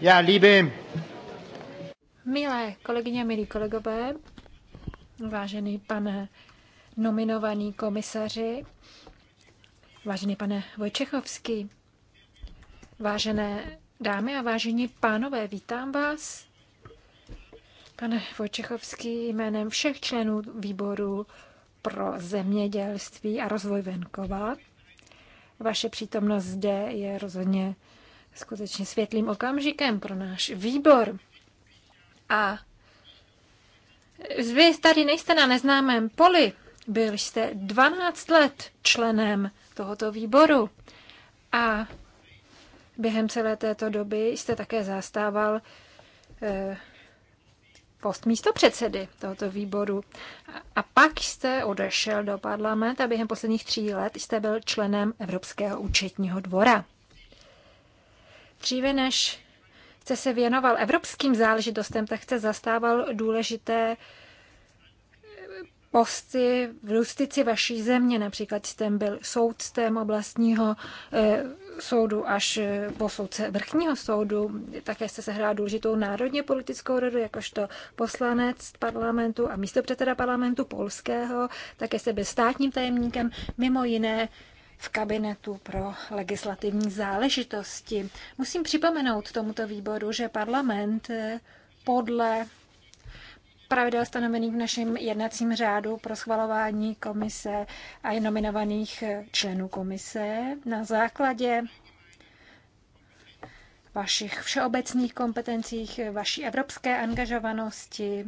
Já líbím. Milé kolegyně, milí kolegové, vážený pane nominovaný komisaři, vážený pane Vojčechovský, vážené dámy a vážení pánové, vítám vás. Pane Vojčechovský, jménem všech členů výboru pro zemědělství a rozvoj venkova vaše přítomnost zde je rozhodně skutečně světlým okamžikem pro náš výbor. A vy tady nejste na neznámém poli. Byl jste 12 let členem tohoto výboru a během celé této doby jste také zastával eh, post místo předsedy tohoto výboru. A pak jste odešel do parlamentu a během posledních tří let jste byl členem Evropského účetního dvora. Dříve než jste se věnoval evropským záležitostem, tak jste zastával důležité eh, posty v justici vaší země. Například jste byl soudcem oblastního eh, soudu až eh, po soudce vrchního soudu. Také jste sehrál důležitou národně politickou rodu jakožto poslanec parlamentu a místopředseda parlamentu polského. Také jste byl státním tajemníkem, mimo jiné v kabinetu pro legislativní záležitosti. Musím připomenout tomuto výboru, že parlament eh, podle pravidel stanovených v našem jednacím řádu pro schvalování komise a nominovaných členů komise na základě vašich všeobecných kompetencích, vaší evropské angažovanosti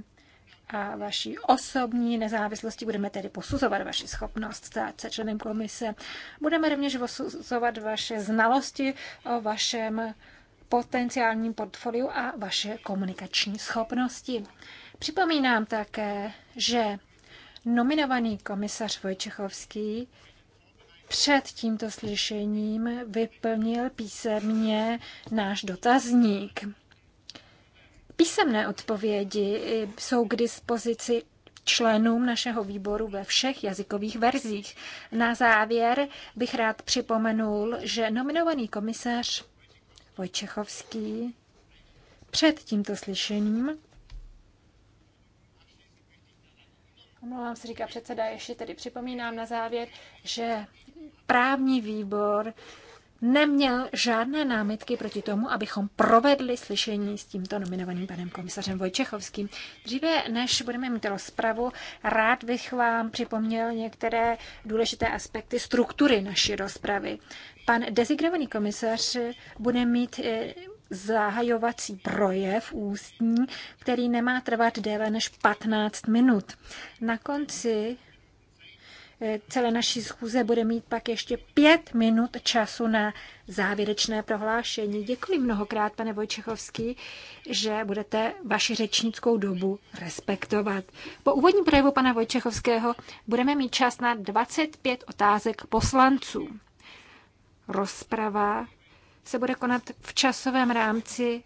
a vaší osobní nezávislosti. Budeme tedy posuzovat vaši schopnost stát se členem komise. Budeme rovněž posuzovat vaše znalosti o vašem potenciálním portfoliu a vaše komunikační schopnosti. Připomínám také, že nominovaný komisař Vojčechovský před tímto slyšením vyplnil písemně náš dotazník. Písemné odpovědi jsou k dispozici členům našeho výboru ve všech jazykových verzích. Na závěr bych rád připomenul, že nominovaný komisař Vojčechovský před tímto slyšením Omlouvám se, říká předseda, ještě tedy připomínám na závěr, že právní výbor neměl žádné námitky proti tomu, abychom provedli slyšení s tímto nominovaným panem komisařem Vojčechovským. Dříve, než budeme mít rozpravu, rád bych vám připomněl některé důležité aspekty struktury naší rozpravy. Pan designovaný komisař bude mít eh, zahajovací projev ústní, který nemá trvat déle než 15 minut. Na konci eh, celé naší schůze bude mít pak ještě pět minut času na závěrečné prohlášení. Děkuji mnohokrát, pane Vojčechovský, že budete vaši řečnickou dobu respektovat. Po úvodním projevu pana Vojčechovského budeme mít čas na 25 otázek poslanců. Rozprava se bude konat v časovém rámci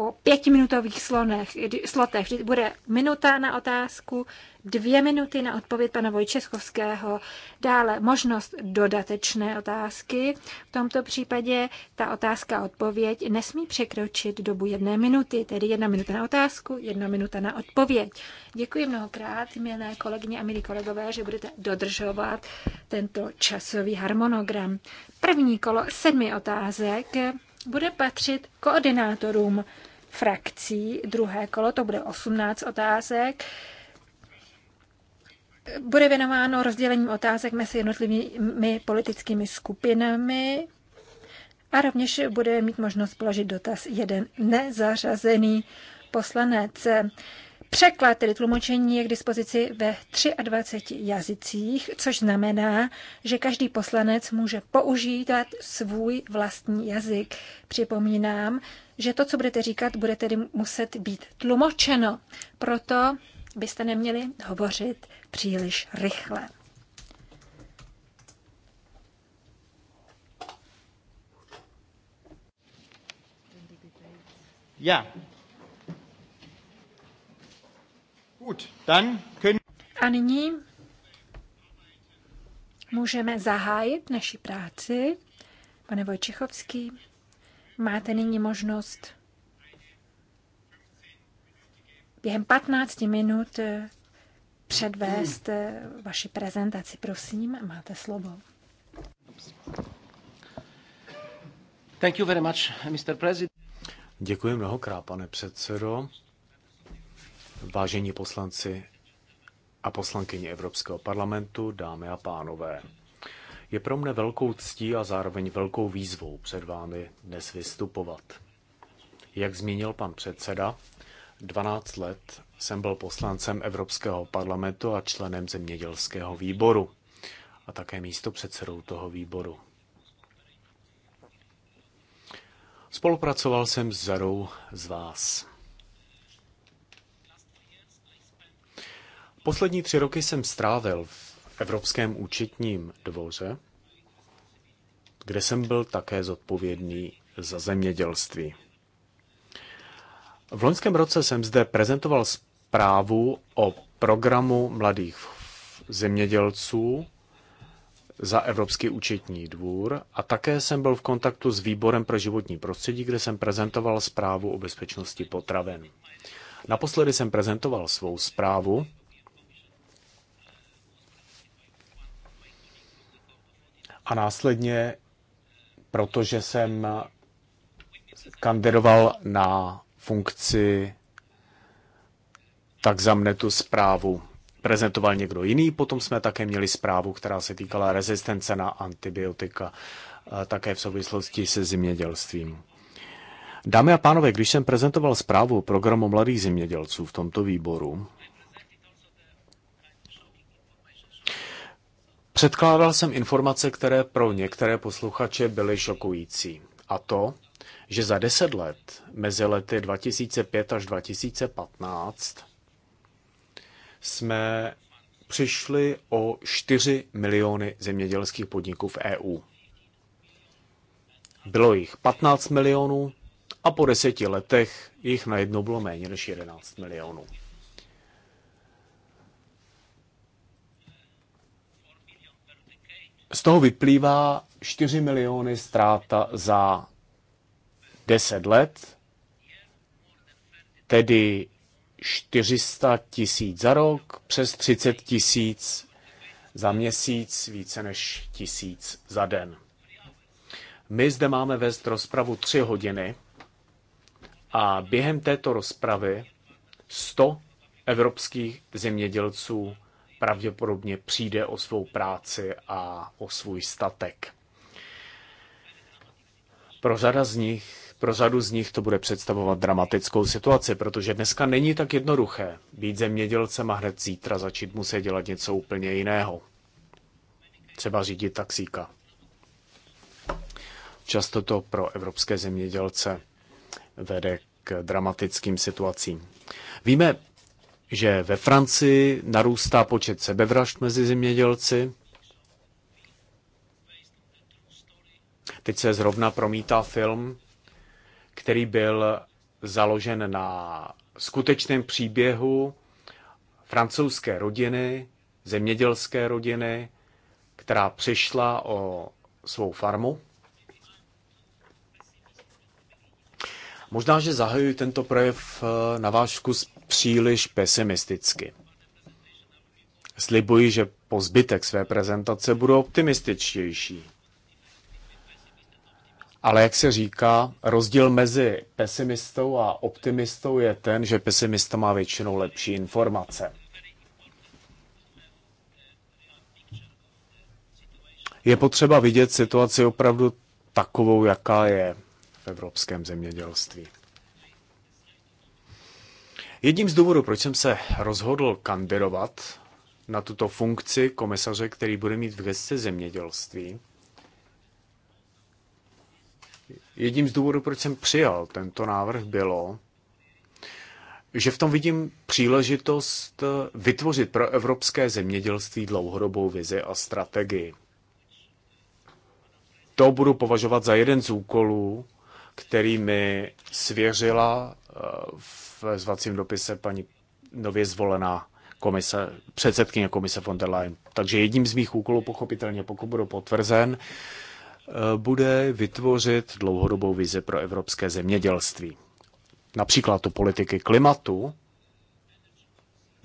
po pětiminutových slonech, slotech. Vždy bude minuta na otázku, dvě minuty na odpověď pana Vojčeskovského, dále možnost dodatečné otázky. V tomto případě ta otázka a odpověď nesmí překročit dobu jedné minuty, tedy jedna minuta na otázku, jedna minuta na odpověď. Děkuji mnohokrát, milé kolegyně a milí kolegové, že budete dodržovat tento časový harmonogram. První kolo sedmi otázek bude patřit koordinátorům frakcí. Druhé kolo, to bude 18 otázek. Bude věnováno rozdělením otázek mezi jednotlivými politickými skupinami a rovněž bude mít možnost položit dotaz jeden nezařazený poslanec. Překlad, tedy tlumočení, je k dispozici ve 23 jazycích, což znamená, že každý poslanec může používat svůj vlastní jazyk. Připomínám, že to, co budete říkat, bude tedy muset být tlumočeno. Proto byste neměli hovořit příliš rychle. Yeah. A nyní můžeme zahájit naši práci. Pane Vojčichovský, máte nyní možnost během 15 minut eh, předvést eh, vaši prezentaci. Prosím, máte slovo. Thank you very much, Mr. President. Děkuji mnohokrát, pane předsedo. Vážení poslanci a poslankyně Evropského parlamentu, dámy a pánové, je pro mne velkou ctí a zároveň velkou výzvou před vámi dnes vystupovat. Jak zmínil pan předseda, 12 let jsem byl poslancem Evropského parlamentu a členem zemědělského výboru a také místo předsedou toho výboru. Spolupracoval jsem s řadou z vás. Poslední tři roky jsem strávil v Evropském účetním dvoře, kde jsem byl také zodpovědný za zemědělství. V loňském roce jsem zde prezentoval zprávu o programu mladých zemědělců za Evropský účetní dvůr a také jsem byl v kontaktu s Výborem pro životní prostředí, kde jsem prezentoval zprávu o bezpečnosti potravin. Naposledy jsem prezentoval svou zprávu a následně, protože jsem kandidoval na funkci, tak za mne tu zprávu prezentoval někdo jiný. Potom jsme také měli zprávu, která se týkala rezistence na antibiotika, také v souvislosti se zemědělstvím. Dámy a pánové, když jsem prezentoval zprávu o programu mladých zemědělců v tomto výboru, Předkládal jsem informace, které pro některé posluchače byly šokující. A to, že za deset let, mezi lety 2005 až 2015, jsme přišli o 4 miliony zemědělských podniků v EU. Bylo jich 15 milionů a po deseti letech jich najednou bylo méně než 11 milionů. Z toho vyplývá 4 miliony ztráta za 10 let, tedy 400 tisíc za rok, přes 30 tisíc za měsíc, více než tisíc za den. My zde máme vést rozpravu 3 hodiny a během této rozpravy 100 evropských zemědělců pravděpodobně přijde o svou práci a o svůj statek. Pro, řada z nich, pro řadu z nich to bude představovat dramatickou situaci, protože dneska není tak jednoduché být zemědělcem a hned zítra začít muset dělat něco úplně jiného. Třeba řídit taxíka. Často to pro evropské zemědělce vede k dramatickým situacím. Víme že ve Francii narůstá počet sebevražd mezi zemědělci. Teď se zrovna promítá film, který byl založen na skutečném příběhu francouzské rodiny, zemědělské rodiny, která přišla o svou farmu. Možná, že zahajuji tento projev eh, na váš vkus příliš pesimisticky. Slibuji, že po zbytek své prezentace budu optimističtější. Ale jak se říká, rozdíl mezi pesimistou a optimistou je ten, že pesimista má většinou lepší informace. Je potřeba vidět situaci opravdu takovou, jaká je v evropském zemědělství. Jedním z důvodů, proč jsem se rozhodl kandidovat na tuto funkci komisaře, který bude mít v gestce zemědělství, jedním z důvodů, proč jsem přijal tento návrh, bylo, že v tom vidím příležitost vytvořit pro evropské zemědělství dlouhodobou vizi a strategii. To budu považovat za jeden z úkolů, který mi svěřila v eh, v zvacím dopise paní nově zvolená komise, předsedkyně komise von der Leyen. Takže jedním z mých úkolů, pochopitelně, pokud budu potvrzen, eh, bude vytvořit dlouhodobou vizi pro evropské zemědělství. Například tu politiky klimatu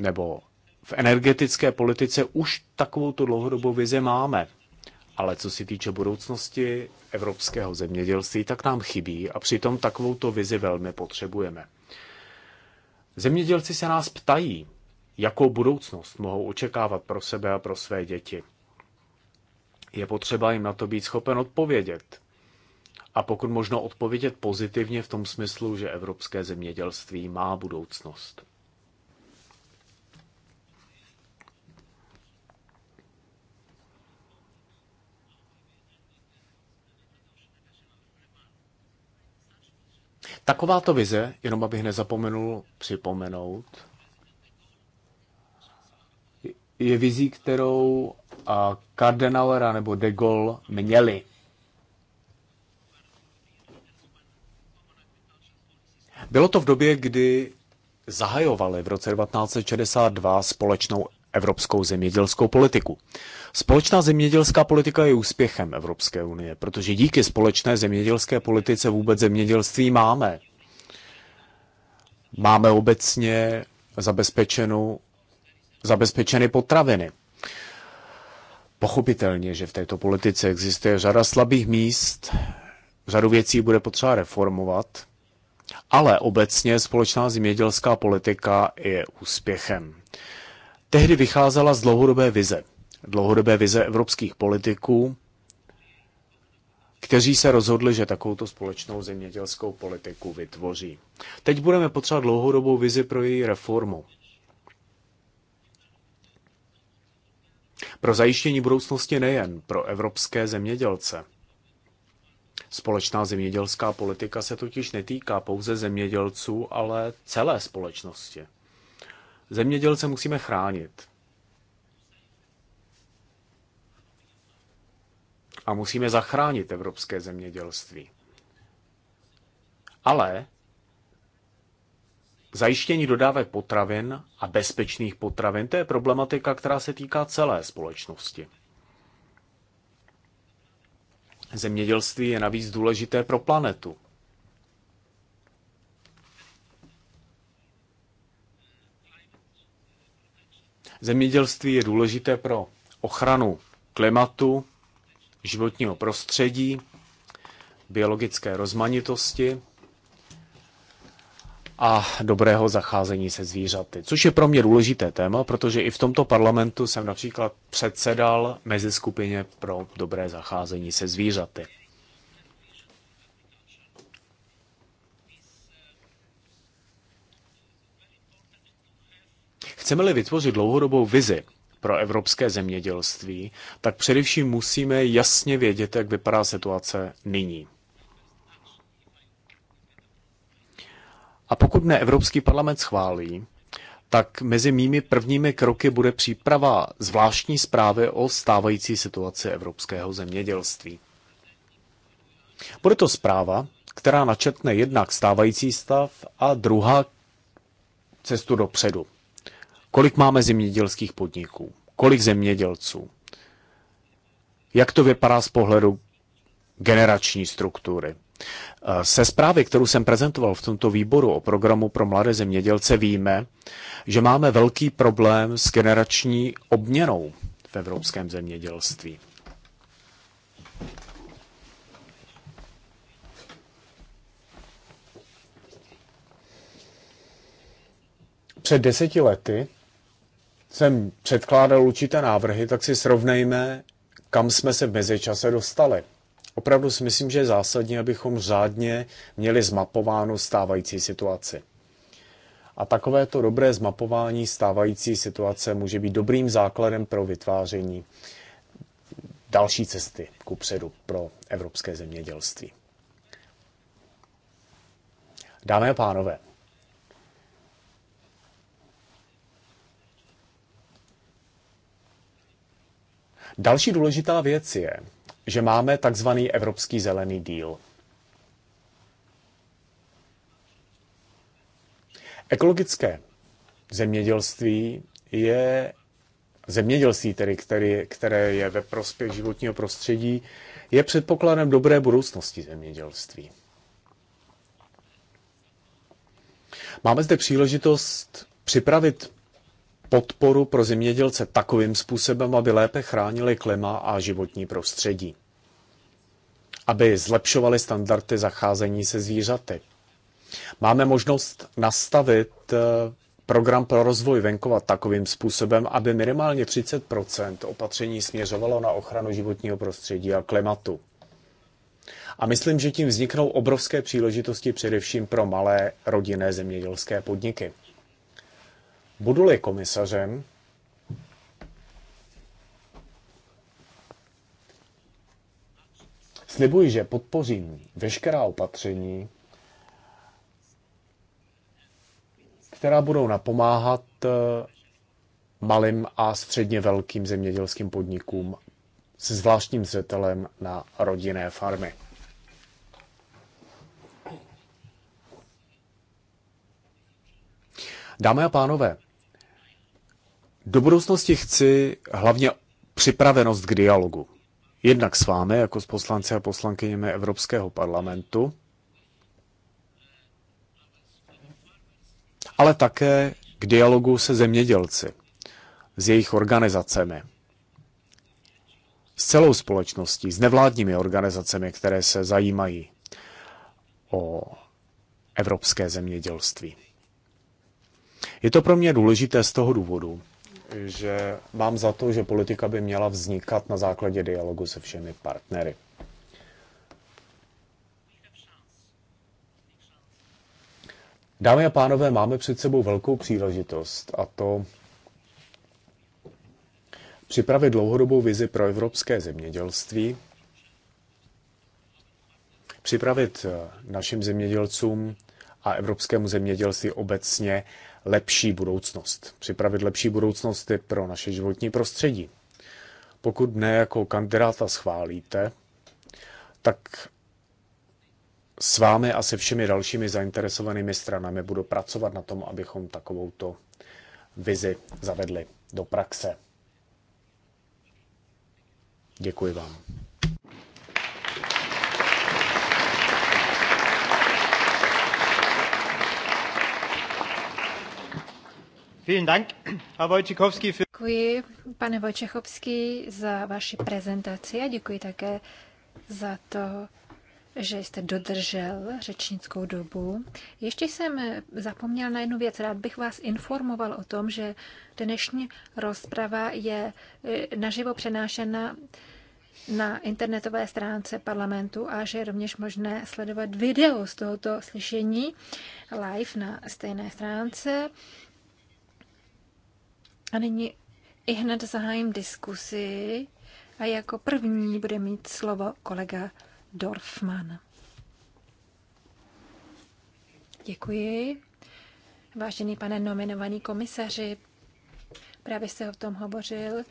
nebo v energetické politice už takovou tu dlouhodobou vizi máme. Ale co se týče budoucnosti evropského zemědělství, tak nám chybí a přitom takovou to vizi velmi potřebujeme. Zemědělci se nás ptají, jakou budoucnost mohou očekávat pro sebe a pro své děti. Je potřeba jim na to být schopen odpovědět. A pokud možno odpovědět pozitivně v tom smyslu, že evropské zemědělství má budoucnost. Takováto vize, jenom abych nezapomenul připomenout, je vizí, kterou Kardenalera nebo de Gaulle měli. Bylo to v době, kdy zahajovali v roce 1962 společnou evropskou zemědělskou politiku. Společná zemědělská politika je úspěchem Evropské unie, protože díky společné zemědělské politice vůbec zemědělství máme. Máme obecně zabezpečenou, zabezpečeny potraviny. Pochopitelně, že v této politice existuje řada slabých míst, řadu věcí bude potřeba reformovat, ale obecně společná zemědělská politika je úspěchem tehdy vycházela z dlouhodobé vize. Dlouhodobé vize evropských politiků, kteří se rozhodli, že takovouto společnou zemědělskou politiku vytvoří. Teď budeme potřebovat dlouhodobou vizi pro její reformu. Pro zajištění budoucnosti nejen pro evropské zemědělce. Společná zemědělská politika se totiž netýká pouze zemědělců, ale celé společnosti. Zemědělce musíme chránit. A musíme zachránit evropské zemědělství. Ale zajištění dodávek potravin a bezpečných potravin, to je problematika, která se týká celé společnosti. Zemědělství je navíc důležité pro planetu. Zemědělství je důležité pro ochranu klimatu, životního prostředí, biologické rozmanitosti a dobrého zacházení se zvířaty, což je pro mě důležité téma, protože i v tomto parlamentu jsem například předsedal mezi skupině pro dobré zacházení se zvířaty. Chceme-li vytvořit dlouhodobou vizi pro evropské zemědělství, tak především musíme jasně vědět, jak vypadá situace nyní. A pokud ne Evropský parlament schválí, tak mezi mými prvními kroky bude příprava zvláštní zprávy o stávající situaci evropského zemědělství. Bude to zpráva, která načetne jednak stávající stav a druhá cestu dopředu. Kolik máme zemědělských podniků? Kolik zemědělců? Jak to vypadá z pohledu generační struktury? Se eh, zprávy, kterou jsem prezentoval v tomto výboru o programu pro mladé zemědělce, víme, že máme velký problém s generační obměnou v evropském zemědělství. Před deseti lety jsem předkládal určité návrhy, tak si srovnejme, kam jsme se v mezičase dostali. Opravdu si myslím, že je zásadní, abychom řádně měli zmapováno stávající situaci. A takovéto dobré zmapování stávající situace může být dobrým základem pro vytváření další cesty ku předu pro evropské zemědělství. Dámy a pánové, Další důležitá věc je, že máme takzvaný Evropský zelený díl. Ekologické zemědělství je zemědělství, tedy, který, které je ve prospěch životního prostředí, je předpokladem dobré budoucnosti zemědělství. Máme zde příležitost připravit podporu pro zemědělce takovým způsobem, aby lépe chránili klima a životní prostředí. Aby zlepšovali standardy zacházení se zvířaty. Máme možnost nastavit eh, program pro rozvoj venkova takovým způsobem, aby minimálně 30 opatření směřovalo na ochranu životního prostředí a klimatu. A myslím, že tím vzniknou obrovské příležitosti především pro malé rodinné zemědělské podniky. Budu-li komisařem, slibuji, že podpořím veškerá opatření, která budou napomáhat eh, malým a středně velkým zemědělským podnikům se zvláštním zřetelem na rodinné farmy. Dámy a pánové, do budoucnosti chci hlavně připravenost k dialogu. Jednak s vámi, jako s poslanci a poslankyněmi Evropského parlamentu, ale také k dialogu se zemědělci, s jejich organizacemi, s celou společností, s nevládními organizacemi, které se zajímají o evropské zemědělství. Je to pro mě důležité z toho důvodu, že mám za to, že politika by měla vznikat na základě dialogu se všemi partnery. Dámy a pánové, máme před sebou velkou příležitost a to připravit dlouhodobou vizi pro evropské zemědělství, připravit eh, našim zemědělcům a evropskému zemědělství obecně lepší budoucnost. Připravit lepší budoucnost je pro naše životní prostředí. Pokud ne jako kandidáta schválíte, tak s vámi a se všemi dalšími zainteresovanými stranami budu pracovat na tom, abychom takovouto vizi zavedli do praxe. Děkuji vám. Děkuji, pane Vojčechovský, za vaši prezentaci a děkuji také za to, že jste dodržel řečnickou dobu. Ještě jsem zapomněl na jednu věc. Rád bych vás informoval o tom, že dnešní rozprava je eh, naživo přenášena na internetové stránce parlamentu a že je rovněž možné sledovat video z tohoto slyšení live na stejné stránce. A nyní i hned zahájím diskusi a jako první bude mít slovo kolega Dorfman. Děkuji. Vážený pane nominovaný komisaři, právě jste o tom hovořil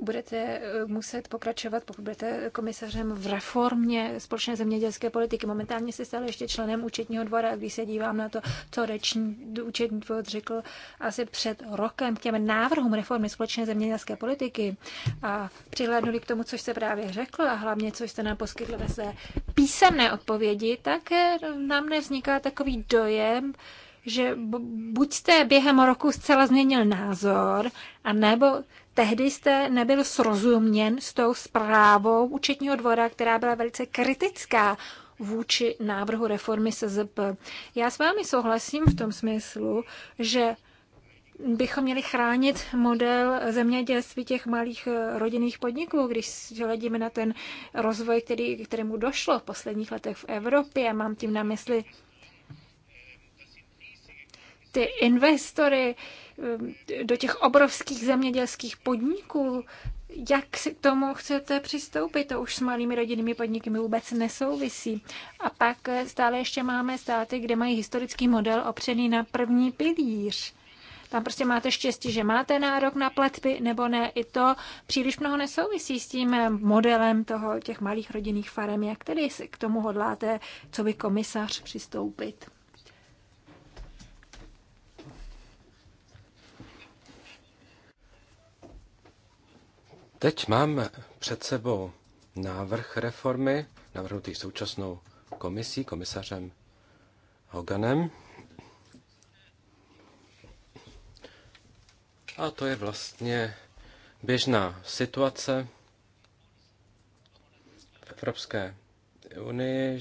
budete eh, muset pokračovat, pokud budete komisařem v reformě společné zemědělské politiky. Momentálně se stále ještě členem účetního dvora, když se dívám na to, co reční účetní dvor řekl asi před rokem k těm návrhům reformy společné zemědělské politiky a přihlédnuli k tomu, co jste právě řekl a hlavně, co jste nám poskytl ve své písemné odpovědi, tak eh, nám nevzniká takový dojem, že buď jste během roku zcela změnil názor, a nebo tehdy jste nebyl srozuměn s tou zprávou účetního dvora, která byla velice kritická vůči návrhu reformy SZP. Já s vámi souhlasím v tom smyslu, že bychom měli chránit model zemědělství těch malých eh, rodinných podniků, když hledíme na ten rozvoj, který, kterému došlo v posledních letech v Evropě. Mám tím na mysli ty investory um, do těch obrovských zemědělských podniků, jak se k tomu chcete přistoupit? To už s malými rodinnými podniky vůbec nesouvisí. A pak eh, stále ještě máme státy, kde mají historický model opřený na první pilíř. Tam prostě máte štěstí, že máte nárok na platby nebo ne. I to příliš mnoho nesouvisí s tím eh, modelem toho těch malých rodinných farem. Jak tedy k tomu hodláte, co by komisař přistoupit? Teď mám před sebou návrh reformy, navrhnutý současnou komisí, komisařem Hoganem. A to je vlastně běžná situace v Evropské unii.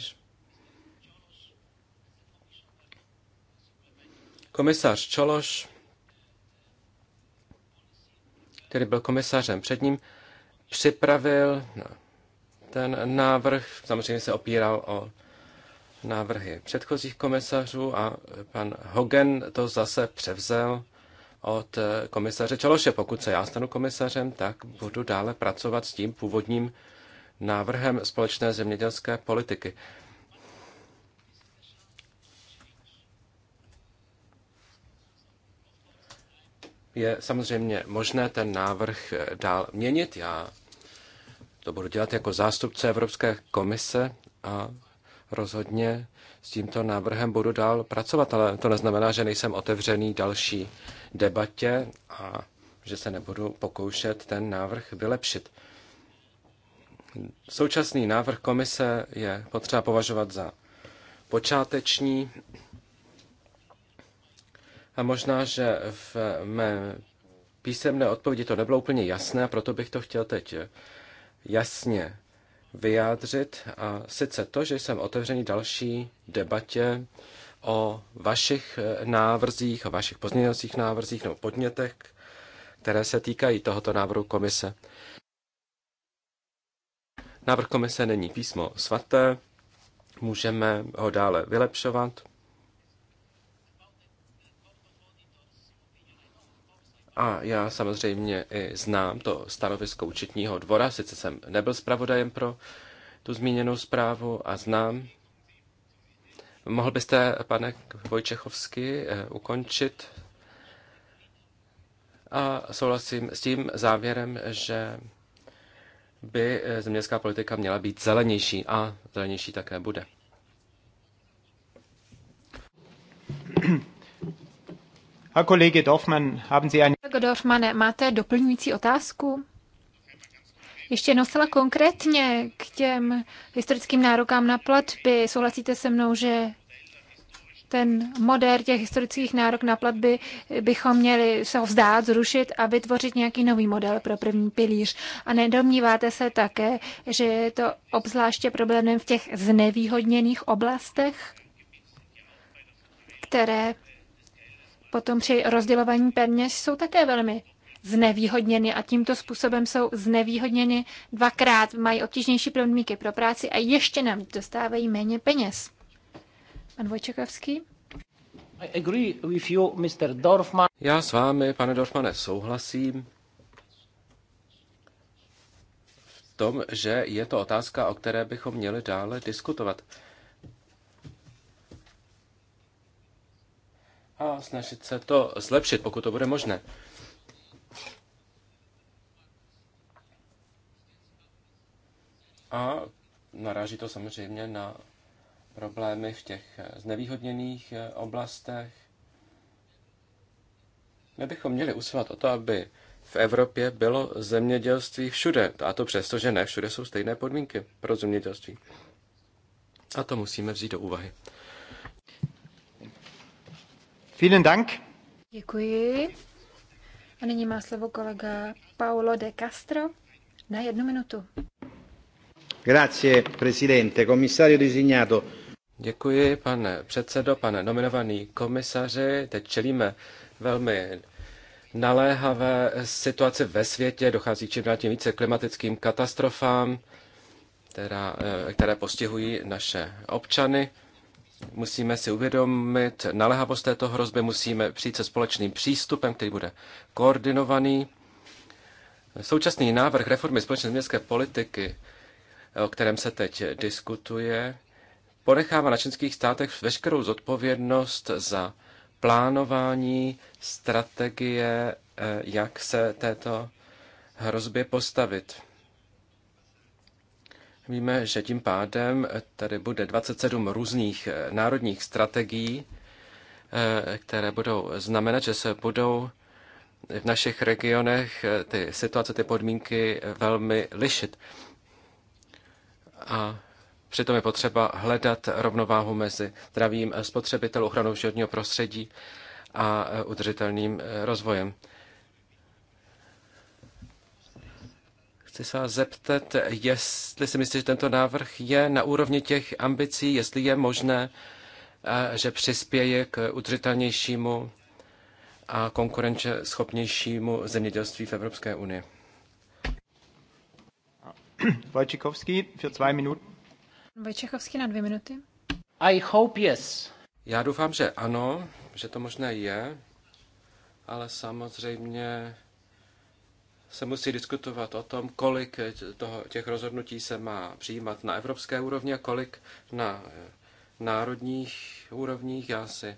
Komisař Čološ který byl komisařem před ním, připravil ten návrh, samozřejmě se opíral o návrhy předchozích komisařů a pan Hogan to zase převzal od komisaře Čološe. Pokud se já stanu komisařem, tak budu dále pracovat s tím původním návrhem společné zemědělské politiky. je samozřejmě možné ten návrh eh, dál měnit. Já to budu dělat jako zástupce Evropské komise a rozhodně s tímto návrhem budu dál pracovat, ale to neznamená, že nejsem otevřený další debatě a že se nebudu pokoušet ten návrh vylepšit. Současný návrh komise je potřeba považovat za počáteční a možná, že v mé písemné odpovědi to nebylo úplně jasné, a proto bych to chtěl teď jasně vyjádřit. A sice to, že jsem otevřený další debatě o vašich návrzích, o vašich pozměňovacích návrzích nebo podnětech, které se týkají tohoto návrhu komise. Návrh komise není písmo svaté, můžeme ho dále vylepšovat. A já samozřejmě i znám to stanovisko účetního dvora, sice jsem nebyl zpravodajem pro tu zmíněnou zprávu a znám. Mohl byste, pane Vojčechovský, eh, ukončit? A souhlasím s tím závěrem, že by eh, zemědělská politika měla být zelenější a zelenější také bude. Herr Kollege Dorfmann, haben Sie ein... Dorfmane, máte doplňující otázku? Ještě jednou zcela konkrétně k těm historickým nárokám na platby. Souhlasíte se mnou, že ten modér těch historických nárok na platby bychom měli se ho vzdát, zrušit a vytvořit nějaký nový model pro první pilíř. A nedomníváte se také, že je to obzvláště problémem v těch znevýhodněných oblastech, které potom při rozdělování peněz jsou také velmi znevýhodněny a tímto způsobem jsou znevýhodněny dvakrát, mají obtížnější podmínky pro práci a ještě nám dostávají méně peněz. Pan Vojčekovský? I agree with you, Mr. Dorfman. Já s vámi, pane Dorfmane, souhlasím v tom, že je to otázka, o které bychom měli dále diskutovat. a snažit se to zlepšit, pokud to bude možné. A naráží to samozřejmě na problémy v těch eh, znevýhodněných eh, oblastech. My bychom měli usilovat o to, aby v Evropě bylo zemědělství všude, a to přesto, že ne všude jsou stejné podmínky pro zemědělství. A to musíme vzít do úvahy. Vielen Dank. Děkuji. A nyní má slovo kolega Paolo de Castro na jednu minutu. Grazie, presidente, komisario designato. Děkuji, pane předsedo, pane nominovaný komisaři. Teď čelíme velmi naléhavé situaci ve světě. Dochází čím dál tím více klimatickým katastrofám, která, eh, které postihují naše občany. Musíme si uvědomit naléhavost této hrozby, musíme přijít se společným přístupem, který bude koordinovaný. Současný návrh reformy společné městské politiky, o kterém se teď diskutuje, ponechává na členských státech veškerou zodpovědnost za plánování strategie, eh, jak se této hrozbě postavit. Víme, že tím pádem tady bude 27 různých eh, národních strategií, eh, které budou znamenat, že se budou v našich regionech eh, ty situace, ty podmínky velmi lišit. A přitom je potřeba hledat rovnováhu mezi zdravím spotřebitelů, ochranou životního prostředí a udržitelným rozvojem. Chci se vás zeptat, jestli si myslíte, že tento návrh je na úrovni těch ambicí, jestli je možné, že přispěje k udržitelnějšímu a konkurenčeschopnějšímu zemědělství v Evropské unii. Vojčekovský, für zwei Minuten. Vojčechovský na dvě minuty. I hope yes. Já doufám, že ano, že to možné je, ale samozřejmě se musí diskutovat o tom, kolik toho, těch rozhodnutí se má přijímat na evropské úrovni a kolik na eh, národních úrovních. Já si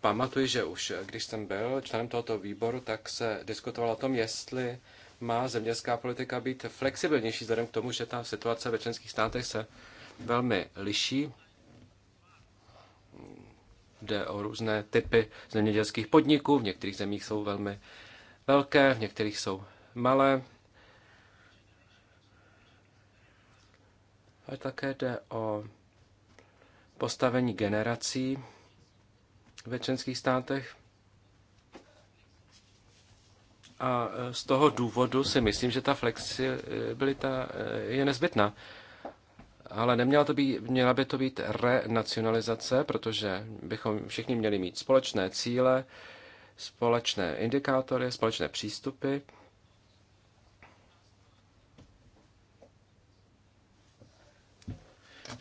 pamatuji, že už eh, když jsem byl členem tohoto výboru, tak se diskutovalo o tom, jestli má zemědělská politika být flexibilnější, vzhledem k tomu, že ta situace ve členských státech se velmi liší. Jde o různé typy zemědělských podniků, v některých zemích jsou velmi velké, v některých jsou malé. Ale také jde o postavení generací ve členských státech. A e, z toho důvodu si myslím, že ta flexibilita e, je nezbytná. Ale neměla to být, měla by to být renacionalizace, protože bychom všichni měli mít společné cíle, společné indikátory, společné přístupy.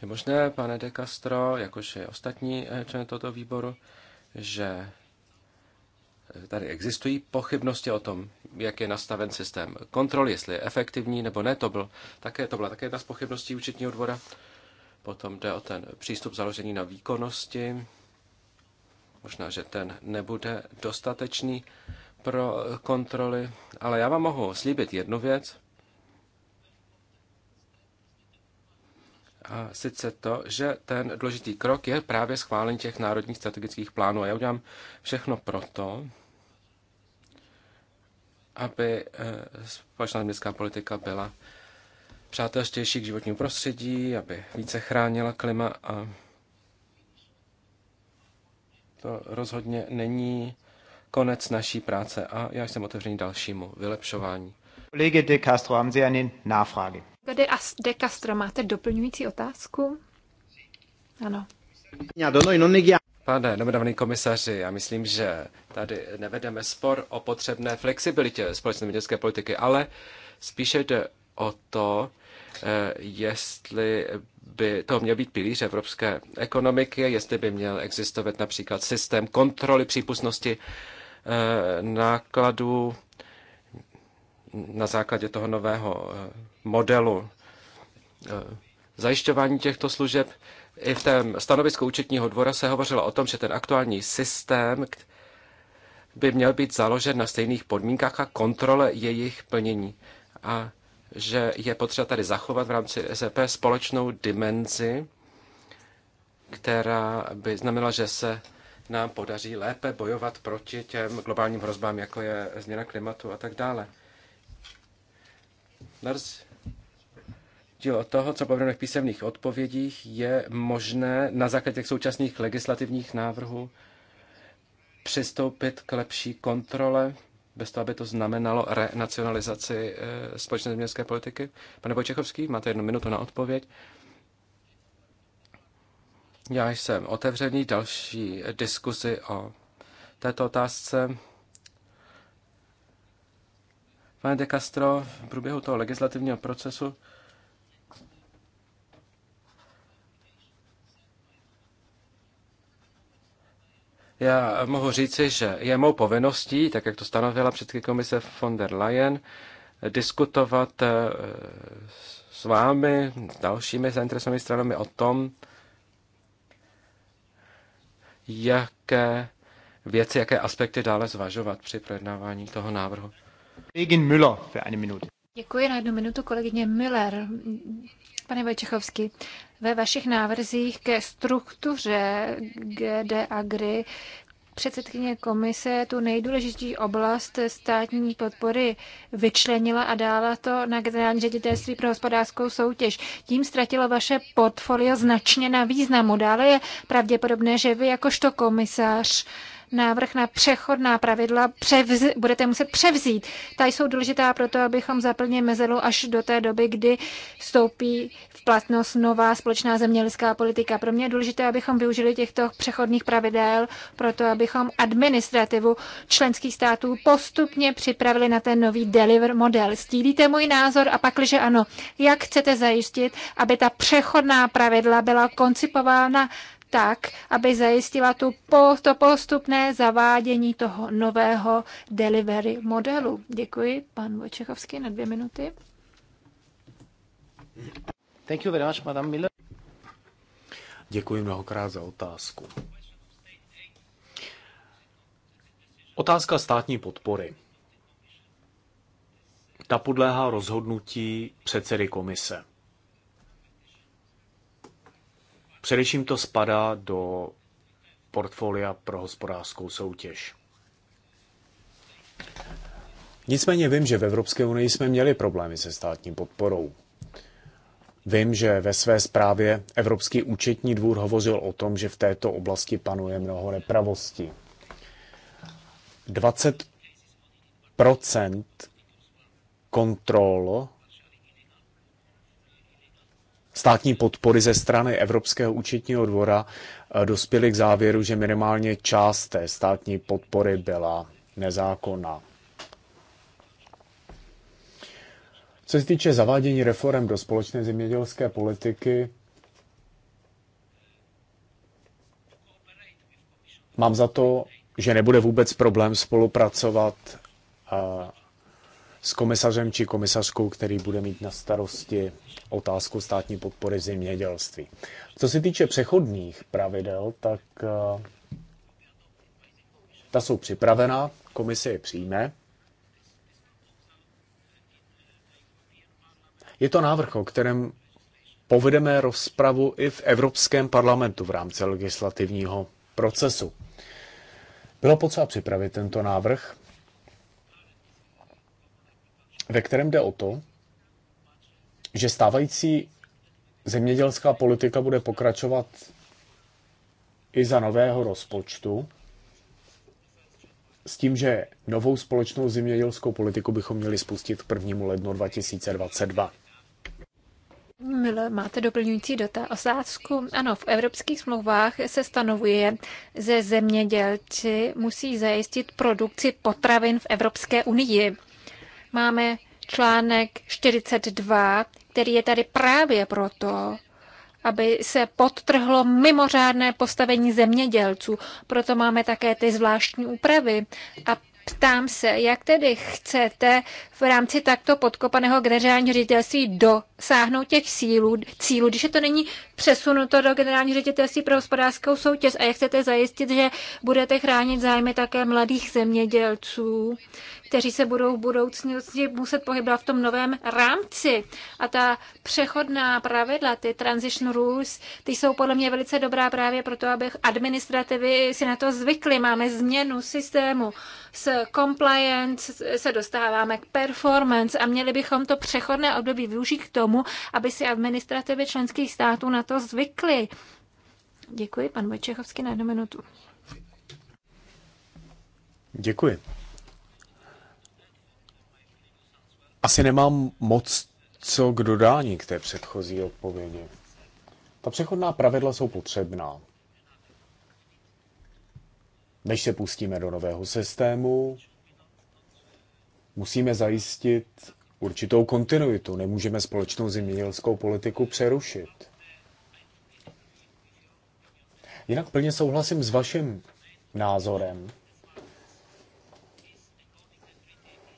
Je možné, pane de Castro, jakož i ostatní eh, člen tohoto výboru, že eh, tady existují pochybnosti o tom, jak je nastaven systém kontrol, jestli je efektivní nebo ne. To, byl také, to byla také jedna z pochybností účetního dvora. Potom jde o ten přístup založený na výkonnosti. Možná, že ten nebude dostatečný pro eh, kontroly, ale já vám mohu slíbit jednu věc. A sice to, že ten důležitý krok je právě schválení těch národních strategických plánů. A já udělám všechno proto, aby eh, společná městská politika byla přátelštější k životnímu prostředí, aby více chránila klima a to rozhodně není konec naší práce a já jsem otevřený dalšímu vylepšování. Kolege de Castro, haben Sie eine Nachfrage? Kdy De Castro, máte doplňující otázku? Ano. Pane nominovaný komisaři, já myslím, že tady nevedeme spor o potřebné flexibilitě společné městské politiky, ale spíše jde o to, eh, jestli by to měl být pilíř evropské ekonomiky, jestli by měl existovat například systém kontroly přípustnosti eh, nákladů na základě toho nového eh, modelu eh, zajišťování těchto služeb. I v tom stanovisku účetního dvora se hovořilo o tom, že ten aktuální systém by měl být založen na stejných podmínkách a kontrole jejich plnění. A že je potřeba tady zachovat v rámci SEP společnou dimenzi, která by znamenala, že se nám podaří lépe bojovat proti těm globálním hrozbám, jako je změna klimatu a tak dále. Lars, od toho, co povedeme v písemných odpovědích, je možné na základě těch současných legislativních návrhů přistoupit k lepší kontrole, bez toho, aby to znamenalo renacionalizaci eh, společné zemědělské politiky. Pane Vojčechovský, máte jednu minutu na odpověď. Já jsem otevřený další diskuzi o této otázce. Pane de Castro, v průběhu toho legislativního procesu Já mohu říci, že je mou povinností, tak jak to stanovila předky komise von der Leyen, diskutovat eh, s vámi, s dalšími zainteresovanými stranami o tom, jaké věci, jaké aspekty dále zvažovat při projednávání toho návrhu. Kolegin Müller für eine Minute. Děkuji na jednu minutu kolegyně Müller, Pane Vojčechovský, ve vašich návrzích ke struktuře GD Agri Předsedkyně komise tu nejdůležitější oblast státní podpory vyčlenila a dala to na generální ředitelství pro hospodářskou soutěž. Tím ztratilo vaše portfolio značně na významu. Dále je pravděpodobné, že vy jakožto komisař návrh na přechodná pravidla převz, budete muset převzít. Ta jsou důležitá proto, abychom zaplnili mezeru až do té doby, kdy vstoupí v platnost nová společná zemědělská politika. Pro mě je důležité, abychom využili těchto přechodných pravidel proto, abychom administrativu členských států postupně připravili na ten nový deliver model. Stílíte můj názor a pak, že ano, jak chcete zajistit, aby ta přechodná pravidla byla koncipována tak, aby zajistila tu, to postupné zavádění toho nového delivery modelu. Děkuji. Pan Vojčechovský na dvě minuty. Thank you very much, Madame Miller. Děkuji mnohokrát za otázku. Otázka státní podpory. Ta podléhá rozhodnutí předsedy komise. Především to spadá do portfolia pro hospodářskou soutěž. Nicméně vím, že v Evropské unii jsme měli problémy se státní podporou. Vím, že ve své zprávě Evropský účetní dvůr hovořil o tom, že v této oblasti panuje mnoho nepravostí. 20 kontrol státní podpory ze strany Evropského účetního dvora eh, dospěli k závěru, že minimálně část té státní podpory byla nezákonná. Co se týče zavádění reform do společné zemědělské politiky, mám za to, že nebude vůbec problém spolupracovat eh, s komisařem či komisařkou, který bude mít na starosti otázku státní podpory zemědělství. Co se týče přechodných pravidel, tak eh, ta jsou připravená. komise je přijme. Je to návrh, o kterém povedeme rozpravu i v Evropském parlamentu v rámci legislativního procesu. Bylo potřeba připravit tento návrh, ve kterém jde o to, že stávající zemědělská politika bude pokračovat i za nového rozpočtu, s tím, že novou společnou zemědělskou politiku bychom měli spustit k 1. lednu 2022. Milo, máte doplňující dotaz? Osázku? Ano, v evropských smlouvách se stanovuje, že zemědělci musí zajistit produkci potravin v Evropské unii máme článek 42, který je tady právě proto, aby se podtrhlo mimořádné postavení zemědělců. Proto máme také ty zvláštní úpravy. A ptám se, jak tedy chcete v rámci takto podkopaného generálního ředitelství dosáhnout těch sílů, cílů, když je to není přesunuto do generálního ředitelství pro hospodářskou soutěž a jak chcete zajistit, že budete chránit zájmy také mladých zemědělců, kteří se budou v budoucnosti muset pohybovat v tom novém rámci. A ta přechodná pravidla, ty transition rules, ty jsou podle mě velice dobrá právě proto, aby administrativy si na to zvykly. Máme změnu systému. S compliance se dostáváme k performance a měli bychom to přechodné období využít k tomu, aby si administrativy členských států na to zvykly. Děkuji, pan Vojčechovský, na jednu minutu. Děkuji. Asi nemám moc co k dodání k té předchozí odpovědi. Ta přechodná pravidla jsou potřebná. Než se pustíme do nového systému, musíme zajistit určitou kontinuitu. Nemůžeme společnou zemědělskou politiku přerušit. Jinak plně souhlasím s vaším názorem,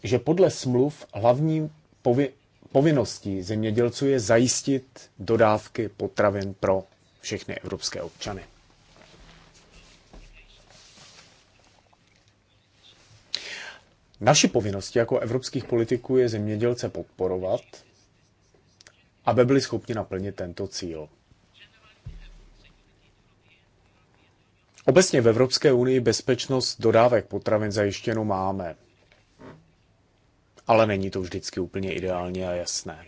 že podle smluv hlavní povi- povinností zemědělců je zajistit dodávky potravin pro všechny evropské občany. Naši povinnosti jako evropských politiků je zemědělce podporovat, aby byli schopni naplnit tento cíl. Obecně v Evropské unii bezpečnost dodávek potravin zajištěnu máme ale není to vždycky úplně ideální a jasné.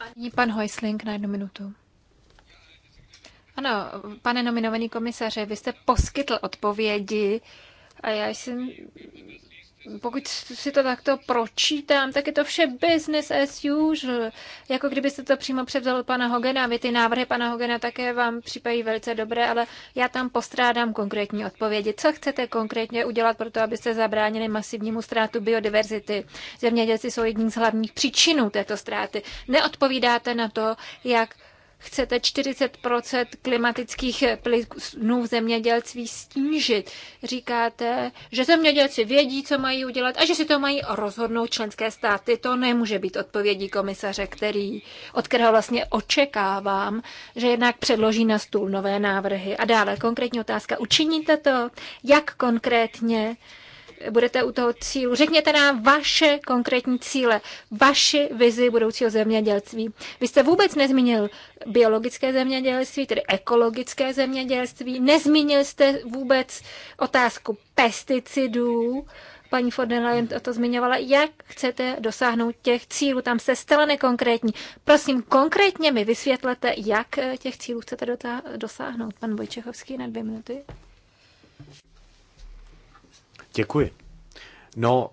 Ani pan Hojsling na jednu minutu. Ano, pane nominovaný komisaře, vy jste poskytl odpovědi a já jsem pokud si to takto pročítám, tak je to vše business as usual. Jako kdybyste to přímo převzal od pana Hogena. Vy ty návrhy pana Hogena také vám připadají velice dobré, ale já tam postrádám konkrétní odpovědi. Co chcete konkrétně udělat pro to, abyste zabránili masivnímu ztrátu biodiverzity? Zemědělci jsou jedním z hlavních příčinů této ztráty. Neodpovídáte na to, jak chcete 40 klimatických plynů v zemědělství snížit. Říkáte, že zemědělci vědí, co mají udělat a že si to mají rozhodnout členské státy. To nemůže být odpovědí komisaře, který, od kterého vlastně očekávám, že jednak předloží na stůl nové návrhy. A dále konkrétní otázka. Učiníte to? Jak konkrétně? budete u toho cílu. Řekněte nám vaše konkrétní cíle, vaši vizi budoucího zemědělství. Vy jste vůbec nezmínil biologické zemědělství, tedy ekologické zemědělství. Nezmínil jste vůbec otázku pesticidů. Paní Fordelein to zmiňovala, jak chcete dosáhnout těch cílů. Tam se zcela nekonkrétní. Prosím, konkrétně mi vysvětlete, jak eh, těch cílů chcete dosáhnout. Pan Vojčechovský na dvě minuty. Děkuji. No,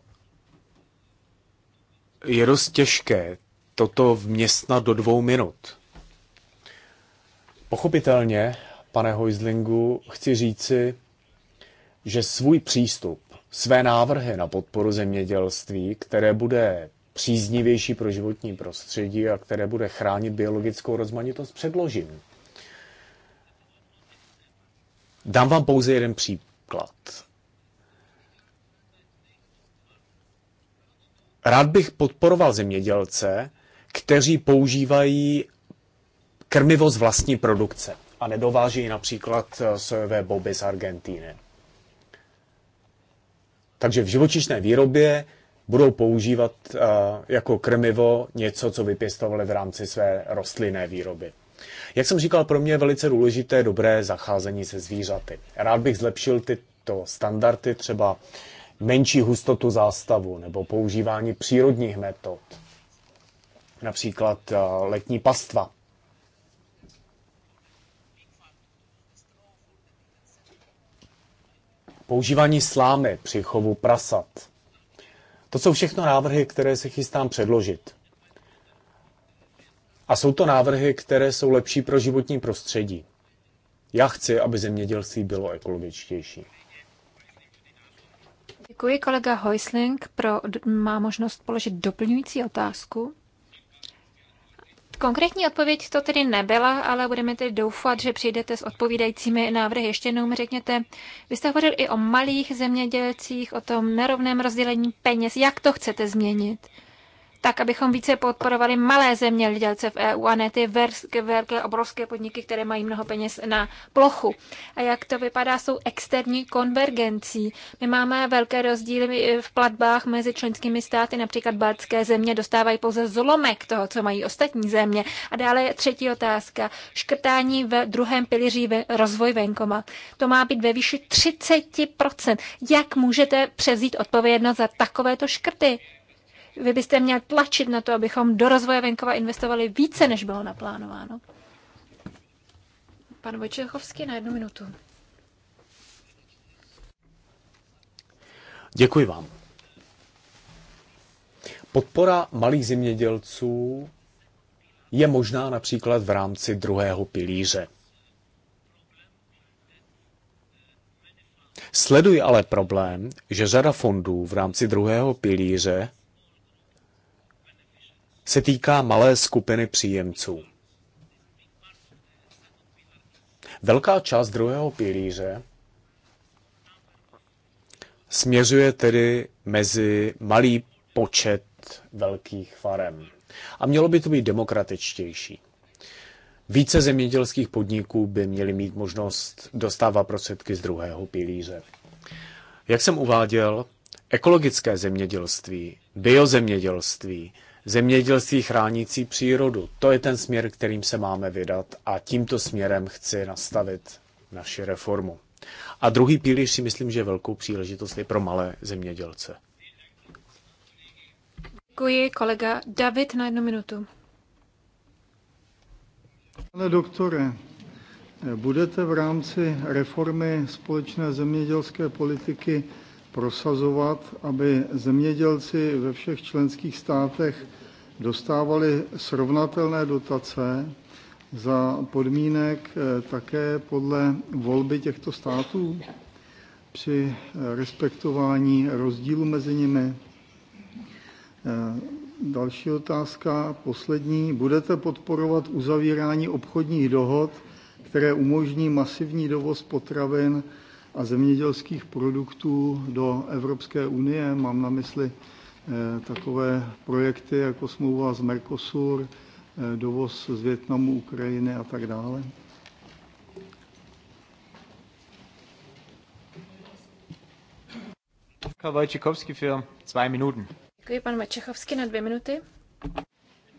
je dost těžké toto vměstnat do dvou minut. Pochopitelně, pane Hojzlingu, chci říci, že svůj přístup, své návrhy na podporu zemědělství, které bude příznivější pro životní prostředí a které bude chránit biologickou rozmanitost, předložím. Dám vám pouze jeden příklad. Rád bych podporoval zemědělce, kteří používají krmivo z vlastní produkce a nedováží například eh, sojové boby z Argentíny. Takže v živočišné výrobě budou používat eh, jako krmivo něco, co vypěstovali v rámci své rostlinné výroby. Jak jsem říkal, pro mě je velice důležité dobré zacházení se zvířaty. Rád bych zlepšil tyto standardy třeba menší hustotu zástavu nebo používání přírodních metod, například eh, letní pastva. Používání slámy při chovu prasat. To jsou všechno návrhy, které se chystám předložit. A jsou to návrhy, které jsou lepší pro životní prostředí. Já chci, aby zemědělství bylo ekologičtější. Děkuji, kolega Heusling, pro, má možnost položit doplňující otázku. Konkrétní odpověď to tedy nebyla, ale budeme tedy doufat, že přijdete s odpovídajícími návrhy. Ještě jednou mi řekněte, vy jste hovořil i o malých zemědělcích, o tom nerovném rozdělení peněz. Jak to chcete změnit? tak abychom více podporovali malé lidělce v EU a ne ty velké, obrovské podniky, které mají mnoho peněz na plochu. A jak to vypadá jsou externí konvergencí? My máme velké rozdíly eh, v platbách mezi členskými státy, například baltské země dostávají pouze zlomek toho, co mají ostatní země. A dále třetí otázka. Škrtání ve druhém pilíři ve rozvoj venkoma. To má být ve výši 30%. Jak můžete převzít odpovědnost za takovéto škrty? Vy byste měl tlačit na to, abychom do rozvoje venkova investovali více, než bylo naplánováno. Pan Vojčechovský na jednu minutu. Děkuji vám. Podpora malých zemědělců je možná například v rámci druhého pilíře. Sleduji ale problém, že řada fondů v rámci druhého pilíře se týká malé skupiny příjemců. Velká část druhého pilíře směřuje tedy mezi malý počet velkých farem. A mělo by to být demokratičtější. Více zemědělských podniků by měly mít možnost dostávat prostředky z druhého pilíře. Jak jsem uváděl, ekologické zemědělství, biozemědělství, zemědělství chránící přírodu. To je ten směr, kterým se máme vydat a tímto směrem chci nastavit naši reformu. A druhý pilíř si myslím, že je velkou příležitost i pro malé zemědělce. Děkuji, kolega David, na jednu minutu. Pane doktore, budete v rámci reformy společné zemědělské politiky prosazovat, aby zemědělci ve všech členských státech dostávali srovnatelné dotace za podmínek eh, také podle volby těchto států při eh, respektování rozdílu mezi nimi. Eh, další otázka, poslední. Budete podporovat uzavírání obchodních dohod, které umožní masivní dovoz potravin a zemědělských produktů do Evropské unie. Mám na mysli eh, takové projekty jako smlouva z Mercosur, eh, dovoz z Větnamu, Ukrajiny a tak dále. Karl Wojciechowski für zwei Minuten. Děkuji, pan Wojciechowski na dvě minuty.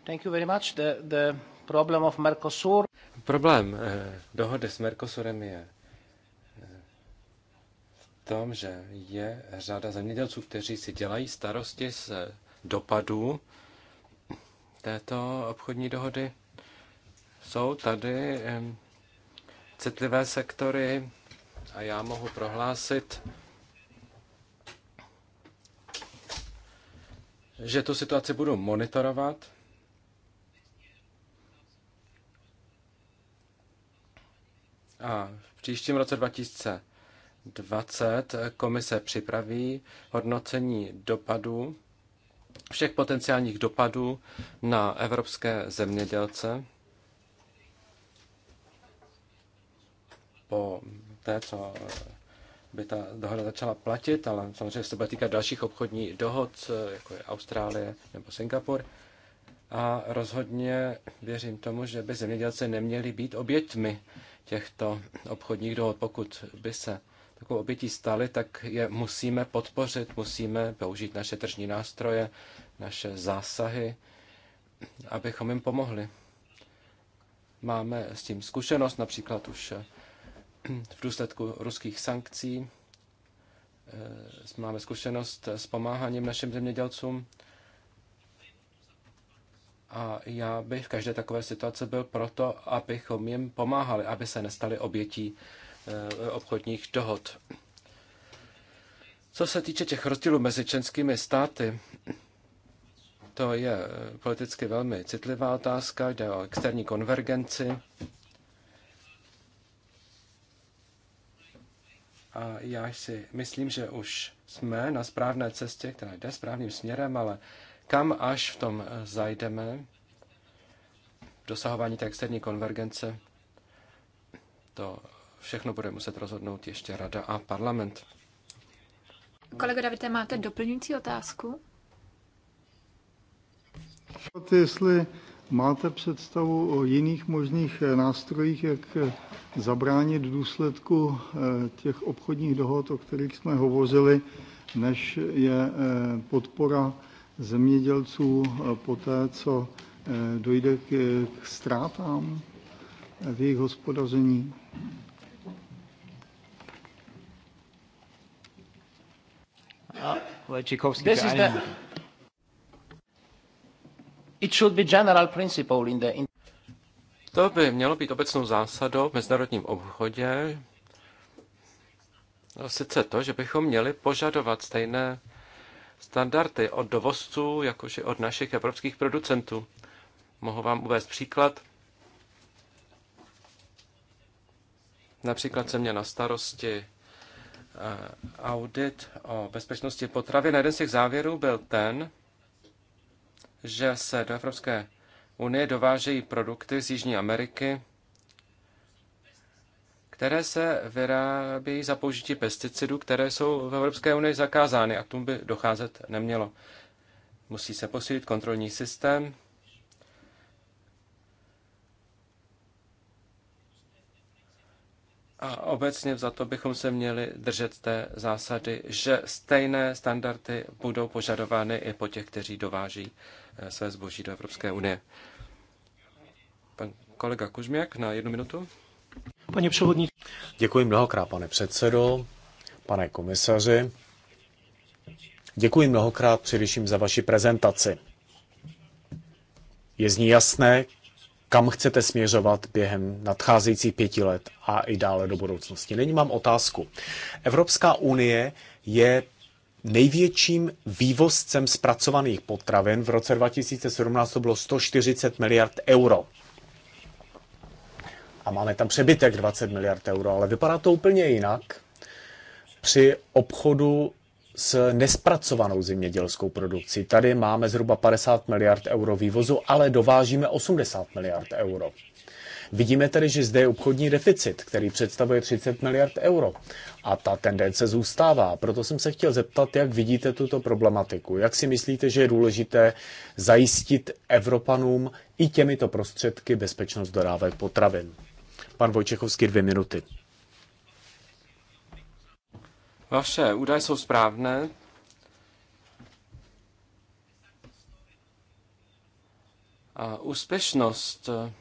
Thank you very much. The, the problem of Mercosur. Problém eh, dohody s Mercosurem je tom, že je řada zemědělců, kteří si dělají starosti z dopadů této obchodní dohody. Jsou tady citlivé sektory a já mohu prohlásit, že tu situaci budu monitorovat. A v příštím roce 2000 20 komise připraví hodnocení dopadů, všech potenciálních dopadů na evropské zemědělce po té, co by ta dohoda začala platit, ale samozřejmě se to bude týkat dalších obchodních dohod, jako je Austrálie nebo Singapur. A rozhodně věřím tomu, že by zemědělci neměli být oběťmi těchto obchodních dohod, pokud by se takovou obětí stali, tak je musíme podpořit, musíme použít naše tržní nástroje, naše zásahy, abychom jim pomohli. Máme s tím zkušenost, například už eh, v důsledku ruských sankcí eh, máme zkušenost s pomáháním našim zemědělcům. A já bych v každé takové situaci byl proto, abychom jim pomáhali, aby se nestali obětí Eh, obchodních dohod. Co se týče těch rozdílů mezi členskými státy, to je eh, politicky velmi citlivá otázka, jde o externí konvergenci. A já si myslím, že už jsme na správné cestě, která jde správným směrem, ale kam až v tom eh, zajdeme, v dosahování té externí konvergence, to všechno bude muset rozhodnout ještě rada a parlament. Kolego Davide, máte doplňující otázku? Jestli máte představu o jiných možných nástrojích, jak zabránit důsledku eh, těch obchodních dohod, o kterých jsme hovořili, než je eh, podpora zemědělců eh, po té, co dojde k ztrátám v jejich hospodaření? Ah, This is the, it should be general principle in the, in... To by mělo být obecnou zásadou v mezinárodním obchodě. No, sice to, že bychom měli požadovat stejné standardy od dovozců, jakož i od našich evropských producentů. Mohu vám uvést příklad. Například jsem měl na starosti Eh, audit o bezpečnosti potravin. Jeden z těch závěrů byl ten, že se do Evropské unie dovážejí produkty z Jižní Ameriky, které se vyrábějí za použití pesticidů, které jsou v Evropské unii zakázány a k tomu by docházet nemělo. Musí se posílit kontrolní systém A obecně za to bychom se měli držet té zásady, že stejné standardy budou požadovány i po těch, kteří dováží eh, své zboží do Evropské unie. Pan kolega Kužměk na jednu minutu. Pane převodní. Děkuji mnohokrát, pane předsedo, pane komisaři. Děkuji mnohokrát především za vaši prezentaci. Je z ní jasné, kam chcete směřovat během nadcházejících pěti let a i dále do budoucnosti. Není mám otázku. Evropská unie je největším vývozcem zpracovaných potravin. V roce 2017 to bylo 140 miliard euro. A máme tam přebytek 20 miliard euro, ale vypadá to úplně jinak při obchodu s nespracovanou zemědělskou produkcí. Tady máme zhruba 50 miliard euro vývozu, ale dovážíme 80 miliard euro. Vidíme tedy, že zde je obchodní deficit, který představuje 30 miliard euro. A ta tendence zůstává. Proto jsem se chtěl zeptat, jak vidíte tuto problematiku. Jak si myslíte, že je důležité zajistit Evropanům i těmito prostředky bezpečnost dodávek potravin? Pan Vojčechovský, dvě minuty. Vaše údaje jsou správné. A úspěšnost eh,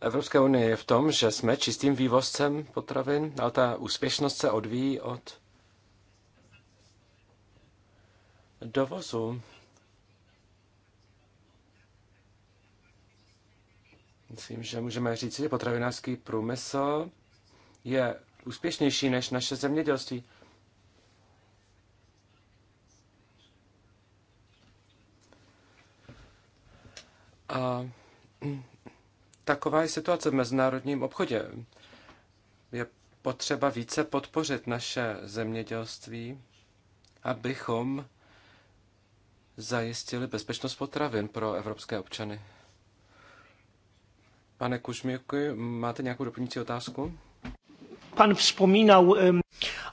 Evropské unie je v tom, že jsme čistým vývozcem potravin, ale ta úspěšnost se odvíjí od dovozu. Myslím, že můžeme říct, že potravinářský průmysl je úspěšnější než naše zemědělství. A taková je situace v mezinárodním obchodě. Je potřeba více podpořit naše zemědělství, abychom zajistili bezpečnost potravin pro evropské občany. Pane Kušmíku, máte nějakou doplňující otázku? Pan vzpomínal...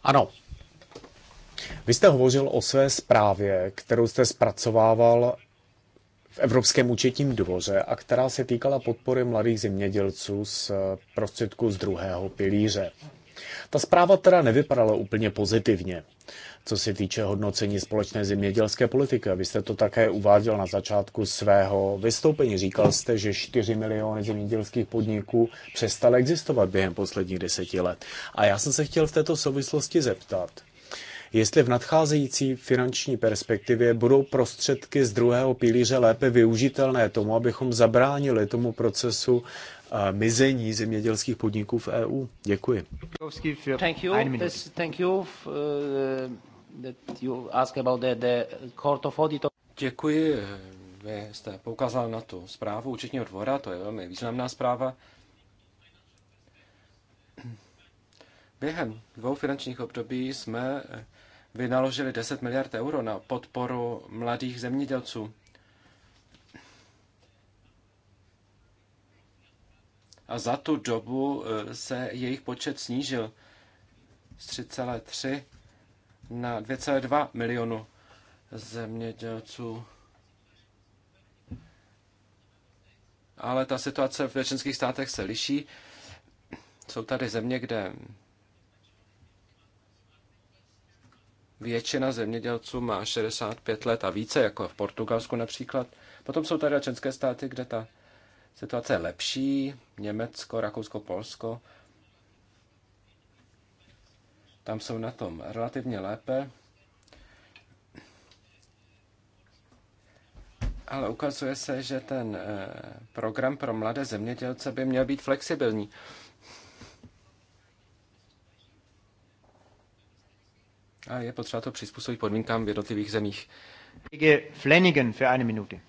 Ano. Vy jste hovořil o své zprávě, kterou jste zpracovával v Evropském účetním dvoře a která se týkala podpory mladých zemědělců z prostředků z druhého pilíře. Ta zpráva teda nevypadala úplně pozitivně, co se týče hodnocení společné zemědělské politiky. Vy jste to také uváděl na začátku svého vystoupení. Říkal jste, že 4 miliony zemědělských podniků přestaly existovat během posledních deseti let. A já jsem se chtěl v této souvislosti zeptat, jestli v nadcházející finanční perspektivě budou prostředky z druhého pilíře lépe využitelné tomu, abychom zabránili tomu procesu mizení zemědělských podniků v EU. Děkuji. Thank you. Thank you uh, that you ask about the, the Děkuji. Vy jste poukázal na tu zprávu účetního dvora, to je velmi významná zpráva. Během dvou finančních období jsme vynaložili 10 miliard euro na podporu mladých zemědělců. a za tu dobu e, se jejich počet snížil z 3,3 na 2,2 milionu zemědělců. Ale ta situace v většinských státech se liší. Jsou tady země, kde většina zemědělců má 65 let a více, jako v Portugalsku například. Potom jsou tady členské státy, kde ta Situace je lepší, Německo, Rakousko, Polsko, tam jsou na tom relativně lépe, ale ukazuje se, že ten eh, program pro mladé zemědělce by měl být flexibilní. A je potřeba to přizpůsobit podmínkám v jednotlivých zemích. Flanagan für eine Minute.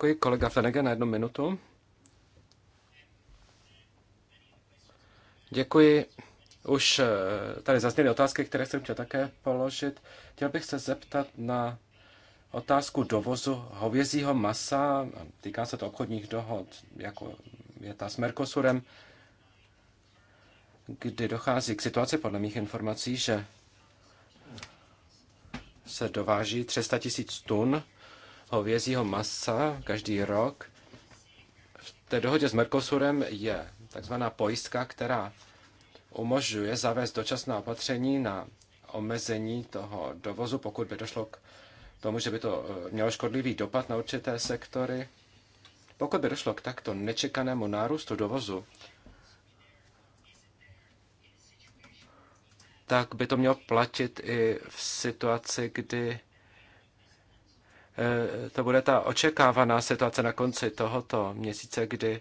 Děkuji. Kolega Fenege na jednu minutu. Děkuji. Už eh, tady zazněly otázky, které jsem chtěl také položit. Chtěl bych se zeptat na otázku dovozu hovězího masa. Týká se to obchodních dohod, jako je ta s Mercosurem, kdy dochází k situaci, podle mých informací, že se dováží 300 tisíc tun hovězího masa každý rok. V té dohodě s Mercosurem je takzvaná pojistka, která umožňuje zavést dočasná opatření na omezení toho dovozu, pokud by došlo k tomu, že by to eh, mělo škodlivý dopad na určité sektory. Pokud by došlo k takto nečekanému nárůstu dovozu, tak by to mělo platit i v situaci, kdy Eh, to bude ta očekávaná situace na konci tohoto měsíce, kdy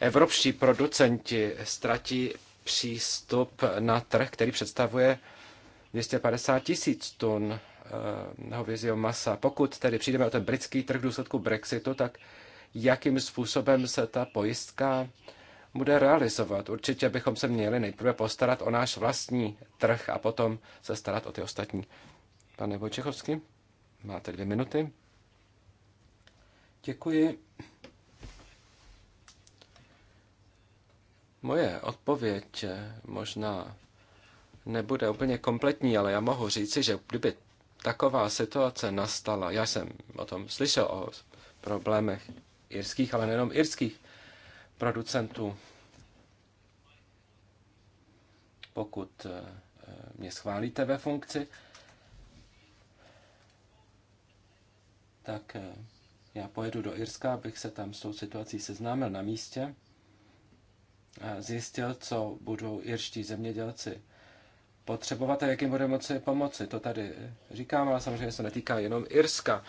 evropští producenti ztratí přístup na trh, který představuje 250 tisíc tun eh, hovězího masa. Pokud tedy přijdeme o ten britský trh v důsledku Brexitu, tak jakým způsobem se ta pojistka bude realizovat. Určitě bychom se měli nejprve postarat o náš vlastní trh a potom se starat o ty ostatní. Pane Vojčechovský? Máte dvě minuty. Děkuji. Moje odpověď možná nebude úplně kompletní, ale já mohu říci, že kdyby taková situace nastala, já jsem o tom slyšel, o problémech irských, ale nejenom irských producentů. Pokud eh, mě schválíte ve funkci, tak eh, já pojedu do Irska, abych se tam s tou situací seznámil na místě a zjistil, co budou irští zemědělci potřebovat a jak jim bude moci pomoci. To tady eh, říkám, ale samozřejmě se netýká jenom Irska.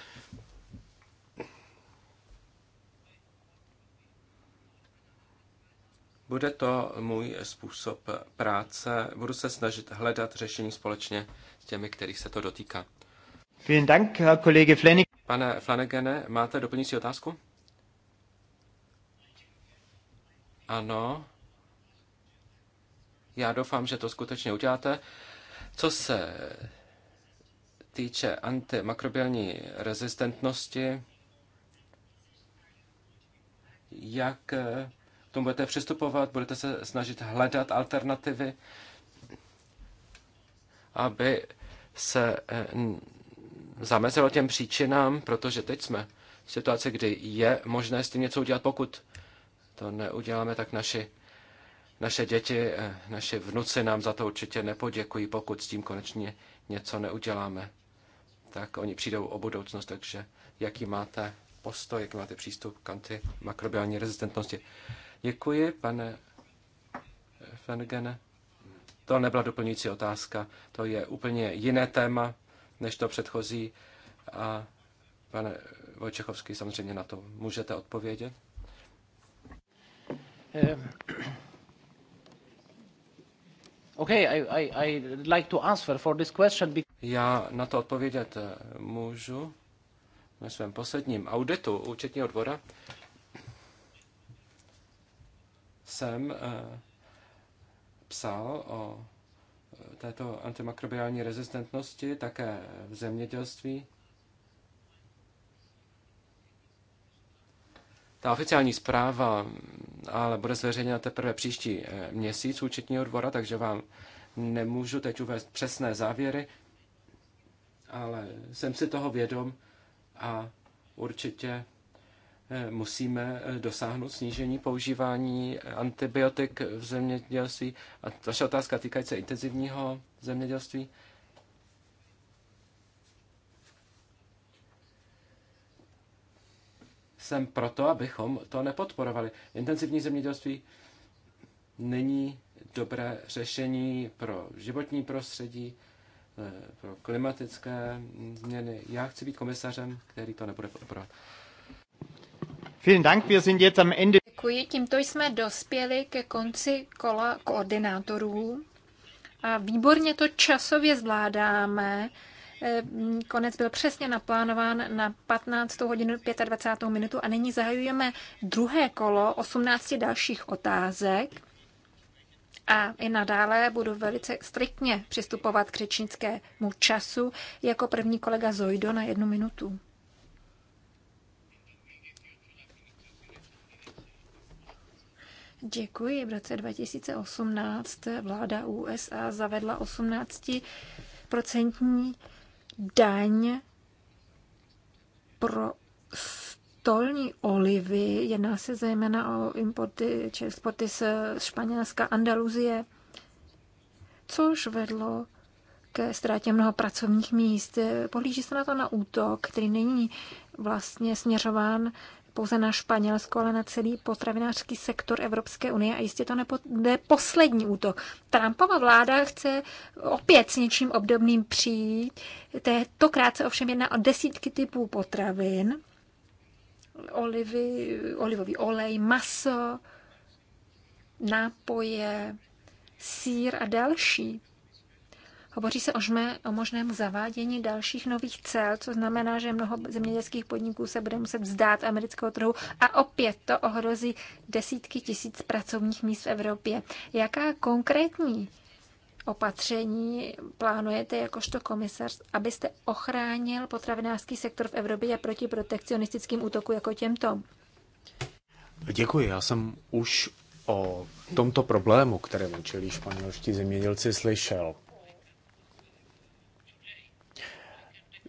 Bude to můj způsob práce. Budu se snažit hledat řešení společně s těmi, kterých se to dotýká. Vielen Dank, Herr Kollege Flenig. Pane Flanagene, máte doplňující otázku? Ano. Já doufám, že to skutečně uděláte. Co se týče antimakrobiální rezistentnosti, jak k tomu budete přistupovat, budete se snažit hledat alternativy, aby se zamezilo těm příčinám, protože teď jsme v situaci, kdy je možné s tím něco udělat, pokud to neuděláme, tak naši, naše děti, eh, naše vnuci nám za to určitě nepoděkují, pokud s tím konečně něco neuděláme. Tak oni přijdou o budoucnost, takže jaký máte postoj, jaký máte přístup k antimakrobiální rezistentnosti. Děkuji, pane Fengene. To nebyla doplňující otázka, to je úplně jiné téma než to předchozí. A pane Vojčechovský, samozřejmě na to můžete odpovědět. Eh, I, I, I like to answer for this question. Já na to odpovědět eh, můžu ve svém posledním auditu účetního dvora jsem eh, psal o této antimakrobiální rezistentnosti také v zemědělství. Ta oficiální zpráva ale bude zveřejněna teprve příští eh, měsíc účetního dvora, takže vám nemůžu teď uvést přesné závěry, ale jsem si toho vědom a určitě Eh, musíme eh, dosáhnout snížení používání eh, antibiotik v zemědělství. A vaše otázka týkající se intenzivního zemědělství. Jsem proto, abychom to nepodporovali. Intenzivní zemědělství není dobré řešení pro životní prostředí, pro klimatické změny. Já chci být komisařem, který to nebude podporovat. Děkuji, tímto jsme dospěli ke konci kola koordinátorů a výborně to časově zvládáme. Ehm, konec byl přesně naplánován na 15. hodinu 25. minutu a nyní zahajujeme druhé kolo 18 dalších otázek. A i nadále budu velice striktně přistupovat k řečnickému času jako první kolega Zojdo na jednu minutu. Děkuji. V roce 2018 vláda USA zavedla 18% daň pro stolní olivy. Jedná se zejména o importy či exporty z Španělska, Andaluzie, což vedlo ke ztrátě mnoha pracovních míst. Pohlíží se na to na útok, který není vlastně směřován pouze na Španělsko, ale na celý potravinářský sektor Evropské unie a jistě to nebude poslední útok. Trumpova vláda chce opět s něčím obdobným přijít. Tentokrát se ovšem jedná o desítky typů potravin, olivy, olivový olej, maso, nápoje, sír a další. Hovoří se o, žme, o možném zavádění dalších nových cel, co znamená, že mnoho zemědělských podniků se bude muset vzdát amerického trhu a opět to ohrozí desítky tisíc pracovních míst v Evropě. Jaká konkrétní opatření plánujete jakožto komisař, abyste ochránil potravinářský sektor v Evropě a proti protekcionistickým útoku jako těmto? Děkuji, já jsem už o tomto problému, kterému čelí španělští zemědělci, slyšel.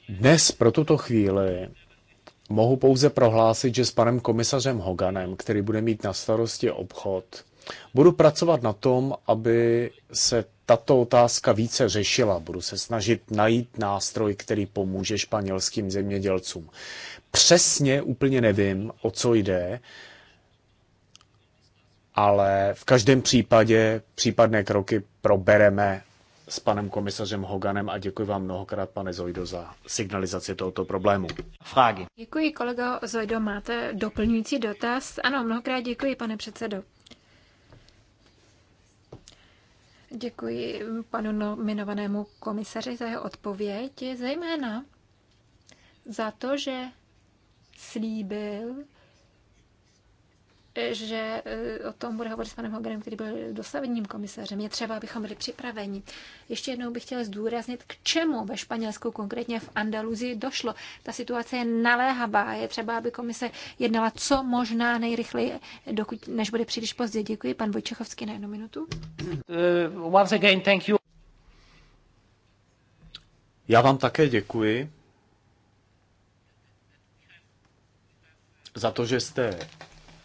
Dnes pro tuto chvíli mohu pouze prohlásit, že s panem komisařem Hoganem, který bude mít na starosti obchod, budu pracovat na tom, aby se tato otázka více řešila. Budu se snažit najít nástroj, který pomůže španělským zemědělcům. Přesně úplně nevím, o co jde, ale v každém případě případné kroky probereme s panem komisařem Hoganem a děkuji vám mnohokrát, pane Zojdo, za signalizaci tohoto problému. Frágy. Děkuji, kolego Zojdo. Máte doplňující dotaz? Ano, mnohokrát děkuji, pane předsedo. Děkuji panu nominovanému komisaři za jeho odpověď, zejména za to, že slíbil, že eh, o tom bude hovořit s panem Hogerem, který byl dosavadním komisařem. Je třeba, abychom byli připraveni. Ještě jednou bych chtěla zdůraznit, k čemu ve Španělsku, konkrétně v Andaluzii, došlo. Ta situace je naléhavá. Je třeba, aby komise jednala co možná nejrychleji, dokud, než bude příliš pozdě. Děkuji. Pan Vojčechovský na jednu minutu. Uh, once again, thank you. Já vám také děkuji za to, že jste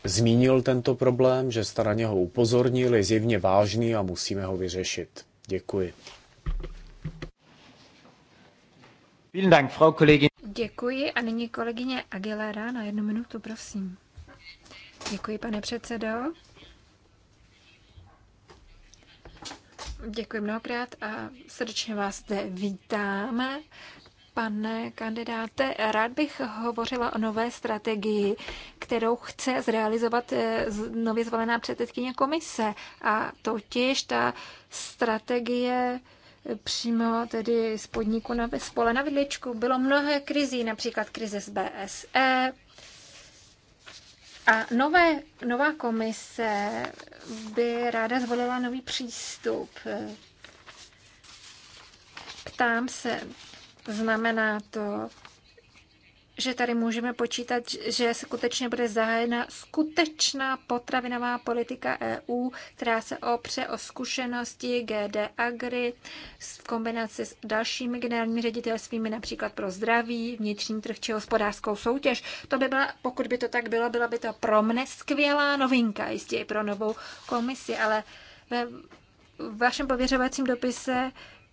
Zmínil tento problém, že jste na něho upozornil, je zjevně vážný a musíme ho vyřešit. Děkuji. Děkuji a nyní kolegyně Aguilera na jednu minutu, prosím. Děkuji, pane předsedo. Děkuji mnohokrát a srdečně vás zde vítáme. Pane kandidáte, rád bych hovořila o nové strategii, kterou chce zrealizovat eh, nově zvolená předsedkyně komise. A totiž ta strategie eh, přímo tedy z podniku na, spole na vidličku. Bylo mnohé krizí, například krize z BSE. A nové, nová komise by ráda zvolila nový přístup. Ptám se Znamená to, že tady můžeme počítat, že skutečně bude zahájena skutečná potravinová politika EU, která se opře o zkušenosti GD Agri v kombinaci s dalšími generálními ředitelstvími, například pro zdraví, vnitřní trh či hospodářskou soutěž. To by byla, pokud by to tak bylo, byla by to pro mne skvělá novinka, jistě i pro novou komisi, ale ve vašem pověřovacím dopise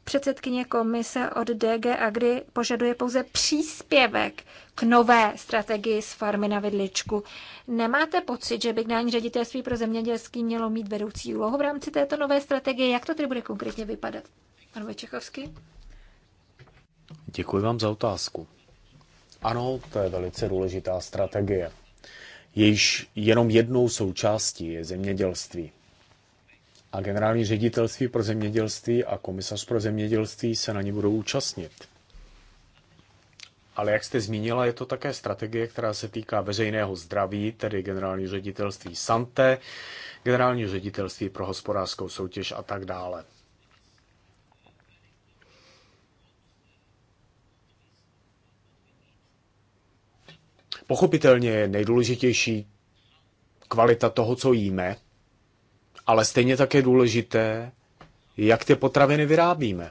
Předsedkyně komise od DG Agri požaduje pouze příspěvek k nové strategii z farmy na vidličku. Nemáte pocit, že by nání ředitelství pro zemědělství mělo mít vedoucí úlohu v rámci této nové strategie? Jak to tedy bude konkrétně vypadat? Pan Vojčechovský? Děkuji vám za otázku. Ano, to je velice důležitá strategie. Jejíž jenom jednou součástí je zemědělství a generální ředitelství pro zemědělství a komisař pro zemědělství se na ně budou účastnit. Ale jak jste zmínila, je to také strategie, která se týká veřejného zdraví, tedy generální ředitelství Sante, generální ředitelství pro hospodářskou soutěž a tak dále. Pochopitelně je nejdůležitější kvalita toho, co jíme, ale stejně tak je důležité, jak ty potraviny vyrábíme.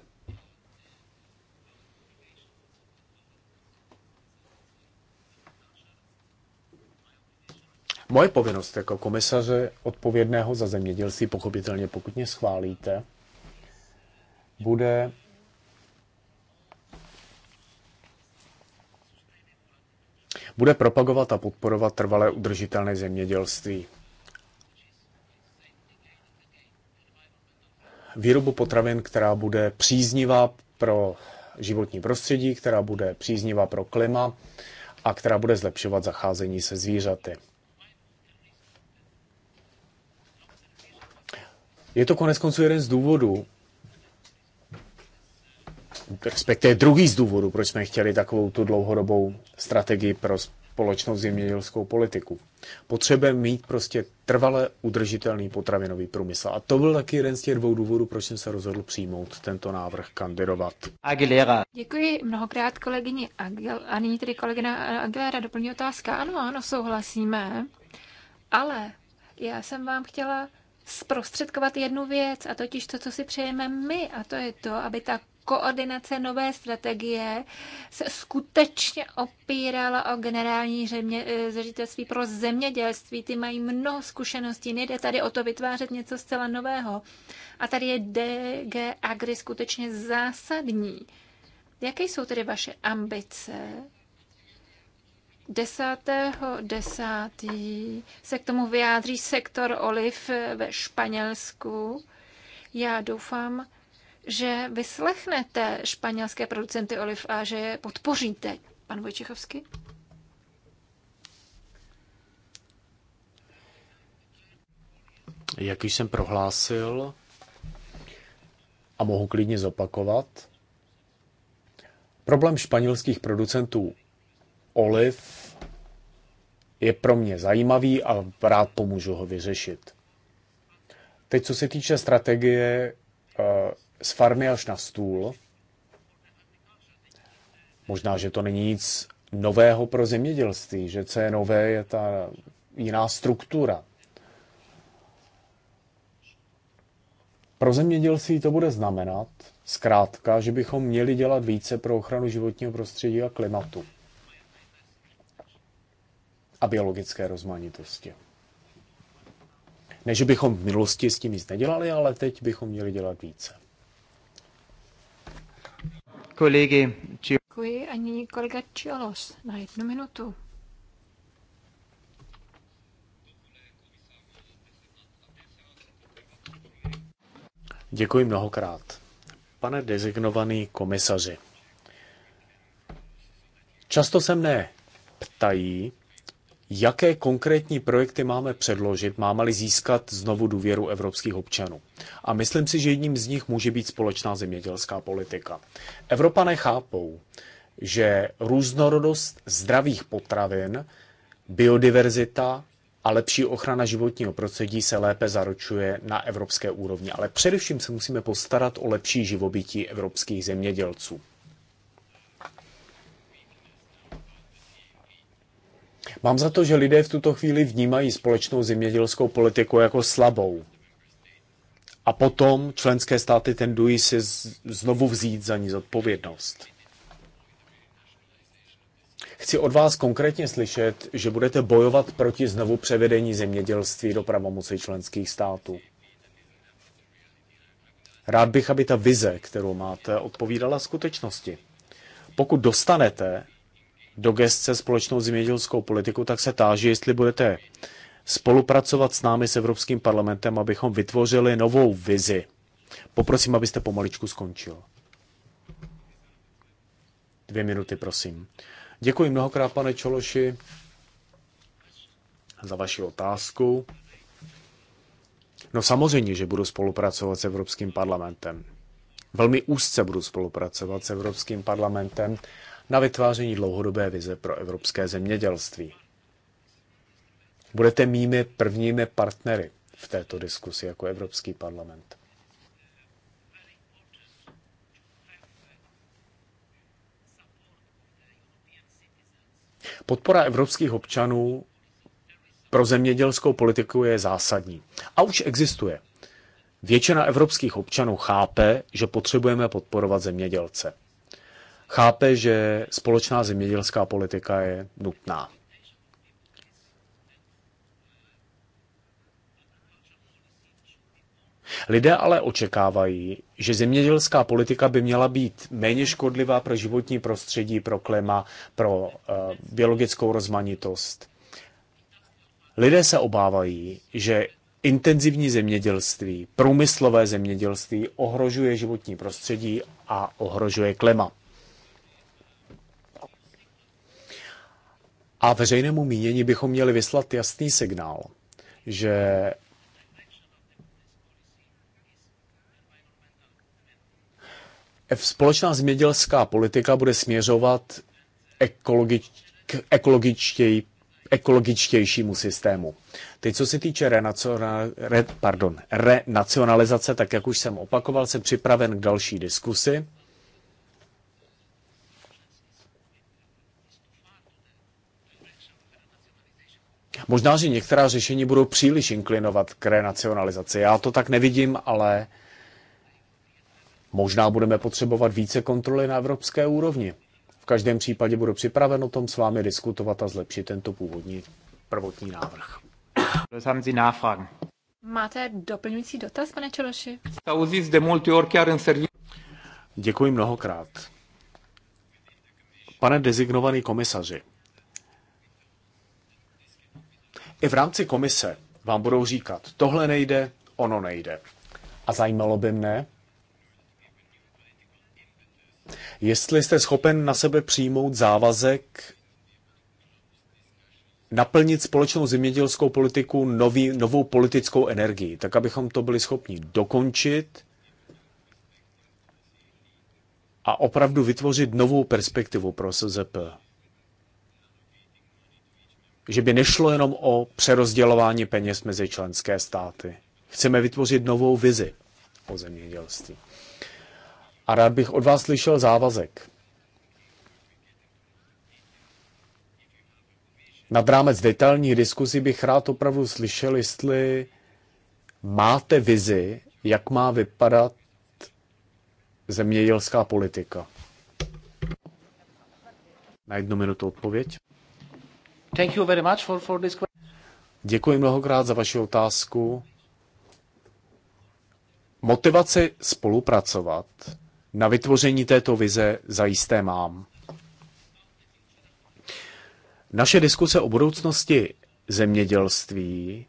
Moje povinnost jako komisaře odpovědného za zemědělství, pochopitelně pokud mě schválíte, bude bude propagovat a podporovat trvalé udržitelné zemědělství. výrobu potravin, která bude příznivá pro životní prostředí, která bude příznivá pro klima a která bude zlepšovat zacházení se zvířaty. Je to konec konců jeden z důvodů, respektive druhý z důvodů, proč jsme chtěli takovou tu dlouhodobou strategii pro společnou zemědělskou politiku. Potřebujeme mít prostě trvale udržitelný potravinový průmysl. A to byl taky jeden z těch dvou důvodů, proč jsem se rozhodl přijmout tento návrh kandidovat. Aguilera. Děkuji mnohokrát kolegyni Agil. A nyní tedy kolegyna Aguilera doplní otázka. Ano, ano, souhlasíme. Ale já jsem vám chtěla zprostředkovat jednu věc, a totiž to, co si přejeme my, a to je to, aby ta koordinace nové strategie se skutečně opírala o generální ředitelství eh, pro zemědělství. Ty mají mnoho zkušeností, nejde tady o to vytvářet něco zcela nového. A tady je DG Agri skutečně zásadní. Jaké jsou tedy vaše ambice 10.10. se k tomu vyjádří sektor oliv ve Španělsku. Já doufám, že vyslechnete španělské producenty oliv a že je podpoříte. Pan Vojčichovský? Jak už jsem prohlásil, a mohu klidně zopakovat, problém španělských producentů oliv je pro mě zajímavý a rád pomůžu ho vyřešit. Teď, co se týče strategie eh, z farmy až na stůl. Možná, že to není nic nového pro zemědělství, že co je nové, je ta jiná struktura. Pro zemědělství to bude znamenat, zkrátka, že bychom měli dělat více pro ochranu životního prostředí a klimatu a biologické rozmanitosti. Ne, že bychom v minulosti s tím nic nedělali, ale teď bychom měli dělat více kolegy Či... Děkuji a nyní kolega Čiolos na jednu minutu. Děkuji mnohokrát. Pane designovaný komisaři, často se mne ptají, jaké konkrétní projekty máme předložit, máme-li získat znovu důvěru evropských občanů. A myslím si, že jedním z nich může být společná zemědělská politika. Evropa nechápou, že různorodost zdravých potravin, biodiverzita a lepší ochrana životního prostředí se lépe zaručuje na evropské úrovni. Ale především se musíme postarat o lepší živobytí evropských zemědělců. Mám za to, že lidé v tuto chvíli vnímají společnou zemědělskou politiku jako slabou. A potom členské státy tendují si znovu vzít za ní zodpovědnost. Chci od vás konkrétně slyšet, že budete bojovat proti znovu převedení zemědělství do pravomoci členských států. Rád bych, aby ta vize, kterou máte, odpovídala skutečnosti. Pokud dostanete do gestce společnou zemědělskou politiku, tak se táží, jestli budete spolupracovat s námi, s Evropským parlamentem, abychom vytvořili novou vizi. Poprosím, abyste pomaličku skončil. Dvě minuty, prosím. Děkuji mnohokrát, pane Čološi, za vaši otázku. No samozřejmě, že budu spolupracovat s Evropským parlamentem. Velmi úzce budu spolupracovat s Evropským parlamentem na vytváření dlouhodobé vize pro evropské zemědělství. Budete mými prvními partnery v této diskusi jako Evropský parlament. Podpora evropských občanů pro zemědělskou politiku je zásadní. A už existuje. Většina evropských občanů chápe, že potřebujeme podporovat zemědělce chápe, že společná zemědělská politika je nutná. Lidé ale očekávají, že zemědělská politika by měla být méně škodlivá pro životní prostředí, pro klima, pro eh, biologickou rozmanitost. Lidé se obávají, že intenzivní zemědělství, průmyslové zemědělství ohrožuje životní prostředí a ohrožuje klima. A veřejnému mínění bychom měli vyslat jasný signál, že společná zemědělská politika bude směřovat ekologič, k ekologičtěj, ekologičtějšímu systému. Teď, co se týče renacional, re, pardon, renacionalizace, tak jak už jsem opakoval, jsem připraven k další diskusi. Možná, že některá řešení budou příliš inklinovat k renacionalizaci. Já to tak nevidím, ale možná budeme potřebovat více kontroly na evropské úrovni. V každém případě budu připraven o tom s vámi diskutovat a zlepšit tento původní prvotní návrh. Haben Sie Nachfragen? Máte doplňující dotaz, pane Čeloši? Děkuji mnohokrát. Pane dezignovaný komisaři, i v rámci komise vám budou říkat, tohle nejde, ono nejde. A zajímalo by mne, jestli jste schopen na sebe přijmout závazek naplnit společnou zemědělskou politiku nový, novou politickou energii, tak abychom to byli schopni dokončit a opravdu vytvořit novou perspektivu pro SZP že by nešlo jenom o přerozdělování peněz mezi členské státy. Chceme vytvořit novou vizi o zemědělství. A rád bych od vás slyšel závazek. Nad rámec detailní diskuzi bych rád opravdu slyšel, jestli máte vizi, jak má vypadat zemědělská politika. Na jednu minutu odpověď. Thank you very much for, for this Děkuji mnohokrát za vaši otázku. Motivaci spolupracovat na vytvoření této vize zajisté mám. Naše diskuse o budoucnosti zemědělství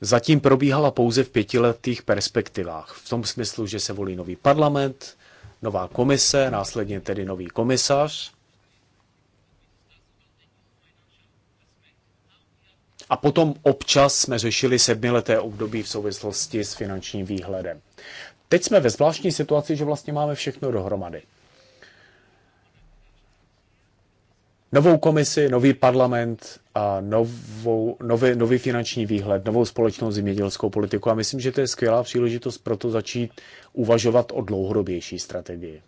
zatím probíhala pouze v pětiletých perspektivách. V tom smyslu, že se volí nový parlament, nová komise, následně tedy nový komisař. A potom občas jsme řešili sedmileté období v souvislosti s finančním výhledem. Teď jsme ve zvláštní situaci, že vlastně máme všechno dohromady. Novou komisi, nový parlament, a novou, nový, nový finanční výhled, novou společnou zemědělskou politiku a myslím, že to je skvělá příležitost pro to začít uvažovat o dlouhodobější strategii.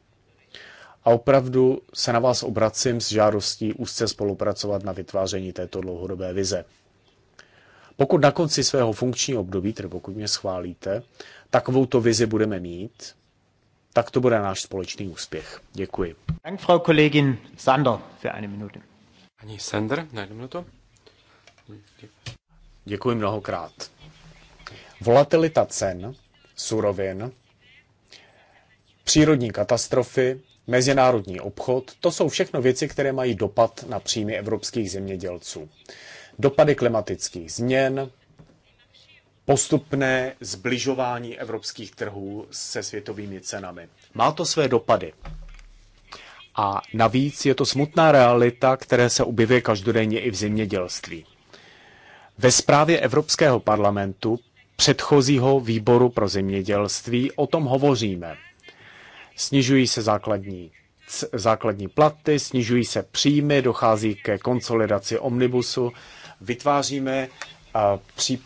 A opravdu se na vás obracím s žádostí úzce spolupracovat na vytváření této dlouhodobé vize. Pokud na konci svého funkčního období, tedy pokud mě schválíte, takovou to vizi budeme mít, tak to bude náš společný úspěch. Děkuji. Dank, Frau Kollegin Sander, für eine Minute. Ani Sander, na jednu minutu. Děkuji mnohokrát. Volatilita cen, surovin, přírodní katastrofy, mezinárodní obchod, to jsou všechno věci, které mají dopad na příjmy evropských zemědělců dopady klimatických změn, postupné zbližování evropských trhů se světovými cenami. Má to své dopady. A navíc je to smutná realita, která se objevuje každodenně i v zemědělství. Ve zprávě Evropského parlamentu předchozího výboru pro zemědělství o tom hovoříme. Snižují se základní, základní platy, snižují se příjmy, dochází ke konsolidaci omnibusu, Vytváříme při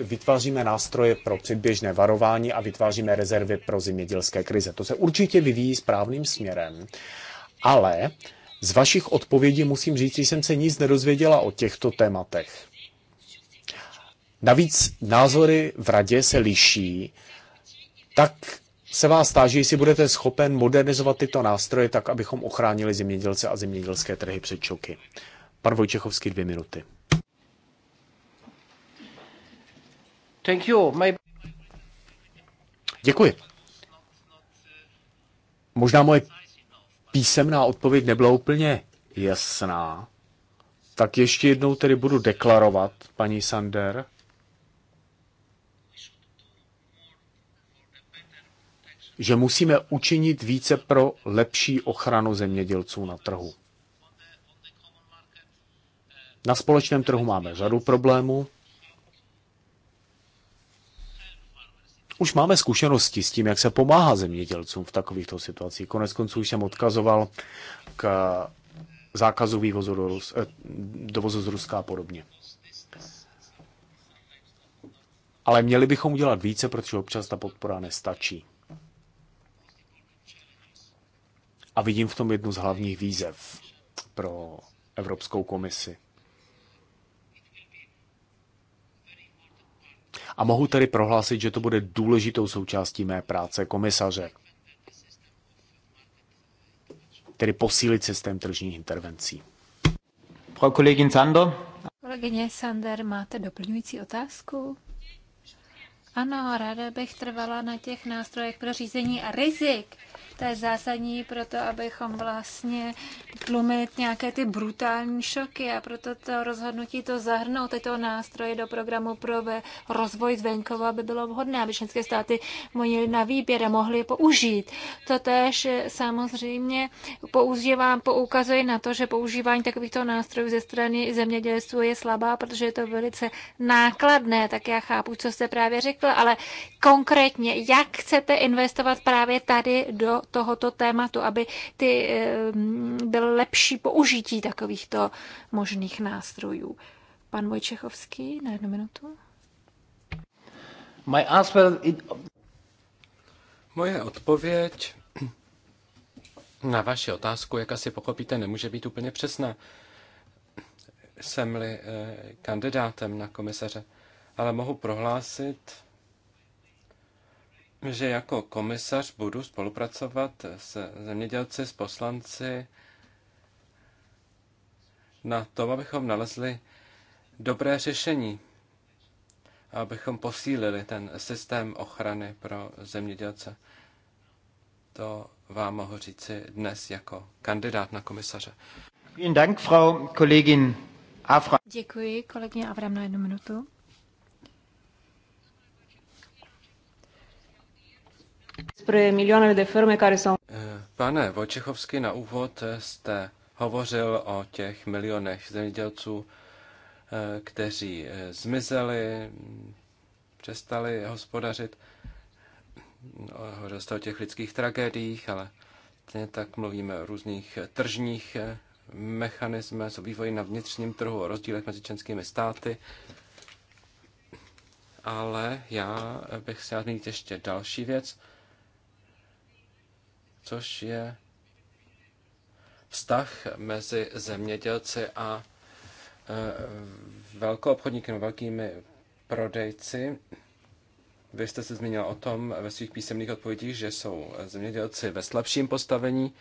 vytváříme nástroje pro předběžné varování a vytváříme rezervy pro zemědělské krize. To se určitě vyvíjí správným směrem, ale z vašich odpovědí musím říct, že jsem se nic nedozvěděla o těchto tématech. Navíc názory v radě se liší, tak se vás stáží, jestli budete schopen modernizovat tyto nástroje tak, abychom ochránili zemědělce a zemědělské trhy před šoky. Pan Vojčechovský dvě minuty. Thank you. My... Děkuji. Možná moje písemná odpověď nebyla úplně jasná. Tak ještě jednou tedy budu deklarovat, paní Sander. že musíme učinit více pro lepší ochranu zemědělců na trhu. Na společném trhu máme řadu problémů. Už máme zkušenosti s tím, jak se pomáhá zemědělcům v takovýchto situacích. Konec konců jsem odkazoval k zákazu vývozu do Rus, eh, dovozu z Ruska a podobně. Ale měli bychom udělat více, protože občas ta podpora nestačí. A vidím v tom jednu z hlavních výzev pro Evropskou komisi. a mohu tedy prohlásit, že to bude důležitou součástí mé práce komisaře. Tedy posílit systém tržních intervencí. Frau Kollegin Sander. Kolegyně Sander, máte doplňující otázku? Ano, ráda bych trvala na těch nástrojech pro řízení a rizik. To je zásadní pro to, abychom vlastně tlumit nějaké ty brutální šoky a proto to rozhodnutí to zahrnout tyto nástroje do programu pro rozvoj zvenkova aby bylo vhodné, aby členské státy mohly na výběr a mohly je použít. To tež samozřejmě používám, poukazuje na to, že používání takovýchto nástrojů ze strany zemědělství je slabá, protože je to velice nákladné, tak já chápu, co jste právě řekl řekl, ale konkrétně, jak chcete investovat právě tady do tohoto tématu, aby ty ehm, byl lepší použití takovýchto možných nástrojů. Pan Vojčechovský, na jednu minutu. My answer it... Moje odpověď na vaši otázku, jak asi pochopíte, nemůže být úplně přesná. Jsem-li eh, kandidátem na komisaře, ale mohu prohlásit, že jako komisař budu spolupracovat s zemědělci, s poslanci na tom, abychom nalezli dobré řešení, abychom posílili ten systém ochrany pro zemědělce. To vám mohu říci dnes jako kandidát na komisaře. Dank, Frau Kollegin Afra. Děkuji, kolegyně Avram, na jednu minutu. Eh, pane Vojčechovský, na úvod eh, jste hovořil o těch milionech zemědělců, eh, kteří zmizeli, přestali hospodařit. Hovořil jste o těch lidských tragédiích, ale tak mluvíme o různých tržních mechanismech, o vývoji na vnitřním trhu, o rozdílech mezi členskými státy. Ale já bych chtěl zmínit ještě další věc což je vztah mezi zemědělci a e, velkou obchodníky, velkými prodejci. Vy jste se zmínil o tom ve svých písemných odpovědích, že jsou zemědělci ve slabším postavení.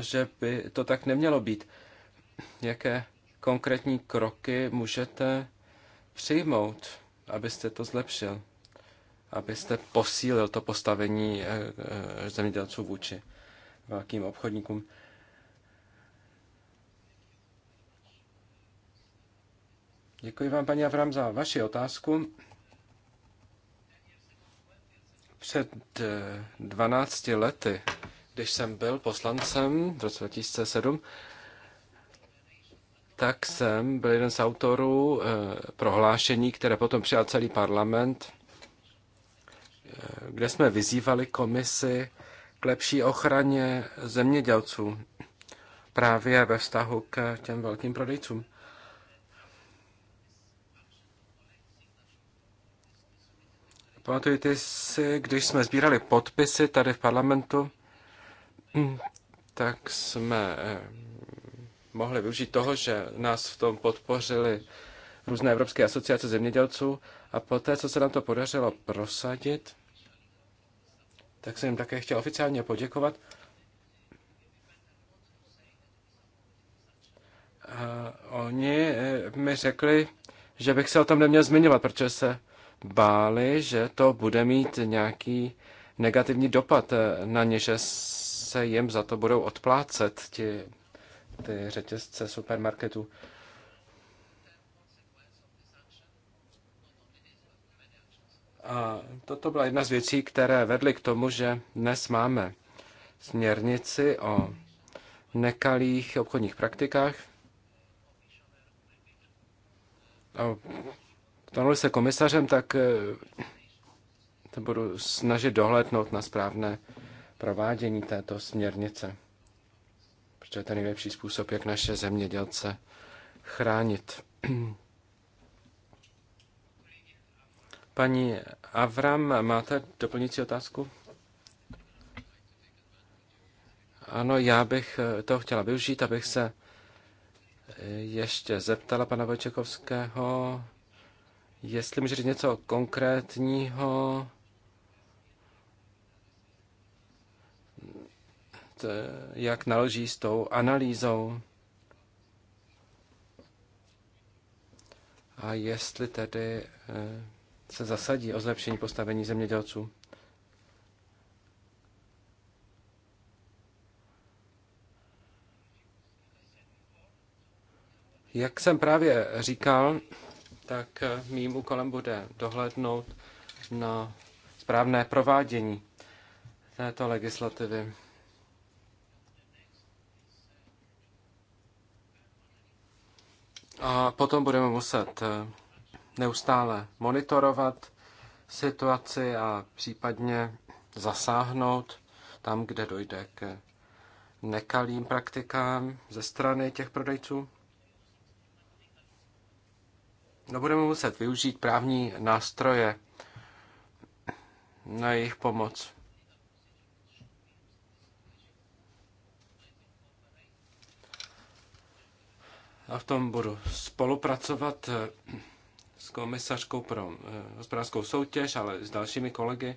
Že by to tak nemělo být. Jaké konkrétní kroky můžete přijmout? abyste to zlepšil, abyste posílil to postavení eh, eh, zemědělců vůči velkým obchodníkům. Děkuji vám, paní Avram, za vaši otázku. Před 12 eh, lety, když jsem byl poslancem v roce 2007, tak jsem byl jeden z autorů eh, prohlášení, které potom přijal celý parlament, eh, kde jsme vyzývali komisi k lepší ochraně zemědělců právě ve vztahu k těm velkým prodejcům. Pamatujte si, když jsme sbírali podpisy tady v parlamentu, tak jsme eh, mohli využít toho, že nás v tom podpořili různé evropské asociace zemědělců a poté, co se nám to podařilo prosadit, tak jsem jim také chtěl oficiálně poděkovat. A oni eh, mi řekli, že bych se o tom neměl zmiňovat, protože se báli, že to bude mít nějaký negativní dopad eh, na ně, že se jim za to budou odplácet ti ty řetězce supermarketu. A toto byla jedna z věcí, které vedly k tomu, že dnes máme směrnici o nekalých obchodních praktikách. Stanuli se komisařem, tak to eh, budu snažit dohlednout na správné provádění této směrnice protože to je ten nejlepší způsob, jak naše zemědělce chránit. Paní Avram, máte doplňující otázku? Ano, já bych to chtěla využít, abych se ještě zeptala pana Vojčekovského, jestli může říct něco konkrétního Eh, jak naloží s tou analýzou a jestli tedy eh, se zasadí o zlepšení postavení zemědělců. Jak jsem právě říkal, tak eh, mým úkolem bude dohlednout na správné provádění této legislativy. A potom budeme muset eh, neustále monitorovat situaci a případně zasáhnout tam, kde dojde k nekalým praktikám ze strany těch prodejců. No budeme muset využít právní nástroje na jejich pomoc. a v tom budu spolupracovat eh, s komisařkou pro eh, hospodářskou soutěž, ale s dalšími kolegy.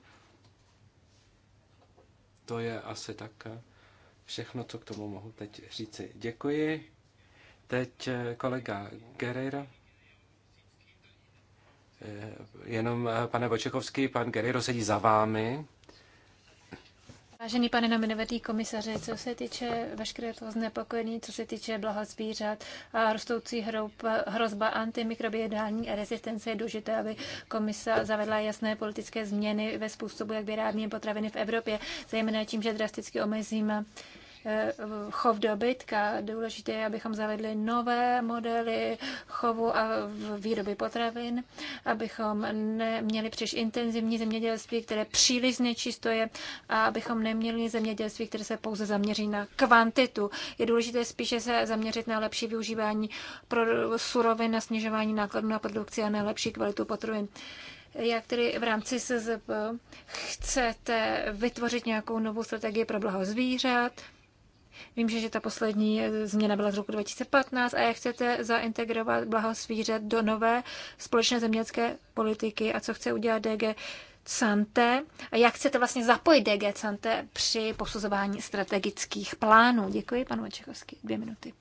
To je asi tak eh, všechno, co k tomu mohu teď říci. Děkuji. Teď kolega Guerreiro. Jenom, pane Vočekovský, pan Guerreiro sedí za vámi. Vážený pane nominovatý komisaři, co se týče veškeré toho znepokojení, co se týče blaha zvířat a rostoucí hrob, hrozba antimikrobiální rezistence, je důležité, aby komisa zavedla jasné politické změny ve způsobu, jak vyrábíme potraviny v Evropě, zejména tím, že drasticky omezíme Eh, chov dobytka. Důležité je, abychom zavedli nové modely chovu a výroby potravin, abychom neměli příliš intenzivní zemědělství, které příliš znečistuje a abychom neměli zemědělství, které se pouze zaměří na kvantitu. Je důležité spíše se zaměřit na lepší využívání pro surovin, na snižování nákladů na produkci a na lepší kvalitu potravin jak tedy v rámci SZP chcete vytvořit nějakou novou strategii pro blaho zvířat, Vím, že, že ta poslední změna byla z roku 2015 a jak chcete zaintegrovat blaho do nové společné zemědělské politiky a co chce udělat DG Sante a jak chcete vlastně zapojit DG Sante při posuzování strategických plánů. Děkuji, panu Očechovský. Dvě minuty.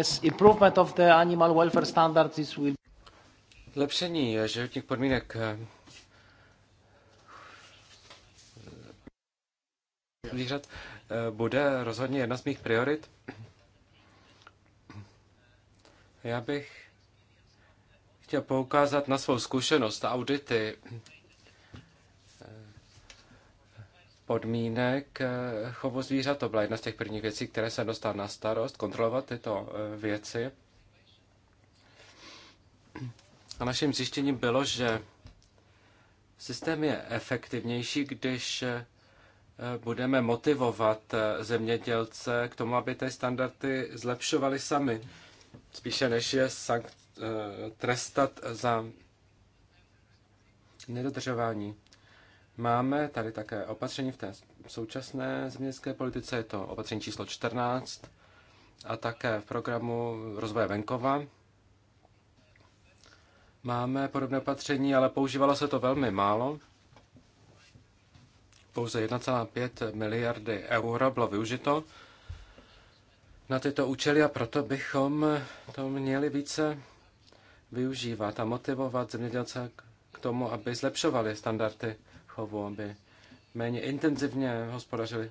As improvement of the animal welfare standards is will... Lepšení životních podmínek zvířat eh, bude rozhodně jedna z mých priorit. Já bych chtěl poukázat na svou zkušenost a audity eh, podmínek eh, chovu zvířat. To byla jedna z těch prvních věcí, které se dostal na starost, kontrolovat tyto věci. A naším zjištěním bylo, že systém je efektivnější, když budeme motivovat eh, zemědělce k tomu, aby ty standardy zlepšovali sami, spíše než je sankt, eh, trestat za nedodržování. Máme tady také opatření v té současné zemědělské politice, je to opatření číslo 14 a také v programu rozvoje venkova. Máme podobné opatření, ale používalo se to velmi málo pouze 1,5 miliardy euro bylo využito na tyto účely a proto bychom to měli více využívat a motivovat zemědělce k tomu, aby zlepšovali standardy chovu, aby méně intenzivně hospodařili,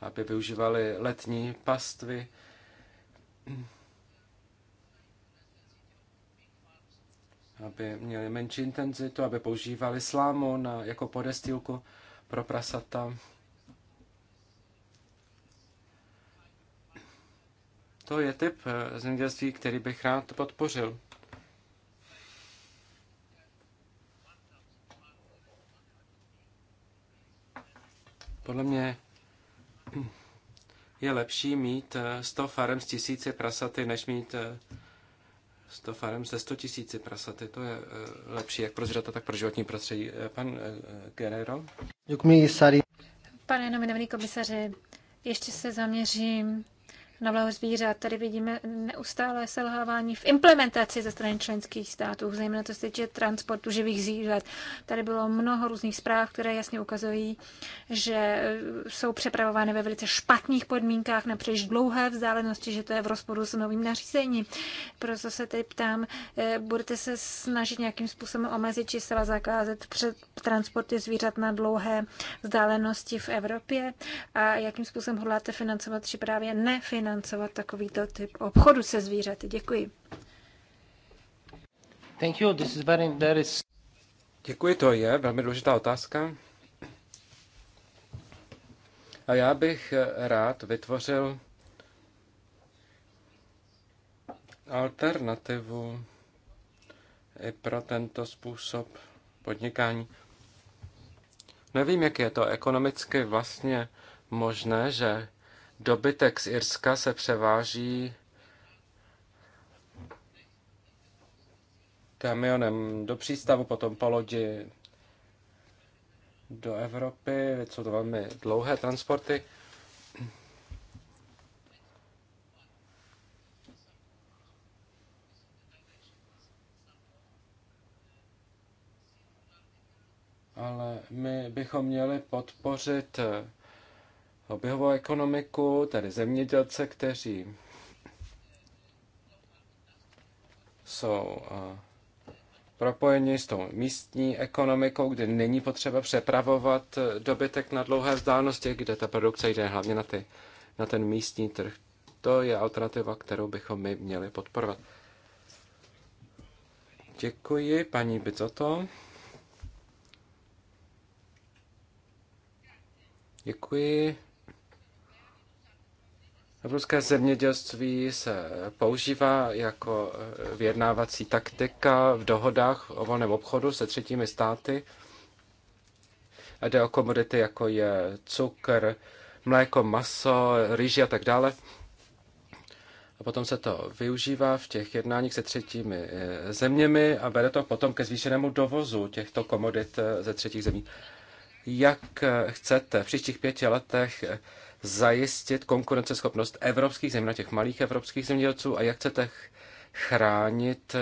aby využívali letní pastvy aby měli menší intenzitu, aby používali slámu na, jako podestýlku pro prasata. To je typ eh, zemědělství, který bych rád podpořil. Podle mě je lepší mít 100 eh, farem s tisíci prasaty, než mít eh, 100 farem se 100 tisíci prasaty. To je eh, lepší jak pro zvířata, tak pro životní prostředí. Eh, pan eh, Guerrero? Pane nominovaný komisaři, ještě se zaměřím na blaho zvířat. Tady vidíme neustále selhávání v implementaci ze strany členských států, zejména to se týče transportu živých zvířat. Tady bylo mnoho různých zpráv, které jasně ukazují, že e, jsou přepravovány ve velice špatných podmínkách na příliš dlouhé vzdálenosti, že to je v rozporu s novým nařízením. Proto se tedy ptám, e, budete se snažit nějakým způsobem omezit či se zakázat před transporty zvířat na dlouhé vzdálenosti v Evropě a jakým způsobem hodláte financovat či právě nefinancovat financovat takovýto typ obchodu se zvířaty. Děkuji. Thank you. This is very, there is... Děkuji, to je velmi důležitá otázka. A já bych rád vytvořil alternativu i pro tento způsob podnikání. Nevím, jak je to ekonomicky vlastně možné, že Dobytek z Irska se převáží kamionem do přístavu, potom po lodi do Evropy. Jsou to velmi dlouhé transporty. ale my bychom měli podpořit oběhovou ekonomiku, tedy zemědělce, kteří jsou eh, propojeni s tou místní ekonomikou, kde není potřeba přepravovat eh, dobytek na dlouhé vzdálenosti, kde ta produkce jde hlavně na, ty, na ten místní trh. To je alternativa, kterou bychom my měli podporovat. Děkuji, paní Bizoto. Děkuji. Evropské zemědělství se používá jako eh, vyjednávací taktika v dohodách o volném obchodu se třetími státy. A jde o komodity, jako je cukr, mléko, maso, rýži a tak dále. A potom se to využívá v těch jednáních se třetími eh, zeměmi a vede to potom ke zvýšenému dovozu těchto komodit eh, ze třetích zemí. Jak chcete v příštích pěti letech zajistit konkurenceschopnost evropských zemí, na těch malých evropských zemědělců a jak chcete chránit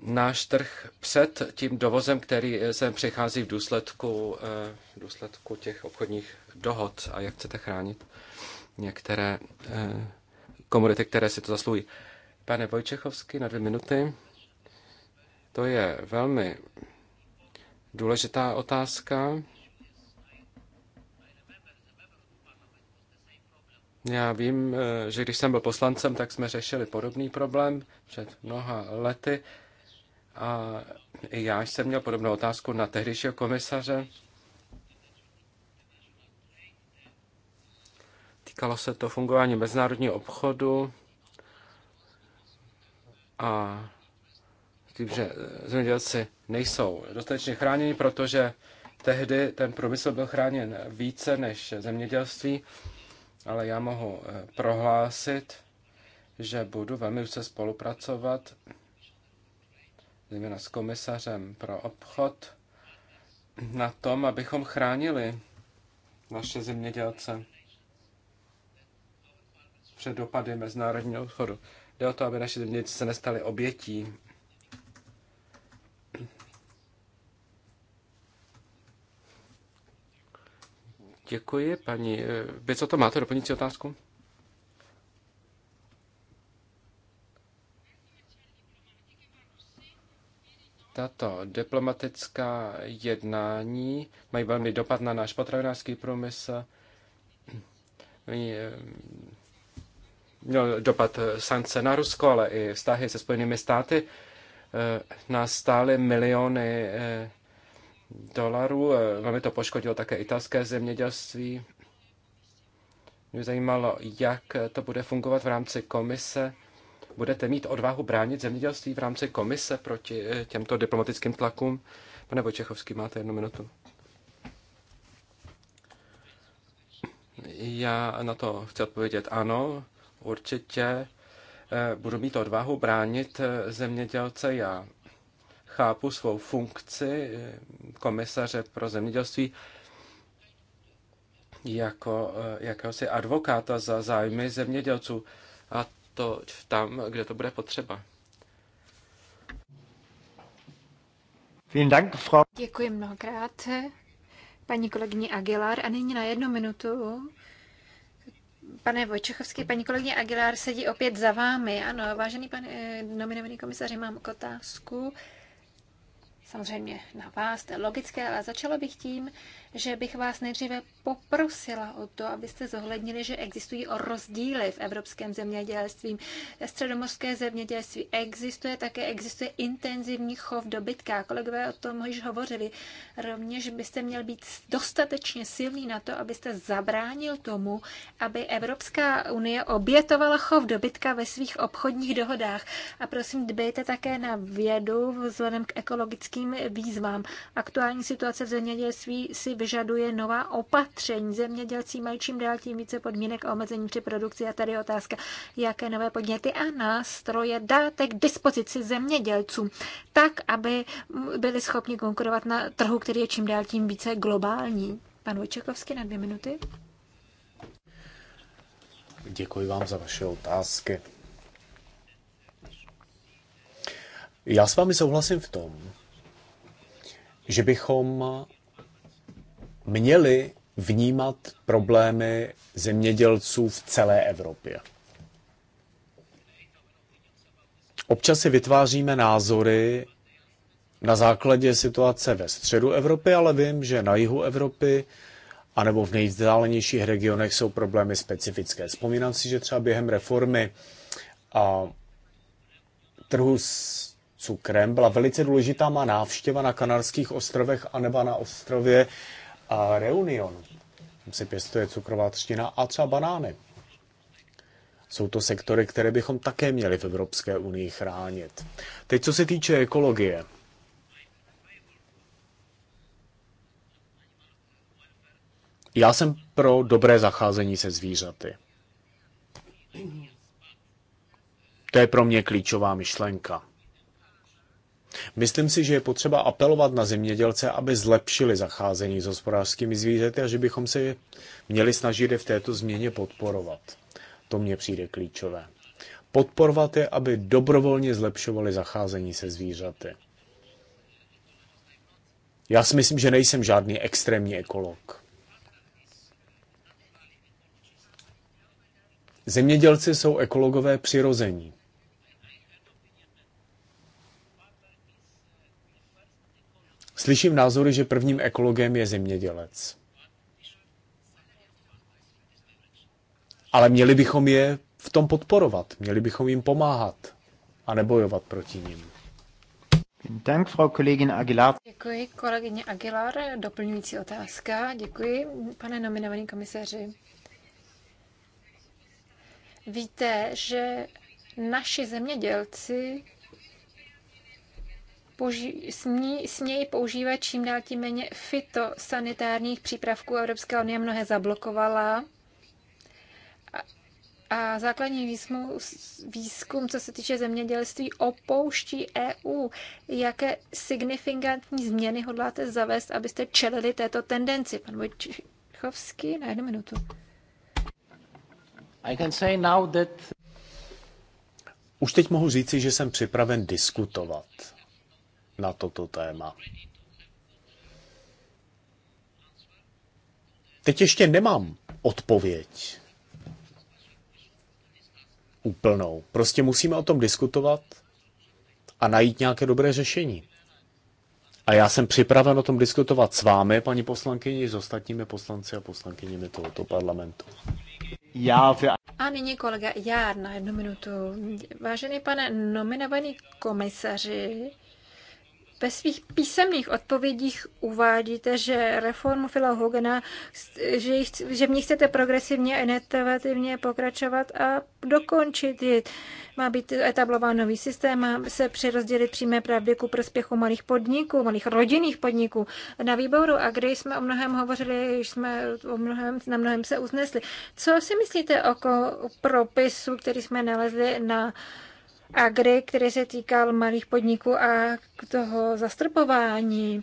náš trh před tím dovozem, který eh, sem přichází v důsledku, eh, v důsledku těch obchodních dohod a jak chcete chránit některé eh, komodity, které si to zaslují. Pane Vojčechovský, na dvě minuty. To je velmi důležitá otázka. Já vím, eh, že když jsem byl poslancem, tak jsme řešili podobný problém před mnoha lety. A i já jsem měl podobnou otázku na tehdejšího komisaře. Týkalo se to fungování mezinárodního obchodu a tím, že zemědělci nejsou dostatečně chráněni, protože tehdy ten průmysl byl chráněn více než zemědělství ale já mohu eh, prohlásit, že budu velmi úzce spolupracovat zejména s komisařem pro obchod na tom, abychom chránili naše zemědělce před dopady mezinárodního obchodu. Jde o to, aby naše zemědělci se nestali obětí Děkuji, paní. Vy eh, co to máte, doplňující otázku? Tato diplomatická jednání mají velmi dopad na náš potravinářský průmysl. Eh, měl dopad eh, sankce na Rusko, ale i vztahy se Spojenými státy. Nás stály miliony dolarů. Eh, velmi to poškodilo také italské zemědělství. Mě zajímalo, jak to bude fungovat v rámci komise. Budete mít odvahu bránit zemědělství v rámci komise proti eh, těmto diplomatickým tlakům? Pane Vojčechovský, máte jednu minutu. Já na to chci odpovědět ano, určitě eh, budu mít odvahu bránit zemědělce. Já chápu svou funkci eh, komisaře pro zemědělství jako eh, jakéhosi advokáta za zájmy zemědělců a to tam, kde to bude potřeba. Děkuji mnohokrát, paní kolegyně Aguilar. A nyní na jednu minutu Pane Vojčechovský, paní kolegyně Aguilar sedí opět za vámi. Ano, vážený pane eh, nominovaný komisaři, mám otázku samozřejmě na vás, to je logické, ale začalo bych tím, že bych vás nejdříve poprosila o to, abyste zohlednili, že existují rozdíly v evropském zemědělství. Středomorské zemědělství existuje, také existuje intenzivní chov dobytka. Kolegové o tom již hovořili. Rovněž byste měl být dostatečně silný na to, abyste zabránil tomu, aby Evropská unie obětovala chov dobytka ve svých obchodních dohodách. A prosím, dbejte také na vědu vzhledem k ekologickým výzvám. Aktuální situace v zemědělství si vyžaduje nová opatření. Zemědělci mají čím dál tím více podmínek a omezení při produkci. A tady je otázka, jaké nové podněty a nástroje dáte k dispozici zemědělcům, tak, aby byli schopni konkurovat na trhu, který je čím dál tím více globální. Pan Vojčekovský na dvě minuty. Děkuji vám za vaše otázky. Já s vámi souhlasím v tom, že bychom měli vnímat problémy zemědělců v celé Evropě. Občas si vytváříme názory na základě situace ve středu Evropy, ale vím, že na jihu Evropy anebo v nejvzdálenějších regionech jsou problémy specifické. Vzpomínám si, že třeba během reformy a, trhu s cukrem byla velice důležitá má návštěva na Kanárských ostrovech anebo na ostrově a Reunion. Tam se pěstuje cukrová třtina a třeba banány. Jsou to sektory, které bychom také měli v Evropské unii chránit. Teď co se týče ekologie. Já jsem pro dobré zacházení se zvířaty. To je pro mě klíčová myšlenka. Myslím si, že je potřeba apelovat na zemědělce, aby zlepšili zacházení s hospodářskými zvířaty a že bychom se měli snažit je v této změně podporovat. To mně přijde klíčové. Podporovat je, aby dobrovolně zlepšovali zacházení se zvířaty. Já si myslím, že nejsem žádný extrémní ekolog. Zemědělci jsou ekologové přirození. Slyším názory, že prvním ekologem je zemědělec. Ale měli bychom je v tom podporovat, měli bychom jim pomáhat a nebojovat proti ním. Frau Kollegin Děkuji, kolegyně Aguilar. Doplňující otázka. Děkuji, pane nominovaný komisaři. Víte, že naši zemědělci smějí používat čím dál tím méně fitosanitárních přípravků. Evropská unie mnohé zablokovala. A základní výzkum, výzkum, co se týče zemědělství, opouští EU. Jaké signifikantní změny hodláte zavést, abyste čelili této tendenci? Pan Vojčichovský, na jednu minutu. I can say now that... Už teď mohu říci, že jsem připraven diskutovat na toto téma. Teď ještě nemám odpověď úplnou. Prostě musíme o tom diskutovat a najít nějaké dobré řešení. A já jsem připraven o tom diskutovat s vámi, paní poslankyni, s ostatními poslanci a poslankyněmi tohoto parlamentu. Já A nyní kolega Jár na jednu minutu. Vážený pane nominovaný komisaři, ve svých písemných odpovědích uvádíte, že reformu Phila Hogana, že, jich, že v ní chcete progresivně a inovativně pokračovat a dokončit ji. Má být etablován nový systém, má se přerozdělit přímé pravdy ku prospěchu malých podniků, malých rodinných podniků. Na výboru a kdy jsme o mnohem hovořili, jsme o mnohem, na mnohem se usnesli. Co si myslíte o propisu, který jsme nalezli na Agri, který se týkal malých podniků a toho zastrpování.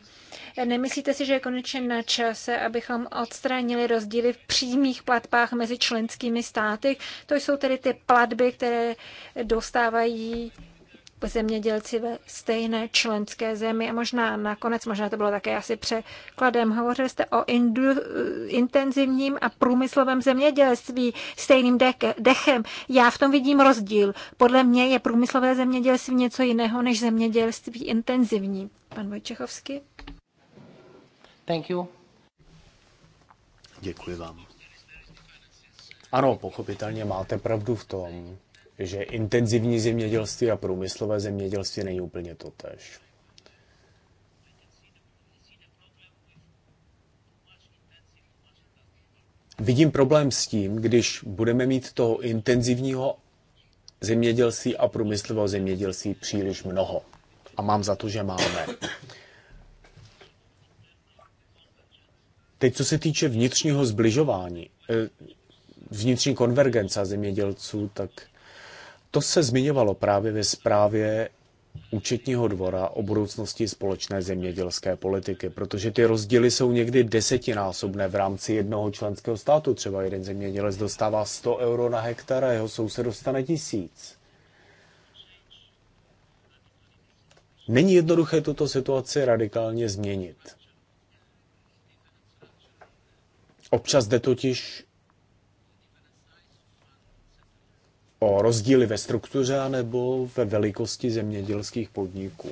Nemyslíte si, že je konečně na čase, abychom odstranili rozdíly v přímých platbách mezi členskými státy? To jsou tedy ty platby, které dostávají zemědělci ve stejné členské zemi a možná nakonec, možná to bylo také asi překladem, hovořili jste o indu, intenzivním a průmyslovém zemědělství stejným dechem. Já v tom vidím rozdíl. Podle mě je průmyslové zemědělství něco jiného než zemědělství intenzivní. Pan Vojčechovský. Thank you. Děkuji vám. Ano, pochopitelně máte pravdu v tom, že intenzivní zemědělství a průmyslové zemědělství není úplně tež. Vidím problém s tím, když budeme mít toho intenzivního zemědělství a průmyslového zemědělství příliš mnoho. A mám za to, že máme. Teď, co se týče vnitřního zbližování, eh, vnitřní konvergence zemědělců, tak to se zmiňovalo právě ve zprávě účetního dvora o budoucnosti společné zemědělské politiky, protože ty rozdíly jsou někdy desetinásobné v rámci jednoho členského státu. Třeba jeden zemědělec dostává 100 euro na hektar a jeho soused dostane tisíc. Není jednoduché tuto situaci radikálně změnit. Občas jde totiž o rozdíly ve struktuře nebo ve velikosti zemědělských podniků.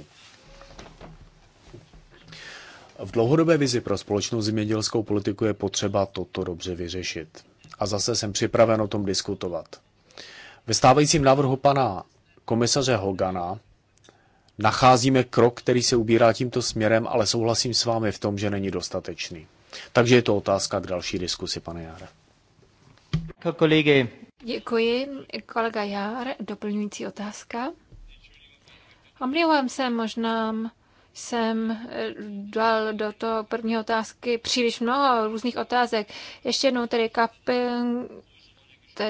V dlouhodobé vizi pro společnou zemědělskou politiku je potřeba toto dobře vyřešit. A zase jsem připraven o tom diskutovat. Ve stávajícím návrhu pana komisaře Hogana nacházíme krok, který se ubírá tímto směrem, ale souhlasím s vámi v tom, že není dostatečný. Takže je to otázka k další diskusi, pane Jare. Děkuji. Kolega Jár, doplňující otázka. Omlouvám se, možná jsem eh, dal do toho první otázky příliš mnoho různých otázek. Ještě jednou tedy kapel to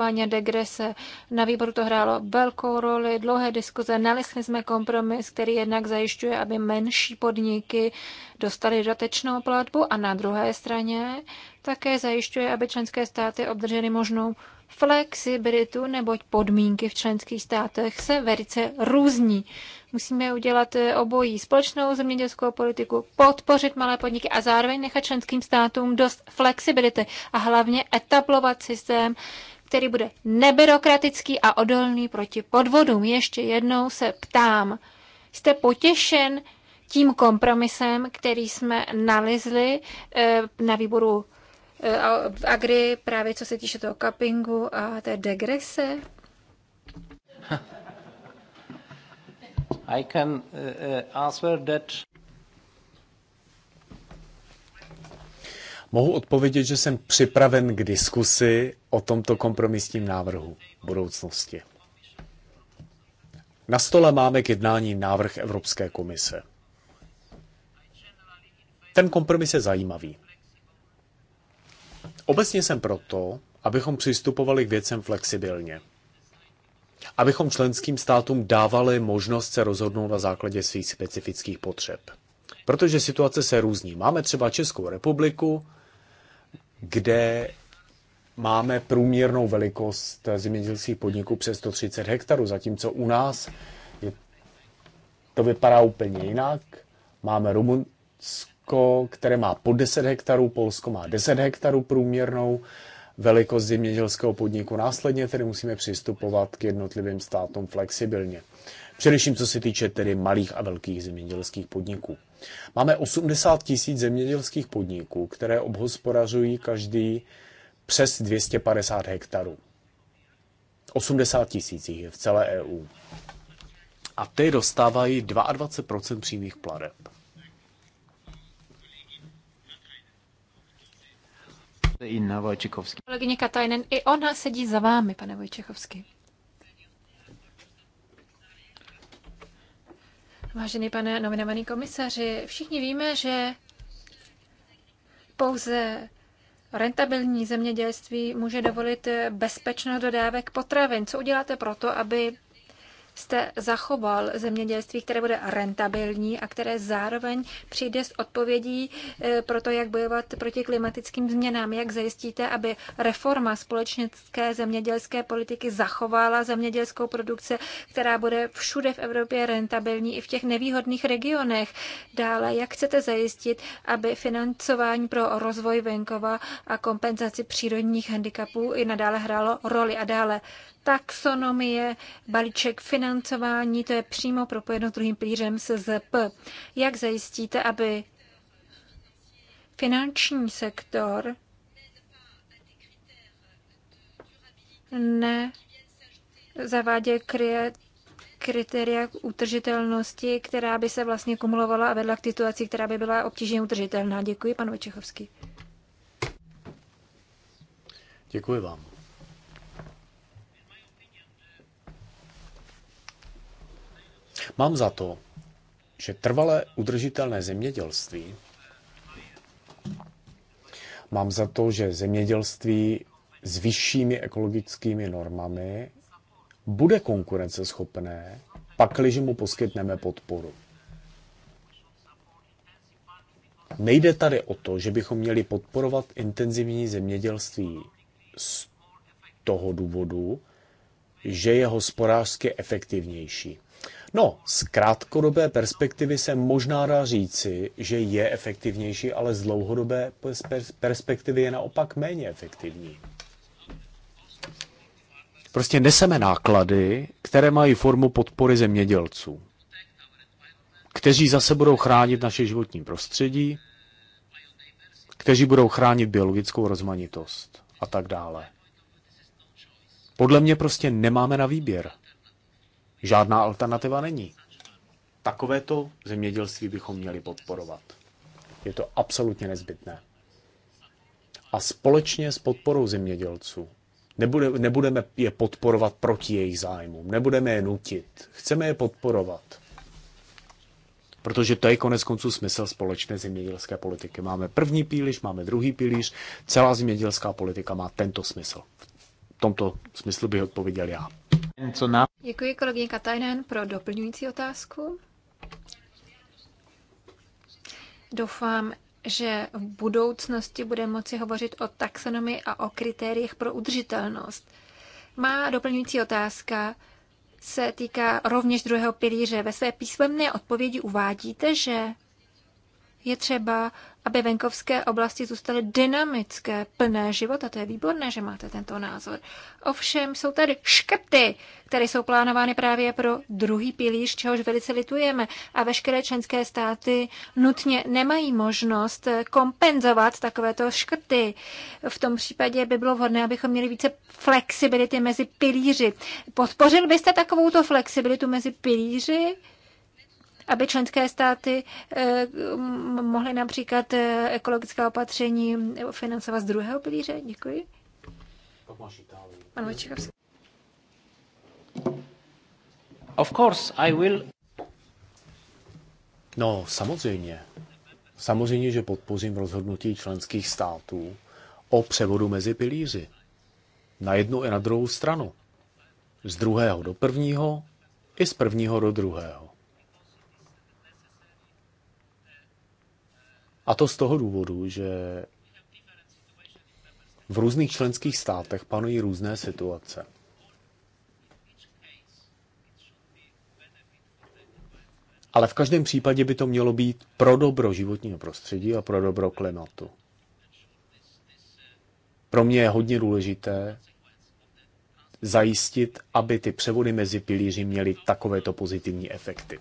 a degrese. Na výboru to hrálo velkou roli, dlouhé diskuze, nalezli jsme kompromis, který jednak zajišťuje, aby menší podniky dostaly dodatečnou platbu a na druhé straně také zajišťuje, aby členské státy obdržely možnou flexibilitu, neboť podmínky v členských státech se velice různí. Musíme udělat eh, obojí společnou zemědělskou politiku, podpořit malé podniky a zároveň nechat členským státům dost flexibility a hlavně etablovat systém, který bude nebyrokratický a odolný proti podvodům. Ještě jednou se ptám, jste potěšen tím kompromisem, který jsme nalizli eh, na výboru eh, v Agri, právě co se týče toho kapingu a té degrese? I can uh, uh, answer that. Mohu odpovědět, že jsem připraven k diskusi o tomto kompromisním návrhu v budoucnosti. Na stole máme k jednání návrh Evropské komise. Ten kompromis je zajímavý. Obecně jsem proto, abychom přistupovali k věcem flexibilně abychom členským státům dávali možnost se rozhodnout na základě svých specifických potřeb. Protože situace se různí. Máme třeba Českou republiku, kde máme průměrnou velikost zemědělských podniků přes 130 hektarů, zatímco u nás je, to vypadá úplně jinak. Máme Rumunsko, které má po 10 hektarů, Polsko má 10 hektarů průměrnou, velikost zemědělského podniku. Následně tedy musíme přistupovat k jednotlivým státům flexibilně. Především co se týče tedy malých a velkých zemědělských podniků. Máme 80 tisíc zemědělských podniků, které obhospodařují každý přes 250 hektarů. 80 tisíc jich je v celé EU. A ty dostávají 22% přímých pladeb. Inna Vojčekovský. Kolegyně Katajnen, i ona sedí za vámi, pane Vojčechovský. Vážený pane nominovaný komisaři, všichni víme, že pouze rentabilní zemědělství může dovolit bezpečnost dodávek potravin. Co uděláte proto, aby jste zachoval zemědělství, které bude rentabilní a které zároveň přijde s odpovědí eh, pro to, jak bojovat proti klimatickým změnám, jak zajistíte, aby reforma společenské zemědělské politiky zachovala zemědělskou produkci, která bude všude v Evropě rentabilní i v těch nevýhodných regionech. Dále, jak chcete zajistit, aby financování pro rozvoj venkova a kompenzaci přírodních handicapů i nadále hrálo roli a dále taxonomie, balíček financování, to je přímo propojeno druhým pilířem ZP. Jak zajistíte, aby finanční sektor ne zaváděl kritéria k utržitelnosti, která by se vlastně kumulovala a vedla k situaci, která by byla obtížně utržitelná. Děkuji, pan Večechovský. Děkuji vám. Mám za to, že trvalé udržitelné zemědělství, mám za to, že zemědělství s vyššími ekologickými normami bude konkurenceschopné, pakliže mu poskytneme podporu. Nejde tady o to, že bychom měli podporovat intenzivní zemědělství z toho důvodu, že je hospodářsky efektivnější. No, z krátkodobé perspektivy se možná dá říci, že je efektivnější, ale z dlouhodobé perspektivy je naopak méně efektivní. Prostě neseme náklady, které mají formu podpory zemědělců, kteří zase budou chránit naše životní prostředí, kteří budou chránit biologickou rozmanitost a tak dále. Podle mě prostě nemáme na výběr. Žádná alternativa není. Takovéto zemědělství bychom měli podporovat. Je to absolutně nezbytné. A společně s podporou zemědělců nebude, nebudeme je podporovat proti jejich zájmům, nebudeme je nutit, chceme je podporovat. Protože to je konec konců smysl společné zemědělské politiky. Máme první pilíř, máme druhý pilíř, celá zemědělská politika má tento smysl. V tomto smyslu bych odpověděl já. Co nám? Děkuji kolegyně Katajnen pro doplňující otázku. Doufám, že v budoucnosti bude moci hovořit o taxonomii a o kritériích pro udržitelnost. Má doplňující otázka se týká rovněž druhého pilíře. Ve své písemné odpovědi uvádíte, že je třeba, aby venkovské oblasti zůstaly dynamické, plné života. To je výborné, že máte tento názor. Ovšem jsou tady škrty, které jsou plánovány právě pro druhý pilíř, čehož velice litujeme. A veškeré členské státy nutně nemají možnost kompenzovat takovéto škrty. V tom případě by bylo vhodné, abychom měli více flexibility mezi pilíři. Podpořil byste takovouto flexibilitu mezi pilíři? aby členské státy eh, mohly například eh, ekologická opatření financovat z druhého pilíře? Děkuji. Pan Of course, I will... No, samozřejmě. Samozřejmě, že podpořím rozhodnutí členských států o převodu mezi pilíři. Na jednu i na druhou stranu. Z druhého do prvního i z prvního do druhého. A to z toho důvodu, že v různých členských státech panují různé situace. Ale v každém případě by to mělo být pro dobro životního prostředí a pro dobro klimatu. Pro mě je hodně důležité zajistit, aby ty převody mezi pilíři měly takovéto pozitivní efekty.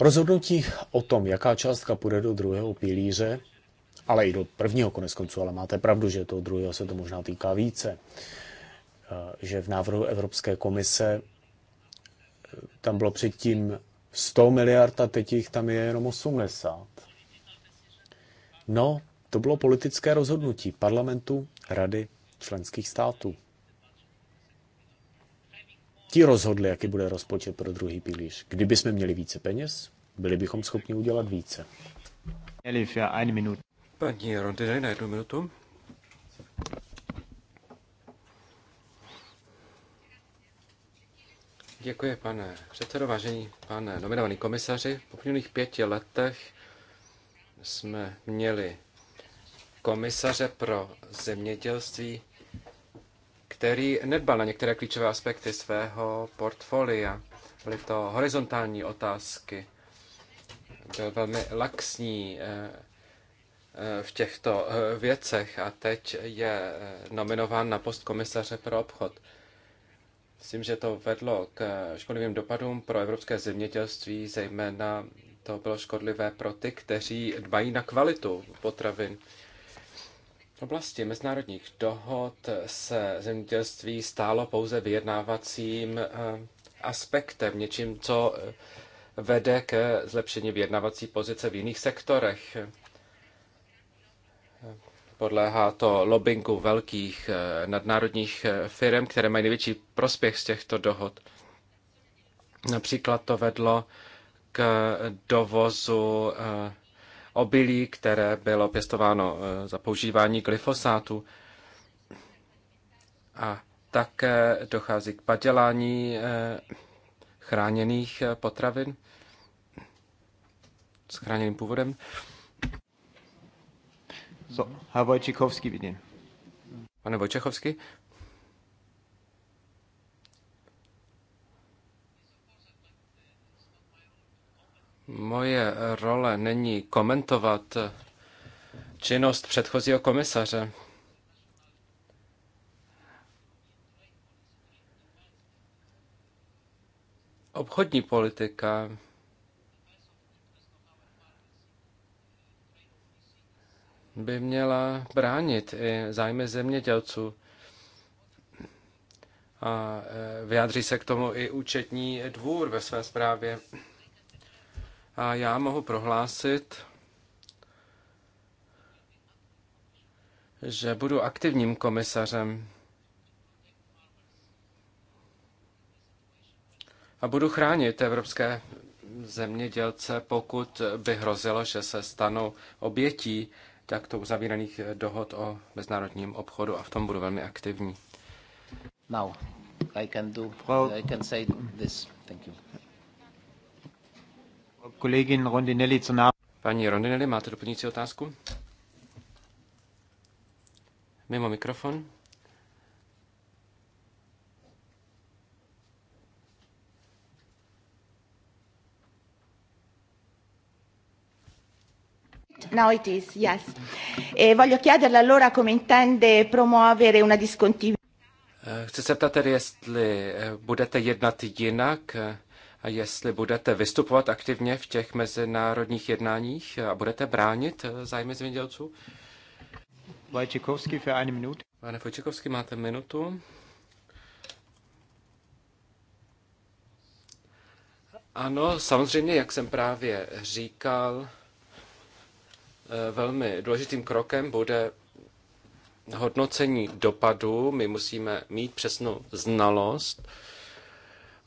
Rozhodnutí o tom, jaká částka půjde do druhého pilíře, ale i do prvního konec konců, ale máte pravdu, že toho druhého se to možná týká více, eh, že v návrhu Evropské komise eh, tam bylo předtím 100 miliard a teď jich tam je jenom 80. No, to bylo politické rozhodnutí parlamentu, rady, členských států. Ti rozhodli, jaký bude rozpočet pro druhý pilíř. Kdyby jsme měli více peněz, byli bychom schopni udělat více. Paní Rondinaj, na jednu minutu. Děkuji, pane předsedo, vážení pane nominovaný komisaři. Po minulých pěti letech jsme měli komisaře pro zemědělství, který nedbal na některé klíčové aspekty svého portfolia. Byly to horizontální otázky, byl velmi laxní eh, eh, v těchto eh, věcech a teď je nominován na post komisaře pro obchod. Myslím, že to vedlo k škodlivým dopadům pro evropské zemědělství, zejména to bylo škodlivé pro ty, kteří dbají na kvalitu potravin. V oblasti mezinárodních dohod se zemědělství stálo pouze vyjednávacím eh, aspektem, něčím, co eh, vede ke zlepšení vyjednávací pozice v jiných sektorech. Podléhá to lobbingu velkých eh, nadnárodních firm, které mají největší prospěch z těchto dohod. Například to vedlo k dovozu obilí, které bylo pěstováno eh, za používání glyfosátu. A také dochází k padělání eh, chráněných eh, potravin s chráněným původem. So, vidím. Pane Vojčechovský. Moje role není komentovat činnost předchozího komisaře. Obchodní politika by měla bránit i zájmy zemědělců. A e, vyjádří se k tomu i účetní dvůr ve své zprávě. A já mohu prohlásit, že budu aktivním komisařem a budu chránit evropské zemědělce, pokud by hrozilo, že se stanou obětí takto uzavíraných dohod o mezinárodním obchodu a v tom budu velmi aktivní. Now, I can do, well, I can say this. Thank you. Kollegin Rondinelli zu Namen. Paní Rondinelli, máte doplňující otázku? Mimo mikrofon. No, it is, yes. E voglio chiederle allora come intende promuovere una discontinuità. Eh, chci se ptat tedy, jestli eh, budete jednat jinak eh, jestli budete vystupovat aktivně v těch mezinárodních jednáních a budete bránit eh, zájmy zemědělců. Vojčikovský, für eine Minute. Pane Vojčikovský, máte minutu. Ano, samozřejmě, jak jsem právě říkal, eh, velmi důležitým krokem bude hodnocení dopadu. My musíme mít přesnou znalost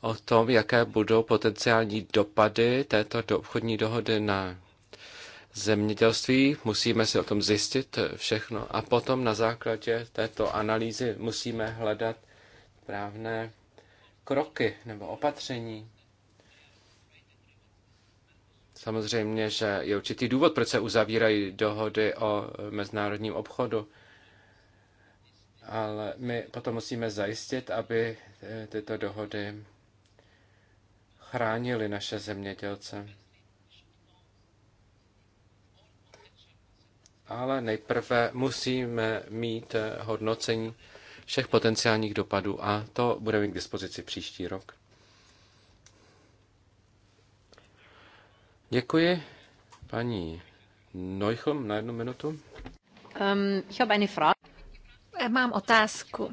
o tom, jaké budou potenciální dopady této do obchodní dohody na zemědělství. Musíme si o tom zjistit všechno a potom na základě této analýzy musíme hledat právné kroky nebo opatření. Samozřejmě, že je určitý důvod, proč se uzavírají dohody o mezinárodním obchodu, ale my potom musíme zajistit, aby eh, tyto dohody chránili naše zemědělce. Ale nejprve musíme mít eh, hodnocení všech potenciálních dopadů a to bude mít k dispozici příští rok. Děkuji. Paní Neuchom na jednu minutu. Um, ich habe eine Frage. Eh, mám otázku.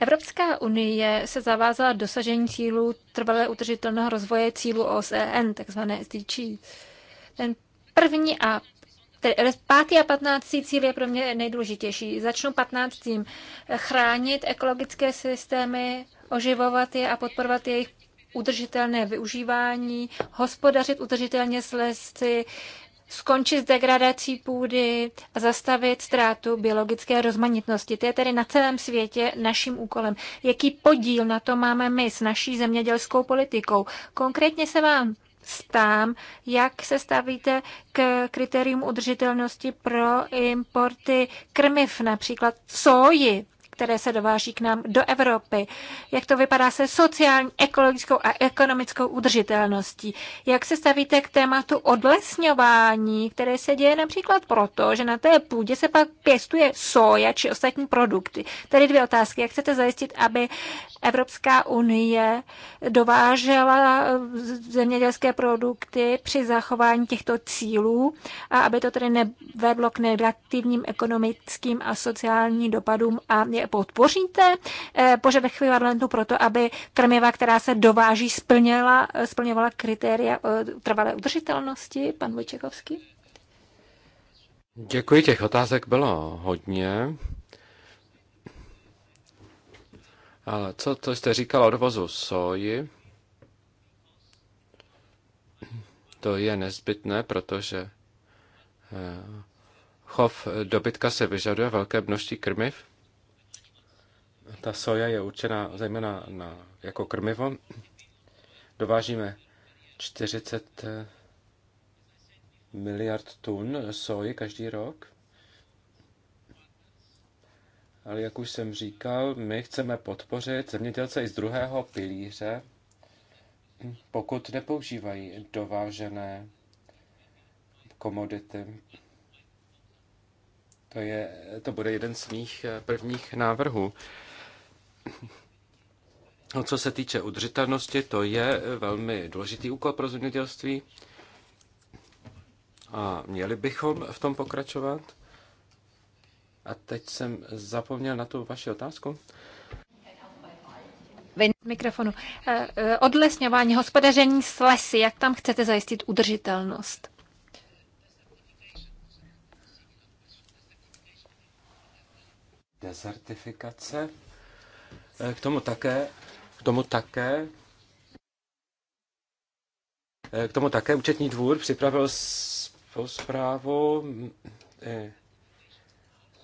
Evropská unie se zavázala dosažení cílů trvalé udržitelného rozvoje cílu OSN, e takzvané SDG. Ten první a tedy pátý a patnáctý cíl je pro mě nejdůležitější. Začnu patnáctým. Chránit ekologické systémy, oživovat je a podporovat jejich udržitelné využívání, hospodařit udržitelně s lesy, skončit s degradací půdy a zastavit ztrátu biologické rozmanitnosti. To je tedy na celém světě naším úkolem. Jaký podíl na to máme my s naší zemědělskou politikou? Konkrétně se vám stám, jak se stavíte k kritérium udržitelnosti pro importy krmiv, například soji které se dováží k nám do Evropy. Jak to vypadá se sociální, ekologickou a ekonomickou udržitelností? Jak se stavíte k tématu odlesňování, které se děje například proto, že na té půdě se pak pěstuje soja či ostatní produkty? Tady dvě otázky. Jak chcete zajistit, aby Evropská unie dovážela eh, zemědělské produkty při zachování těchto cílů a aby to tedy nevedlo k negativním ekonomickým a sociálním dopadům a je podpoříte eh, požadavek parlamentu proto, aby krmiva, která se dováží, splněla, splňovala kritéria eh, trvalé udržitelnosti? Pan Vojčekovský? Děkuji, těch otázek bylo hodně. Ale co to jste říkal o dovozu soji? To je nezbytné, protože eh, chov dobytka se vyžaduje velké množství krmiv. Ta soja je určená zejména na, jako krmivo. Dovážíme 40 eh, miliard tun soji každý rok. Ale jak už jsem říkal, my chceme podpořit zemědělce i z druhého pilíře, pokud nepoužívají dovážené komodity. To, je, to bude jeden z mých eh, prvních návrhů. No, co se týče udržitelnosti, to je velmi důležitý úkol pro zemědělství a měli bychom v tom pokračovat. A teď jsem zapomněl na tu vaši otázku. Ven mikrofonu. Eh, eh, odlesňování, hospodaření s lesy, jak tam chcete zajistit udržitelnost? Desertifikace. Eh, k tomu také, k tomu také eh, k tomu také účetní dvůr připravil zprávu eh,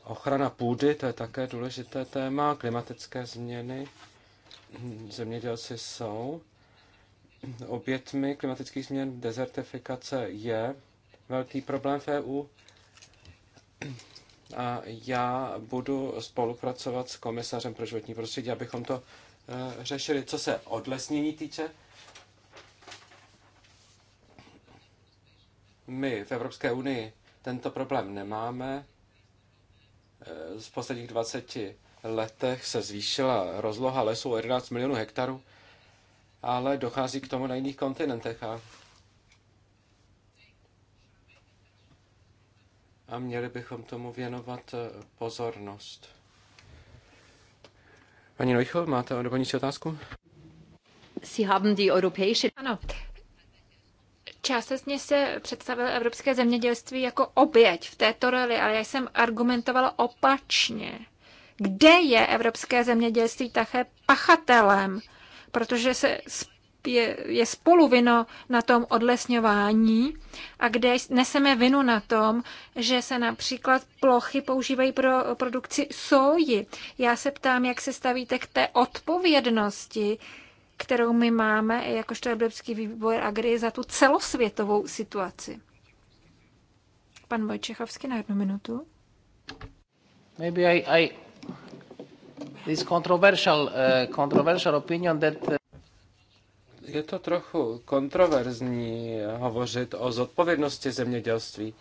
ochrana půdy, to je také důležité téma, klimatické změny. Hm, zemědělci jsou obětmi klimatických změn, dezertifikace je velký problém v EU a já budu spolupracovat s komisařem pro životní prostředí, abychom to eh, řešili. Co se odlesnění týče, my v Evropské unii tento problém nemáme. Z eh, posledních 20 letech se zvýšila rozloha lesů o 11 milionů hektarů, ale dochází k tomu na jiných kontinentech a a měli bychom tomu věnovat eh, pozornost. Pani Neuchel, máte doplňující otázku? Sie haben die europäische... Ano, Částečně se představil evropské zemědělství jako oběť v této roli, ale já jsem argumentovala opačně. Kde je evropské zemědělství také pachatelem? Protože se je, je spolu vino na tom odlesňování a kde neseme vinu na tom, že se například plochy používají pro produkci soji. Já se ptám, jak se stavíte k té odpovědnosti, kterou my máme, jakožto Evropský výbor Agri, za tu celosvětovou situaci. Pan Vojčechovský na jednu minutu. Maybe I, I this controversial, uh, controversial opinion that uh... Je to trochu kontroverzní hovořit o zodpovědnosti zemědělství,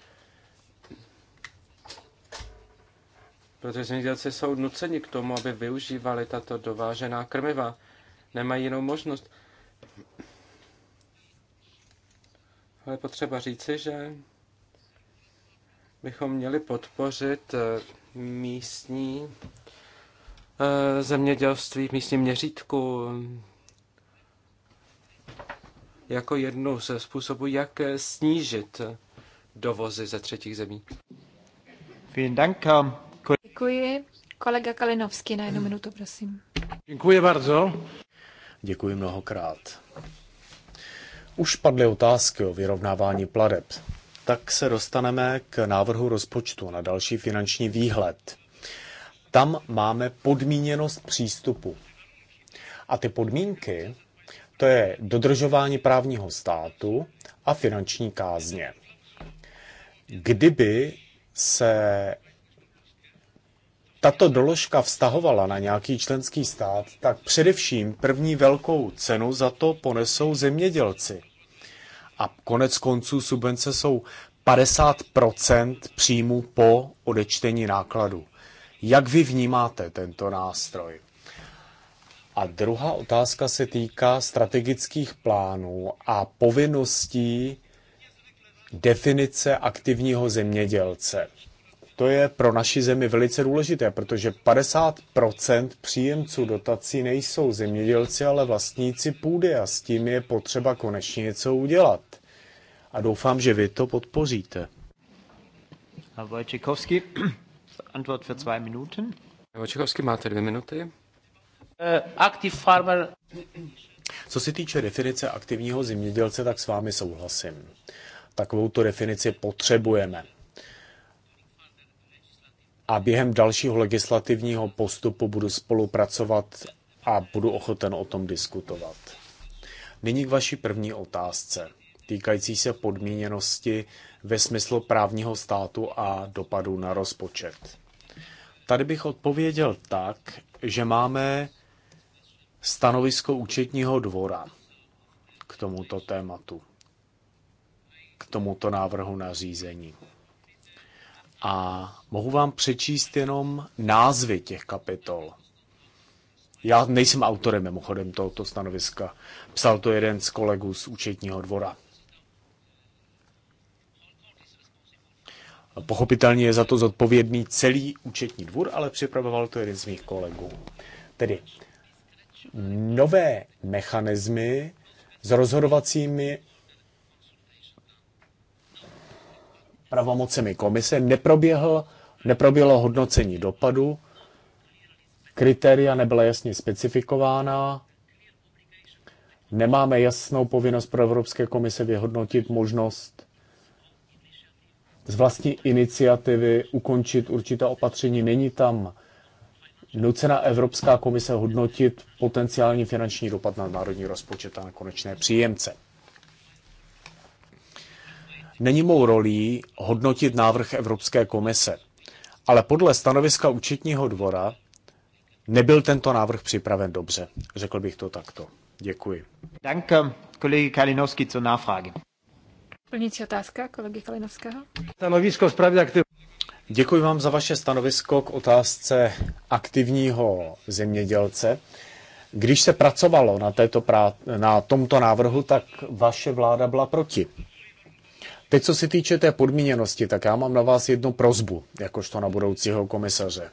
protože zemědělci jsou nuceni k tomu, aby využívali tato dovážená krmiva. Nemají jinou možnost. Ale potřeba říci, že bychom měli podpořit eh, místní eh, zemědělství v místním měřítku, jako jednu ze způsobů, jak snížit dovozy ze třetích zemí. Děkuji. Kolega Kalinovský na jednu minutu, prosím. Děkuji bardzo. Děkuji mnohokrát. Už padly otázky o vyrovnávání pladeb. Tak se dostaneme k návrhu rozpočtu na další finanční výhled. Tam máme podmíněnost přístupu. A ty podmínky to je dodržování právního státu a finanční kázně. Kdyby se tato doložka vztahovala na nějaký členský stát, tak především první velkou cenu za to ponesou zemědělci. A konec konců subvence jsou 50 příjmu po odečtení nákladu. Jak vy vnímáte tento nástroj? A druhá otázka se týká strategických plánů a povinností definice aktivního zemědělce. To je pro naši zemi velice důležité, protože 50 příjemců dotací nejsou zemědělci, ale vlastníci půdy a s tím je potřeba konečně něco udělat. A doufám, že vy to podpoříte. Herr Wojciechowski, Antwort für zwei Minuten. Wojciechowski, máte dvě minuty. Eh, active farmer. Co se týče definice aktivního zemědělce, tak s vámi souhlasím. Takovou tu definici potřebujeme. A během dalšího legislativního postupu budu spolupracovat a budu ochoten o tom diskutovat. Nyní k vaší první otázce, týkající se podmíněnosti ve smyslu právního státu a dopadu na rozpočet. Tady bych odpověděl tak, že máme stanovisko účetního dvora k tomuto tématu, k tomuto návrhu na řízení. A mohu vám přečíst jenom názvy těch kapitol. Já nejsem autorem mimochodem tohoto stanoviska. Psal to jeden z kolegů z účetního dvora. Pochopitelně je za to zodpovědný celý účetní dvůr, ale připravoval to jeden z mých kolegů. Tedy nové mechanismy s rozhodovacími pravomocemi komise, neproběhl, neproběhlo hodnocení dopadu, kritéria nebyla jasně specifikována, nemáme jasnou povinnost pro Evropské komise vyhodnotit možnost z vlastní iniciativy ukončit určitá opatření. Není tam nucena Evropská komise hodnotit potenciální finanční dopad na národní rozpočet a na konečné příjemce. Není mou rolí hodnotit návrh Evropské komise, ale podle stanoviska účetního dvora nebyl tento návrh připraven dobře. Řekl bych to takto. Děkuji. Danke, eh, kolegy Kalinovský, co náfrage. Plnící otázka kolegy Kalinovského. Stanovisko zpravda, které Děkuji vám za vaše stanovisko k otázce aktivního zemědělce. Když se pracovalo na, této prá- na tomto návrhu, tak vaše vláda byla proti. Teď, co se týče té podmíněnosti, tak já mám na vás jednu prozbu, jakožto na budoucího komisaře.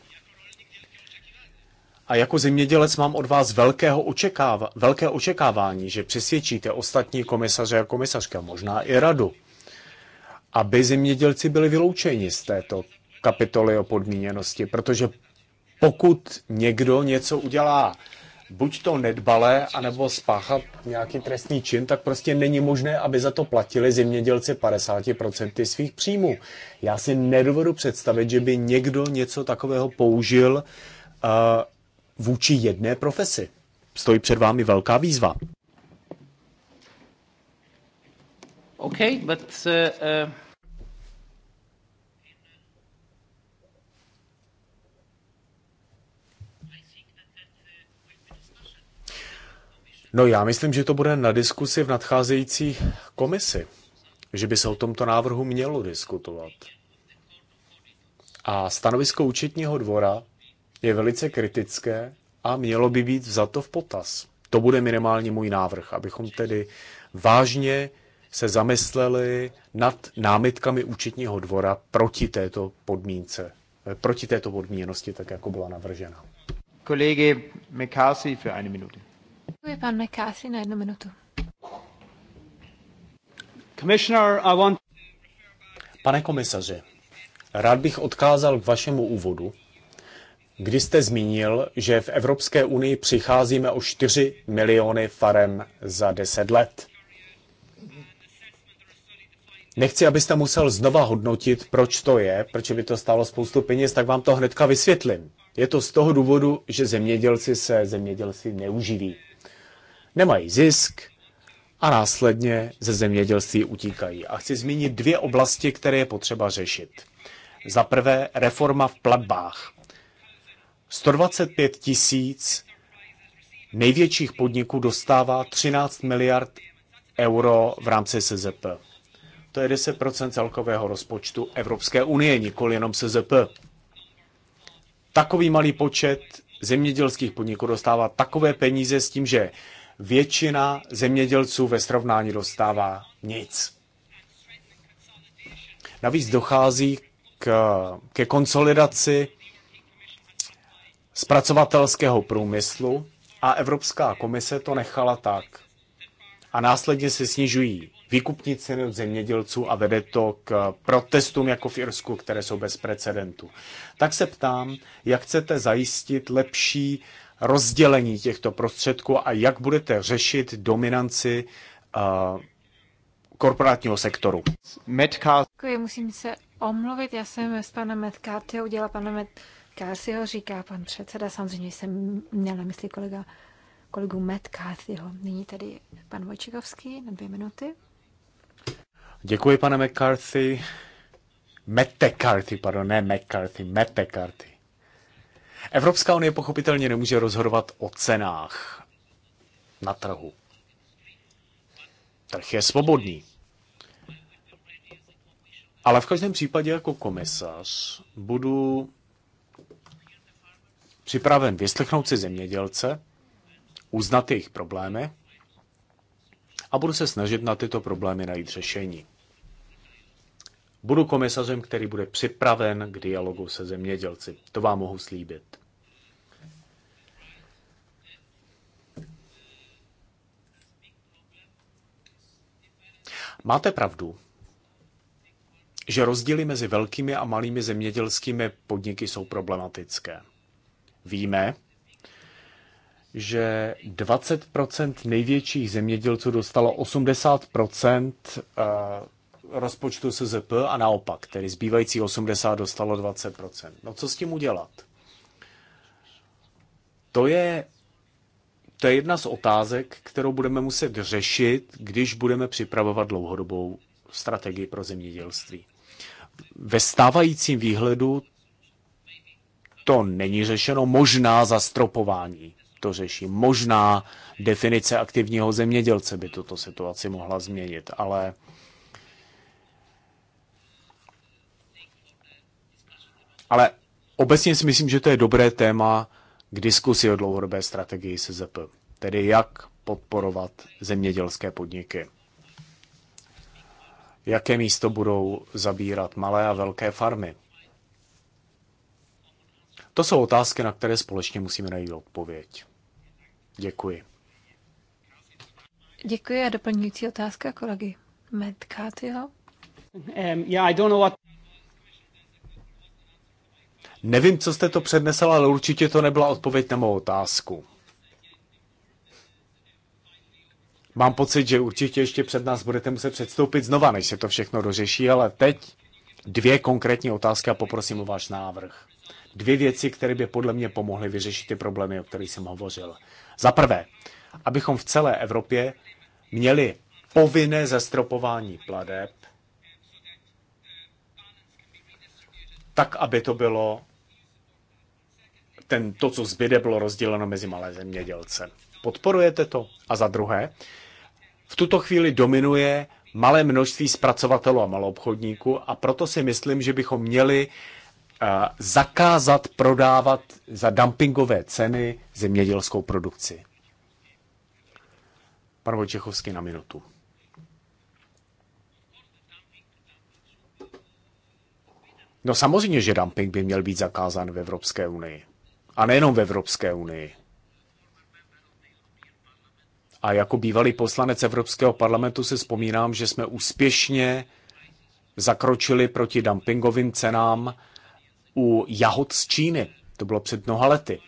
A jako zemědělec mám od vás velkého očekáva- velké očekávání, že přesvědčíte ostatní komisaře a komisařka, možná i radu, aby zemědělci byli vyloučeni z této kapitoly o podmíněnosti, protože pokud někdo něco udělá buď to nedbalé, anebo spáchat nějaký trestný čin, tak prostě není možné, aby za to platili zemědělci 50% svých příjmů. Já si nedovedu představit, že by někdo něco takového použil uh, vůči jedné profesi. Stojí před vámi velká výzva. Okay, but uh, uh... No já myslím, že to bude na diskusi v nadcházející komisi, že by se o tomto návrhu mělo diskutovat. A stanovisko účetního dvora je velice kritické a mělo by být to v potaz. To bude minimálně můj návrh, abychom tedy vážně se zamysleli nad námitkami účetního dvora proti této podmínce, eh, proti této podmíněnosti, tak jako byla navržena. Kolegy McCarthy für eine Minute. Děkuji, pan McCarthy, na jednu minutu. Pane komisaři, rád bych odkázal k vašemu úvodu, kdy jste zmínil, že v Evropské unii přicházíme o 4 miliony farem za 10 let. Nechci, abyste musel znova hodnotit, proč to je, proč by to stálo spoustu peněz, tak vám to hnedka vysvětlím. Je to z toho důvodu, že zemědělci se zemědělci neuživí nemají zisk a následně ze zemědělství utíkají. A chci zmínit dvě oblasti, které je potřeba řešit. Za prvé reforma v platbách. 125 tisíc největších podniků dostává 13 miliard euro v rámci SZP. To je 10 celkového rozpočtu Evropské unie, nikoli jenom SZP. Takový malý počet zemědělských podniků dostává takové peníze s tím, že většina zemědělců ve srovnání dostává nic. Navíc dochází k, ke konsolidaci zpracovatelského průmyslu a Evropská komise to nechala tak. A následně se snižují výkupní ceny od zemědělců a vede to k protestům jako v Irsku, které jsou bez precedentu. Tak se ptám, jak chcete zajistit lepší rozdělení těchto prostředků a jak budete řešit dominanci eh, korporátního sektoru. Děkuji, musím se omluvit. Já jsem s panem Metcalfy udělala pana Metcalfyho, říká pan předseda. Samozřejmě jsem měla mysli kolega, kolegu Metcalfyho. Nyní tady pan Vojčikovský na dvě minuty. Děkuji, pane McCarthy. Mette Carthy, pardon, ne McCarthy, Mette Carthy. Evropská unie pochopitelně nemůže rozhodovat o cenách na trhu. Trh je svobodný. Ale v každém případě jako komisař budu připraven vyslechnout si zemědělce, uznat jejich problémy a budu se snažit na tyto problémy najít řešení. Budu komisařem, který bude připraven k dialogu se zemědělci. To vám mohu slíbit. Máte pravdu, že rozdíly mezi velkými a malými zemědělskými podniky jsou problematické. Víme, že 20 největších zemědělců dostalo 80 rozpočtu SZP a naopak, tedy zbývající 80 dostalo 20%. No co s tím udělat? To je, to je jedna z otázek, kterou budeme muset řešit, když budeme připravovat dlouhodobou strategii pro zemědělství. Ve stávajícím výhledu to není řešeno, možná zastropování to řeší. Možná definice aktivního zemědělce by tuto situaci mohla změnit, ale Ale obecně si myslím, že to je dobré téma k diskusi o dlouhodobé strategii SZP, tedy jak podporovat zemědělské podniky. Jaké místo budou zabírat malé a velké farmy? To jsou otázky, na které společně musíme najít odpověď. Děkuji. Děkuji a doplňující otázka kolegy Medkátyho. Um, yeah, I don't know what... Nevím, co jste to přednesla, ale určitě to nebyla odpověď na mou otázku. Mám pocit, že určitě ještě před nás budete muset předstoupit znova, než se to všechno dořeší, ale teď dvě konkrétní otázky a poprosím o váš návrh. Dvě věci, které by podle mě pomohly vyřešit ty problémy, o kterých jsem hovořil. Za prvé, abychom v celé Evropě měli povinné zastropování pladeb tak, aby to bylo ten, to, co zbyde, bylo rozděleno mezi malé zemědělce. Podporujete to? A za druhé, v tuto chvíli dominuje malé množství zpracovatelů a maloobchodníků a proto si myslím, že bychom měli eh, zakázat prodávat za dumpingové ceny zemědělskou produkci. Pan Vojčechovský na minutu. No samozřejmě, že dumping by měl být zakázán v Evropské unii. A nejenom v Evropské unii. A jako bývalý poslanec Evropského parlamentu se vzpomínám, že jsme úspěšně zakročili proti dumpingovým cenám u jahod z Číny. To bylo před mnoha lety.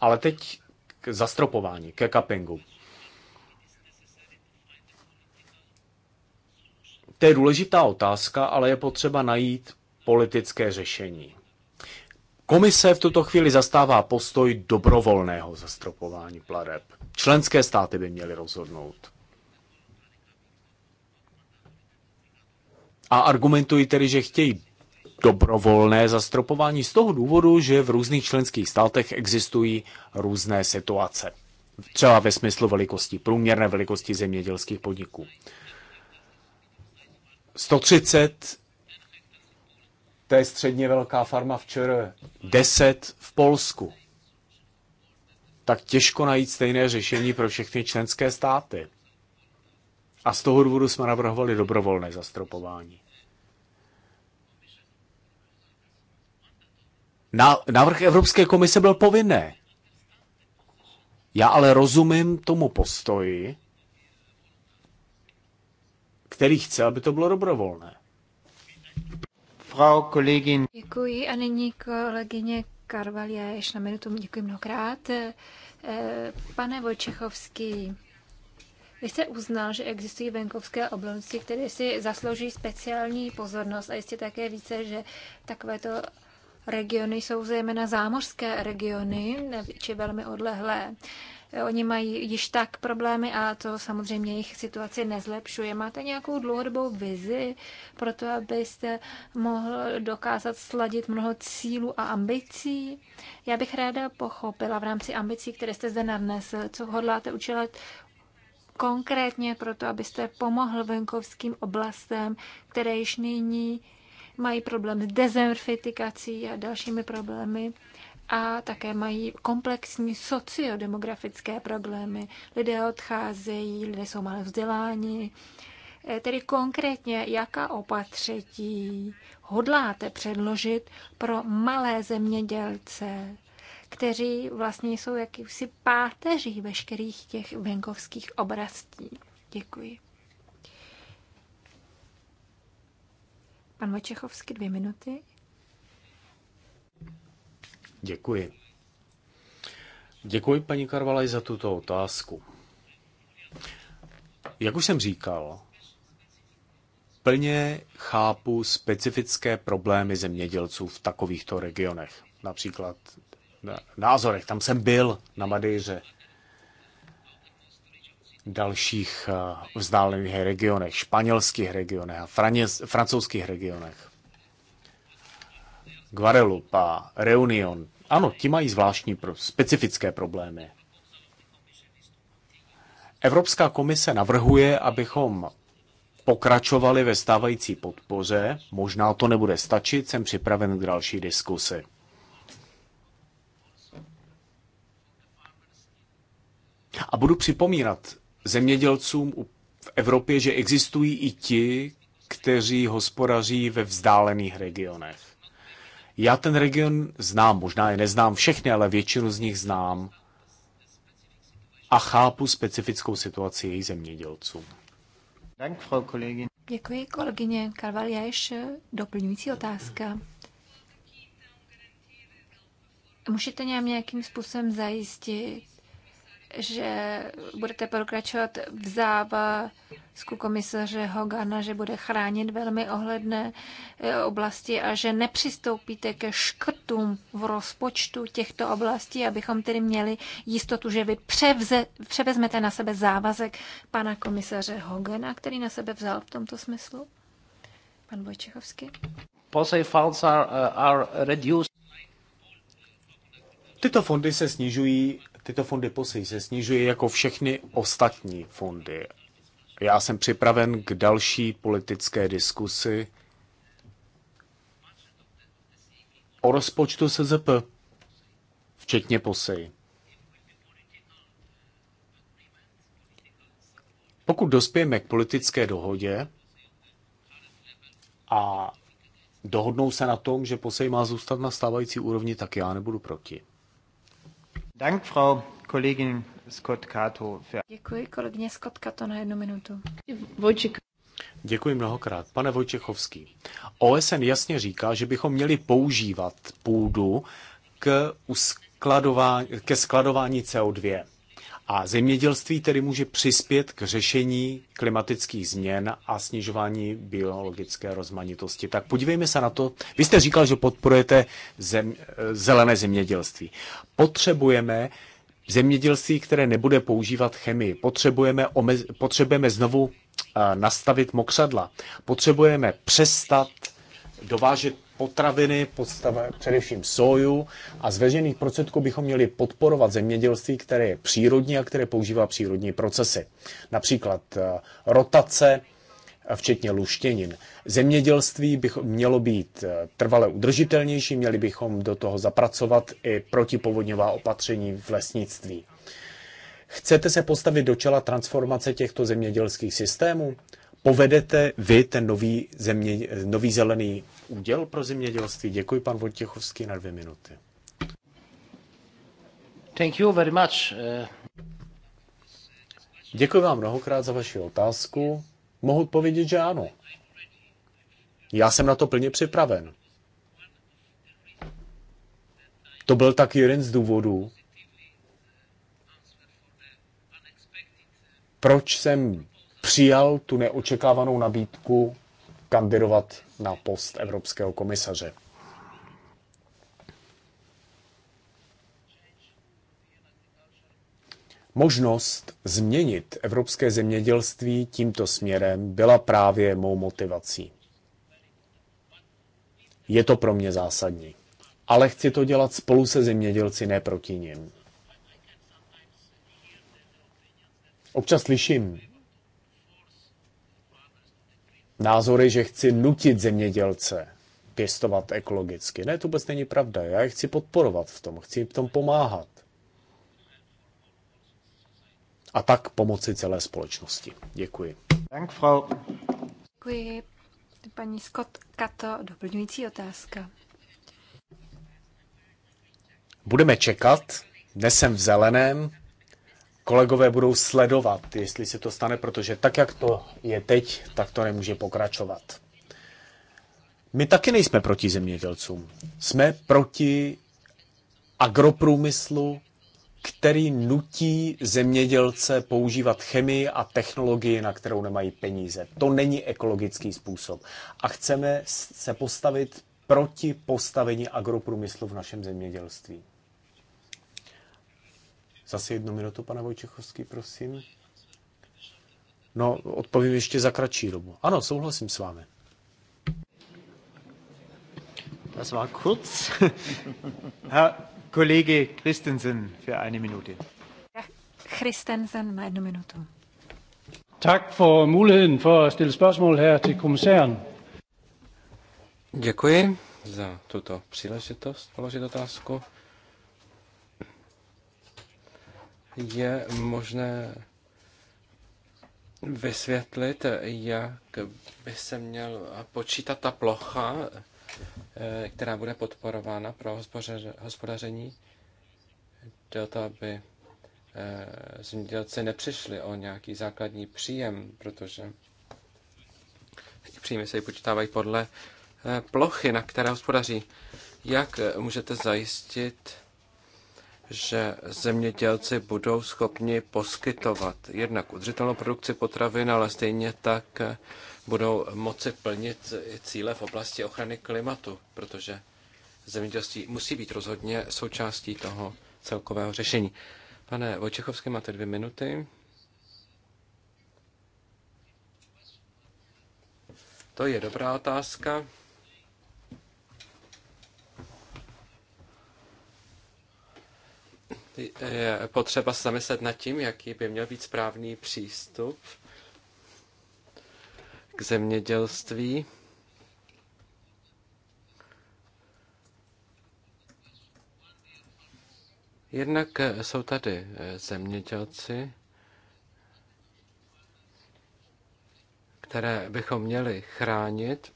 Ale teď k zastropování, ke kapingu. To je důležitá otázka, ale je potřeba najít politické řešení. Komise v tuto chvíli zastává postoj dobrovolného zastropování plareb. Členské státy by měly rozhodnout. A argumentují tedy, že chtějí dobrovolné zastropování z toho důvodu, že v různých členských státech existují různé situace. Třeba ve smyslu velikosti, průměrné velikosti zemědělských podniků. 130, to je středně velká farma v ČR, 10 v Polsku. Tak těžko najít stejné řešení pro všechny členské státy. A z toho důvodu jsme navrhovali dobrovolné zastropování. Návrh Evropské komise byl povinné. Já ale rozumím tomu postoji, který chce, aby to bylo dobrovolné. Frau kolegin. Děkuji a nyní kolegyně Karvalia ještě na minutu. Děkuji mnohokrát. Eh, pane Vojčechovský, vy jste uznal, že existují venkovské oblasti, které si zaslouží speciální pozornost a jistě také více, že takovéto regiony jsou zejména zámořské regiony, či velmi odlehlé. Oni mají již tak problémy a to samozřejmě jejich situaci nezlepšuje. Máte nějakou dlouhodobou vizi pro to, abyste mohl dokázat sladit mnoho cílů a ambicí? Já bych ráda pochopila v rámci ambicí, které jste zde nadnesl, co hodláte učilat konkrétně proto, abyste pomohl venkovským oblastem, které již nyní mají problém s dezertifikací a dalšími problémy a také mají komplexní sociodemografické problémy. Lidé odcházejí, lidé jsou malé vzděláni. Eh, tedy konkrétně, jaká opatření hodláte předložit pro malé zemědělce, kteří vlastně jsou jakýsi páteří veškerých těch venkovských oblastí. Děkuji. Pan Vojčechovský, dvě minuty. Děkuji. Děkuji paní Karvalaj za tuto otázku. Jak už jsem říkal, plně chápu specifické problémy zemědělců v takovýchto regionech. Například na názorech, tam jsem byl na Madejře, dalších eh, vzdálených regionech, španělských regionech a francouzských regionech. Guadeloupe Reunion, ano, ti mají zvláštní, specifické problémy. Evropská komise navrhuje, abychom pokračovali ve stávající podpoře. Možná to nebude stačit, jsem připraven k další diskusi. A budu připomínat zemědělcům v Evropě, že existují i ti, kteří hospodaří ve vzdálených regionech. Já ten region znám, možná je neznám všechny, ale většinu z nich znám a chápu specifickou situaci jejich zemědělců. Děkuji, kolegyně Karvalia. Ještě doplňující otázka. Můžete nějakým způsobem zajistit, že budete pokračovat v závazku komisaře Hogana, že bude chránit velmi ohledné eh, oblasti a že nepřistoupíte ke škrtům v rozpočtu těchto oblastí, abychom tedy měli jistotu, že vy převze, převezmete na sebe závazek pana komisaře Hogana, který na sebe vzal v tomto smyslu? Pan Vojčechovský. Uh, are, reduced. Tyto fondy se snižují tyto fondy POSEJ se snižují jako všechny ostatní fondy. Já jsem připraven k další politické diskusi o rozpočtu SZP, včetně POSEJ. Pokud dospějeme k politické dohodě a dohodnou se na tom, že POSEJ má zůstat na stávající úrovni, tak já nebudu proti. Dank, Frau Kollegin Scott Kato. Děkuji kolegyně Scott Kato na jednu minutu. Vojčík. Děkuji mnohokrát. Pane Vojčechovský, OSN jasně říká, že bychom měli používat půdu k uskladování, ke skladování CO2. A zemědělství tedy může přispět k řešení klimatických změn a snižování biologické rozmanitosti. Tak podívejme se na to. Vy jste říkal, že podporujete zem, zelené zemědělství. Potřebujeme zemědělství, které nebude používat chemii. Potřebujeme, omez, potřebujeme znovu eh, nastavit mokřadla. Potřebujeme přestat dovážet potraviny, podstav, především soju a z veřejných prostředků bychom měli podporovat zemědělství, které je přírodní a které používá přírodní procesy. Například eh, rotace, eh, včetně luštěnin. Zemědělství by mělo být eh, trvale udržitelnější, měli bychom do toho zapracovat i protipovodňová opatření v lesnictví. Chcete se postavit do čela transformace těchto zemědělských systémů? povedete vy ten nový, země, nový zelený úděl pro zemědělství? Děkuji, pan Vojtěchovský, na dvě minuty. Thank you very much. Eh. Děkuji vám mnohokrát za vaši otázku. Mohu odpovědět, že ano. Já jsem na to plně připraven. To byl tak jeden z důvodů, proč jsem přijal tu neočekávanou nabídku kandidovat na post evropského komisaře. Možnost změnit evropské zemědělství tímto směrem byla právě mou motivací. Je to pro mě zásadní. Ale chci to dělat spolu se zemědělci, ne proti nim. Občas slyším názory, že chci nutit zemědělce pěstovat ekologicky. Ne, to vůbec není pravda. Já je chci podporovat v tom, chci jim v tom pomáhat. A tak pomoci celé společnosti. Děkuji. Děkuji. Paní Scott Kato, doplňující otázka. Budeme čekat. Dnes jsem v zeleném, kolegové budou sledovat, jestli se to stane, protože tak, jak to je teď, tak to nemůže pokračovat. My taky nejsme proti zemědělcům. Jsme proti agroprůmyslu, který nutí zemědělce používat chemii a technologii, na kterou nemají peníze. To není ekologický způsob. A chceme se postavit proti postavení agroprůmyslu v našem zemědělství. Zase jednu minutu, pane Vojčechovský, prosím. No, odpovím ještě za kratší dobu. Ano, souhlasím s vámi. Das war kurz. Herr Kollege Christensen für eine Minute. Christensen na Minute. minutu. Tak for muligheden for at stille spørgsmål her til kommissæren. Děkuji za tuto příležitost položit otázku je možné vysvětlit, jak by se měl počítat ta plocha, eh, která bude podporována pro hospodaření, do to, aby eh, zemědělci nepřišli o nějaký základní příjem, protože příjmy se počítávají podle eh, plochy, na které hospodaří. Jak můžete zajistit že zemědělci budou schopni poskytovat jednak udržitelnou produkci potravin, ale stejně tak eh, budou moci plnit cíle v oblasti ochrany klimatu, protože zemědělství musí být rozhodně součástí toho celkového řešení. Pane Vojčechovský, máte dvě minuty. To je dobrá otázka. je potřeba zamyslet nad tím, jaký by měl být správný přístup k zemědělství. Jednak jsou tady zemědělci, které bychom měli chránit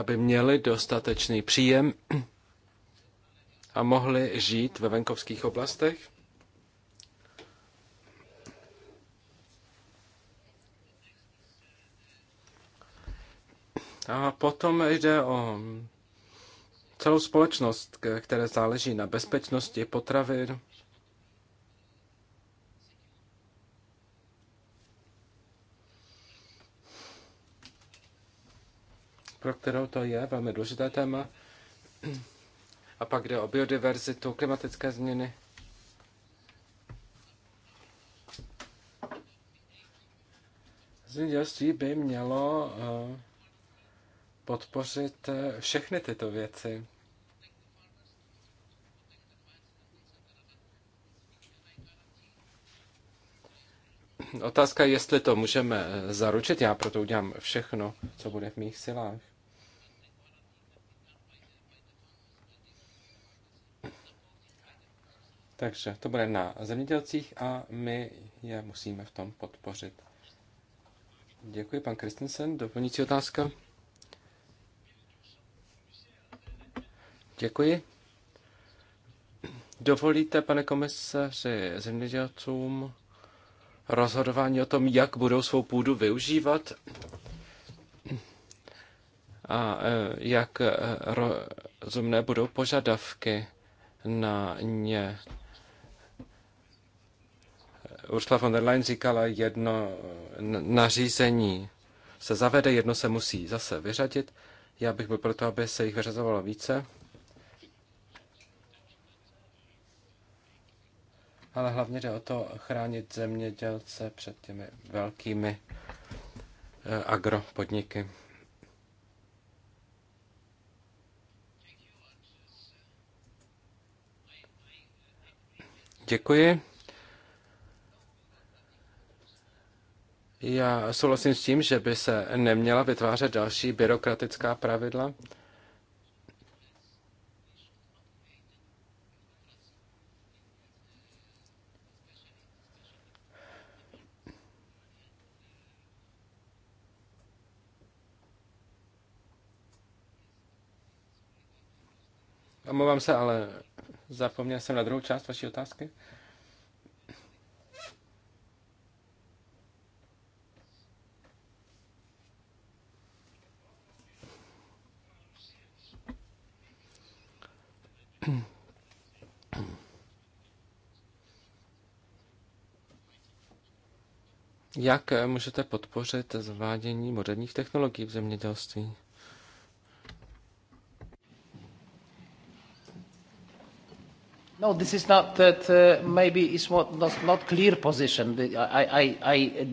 aby měli dostatečný příjem a mohli žít ve venkovských oblastech. A potom jde o celou společnost, které záleží na bezpečnosti potravin, pro kterou to je velmi důležité téma. A pak jde o biodiverzitu, klimatické změny. Zemědělství by mělo eh, podpořit eh, všechny tyto věci. Otázka je, jestli to můžeme eh, zaručit. Já proto udělám všechno, co bude v mých silách. Takže to bude na zemědělcích a my je musíme v tom podpořit. Děkuji, pan Kristensen. Doplňující otázka? Děkuji. Dovolíte, pane komisaři, zemědělcům rozhodování o tom, jak budou svou půdu využívat a e, jak e, rozumné budou požadavky na ně. Ursula von der Leyen říkala, jedno nařízení se zavede, jedno se musí zase vyřadit. Já bych byl proto, aby se jich vyřazovalo více. Ale hlavně jde o to chránit zemědělce před těmi velkými eh, agropodniky. Děkuji. Já souhlasím s tím, že by se neměla vytvářet další byrokratická pravidla. Omlouvám se, ale zapomněl jsem na druhou část vaší otázky. Jak můžete podpořit zavádění moderních technologií v zemědělství? No, this is not that uh, maybe it's what not, not clear position. I, I, I,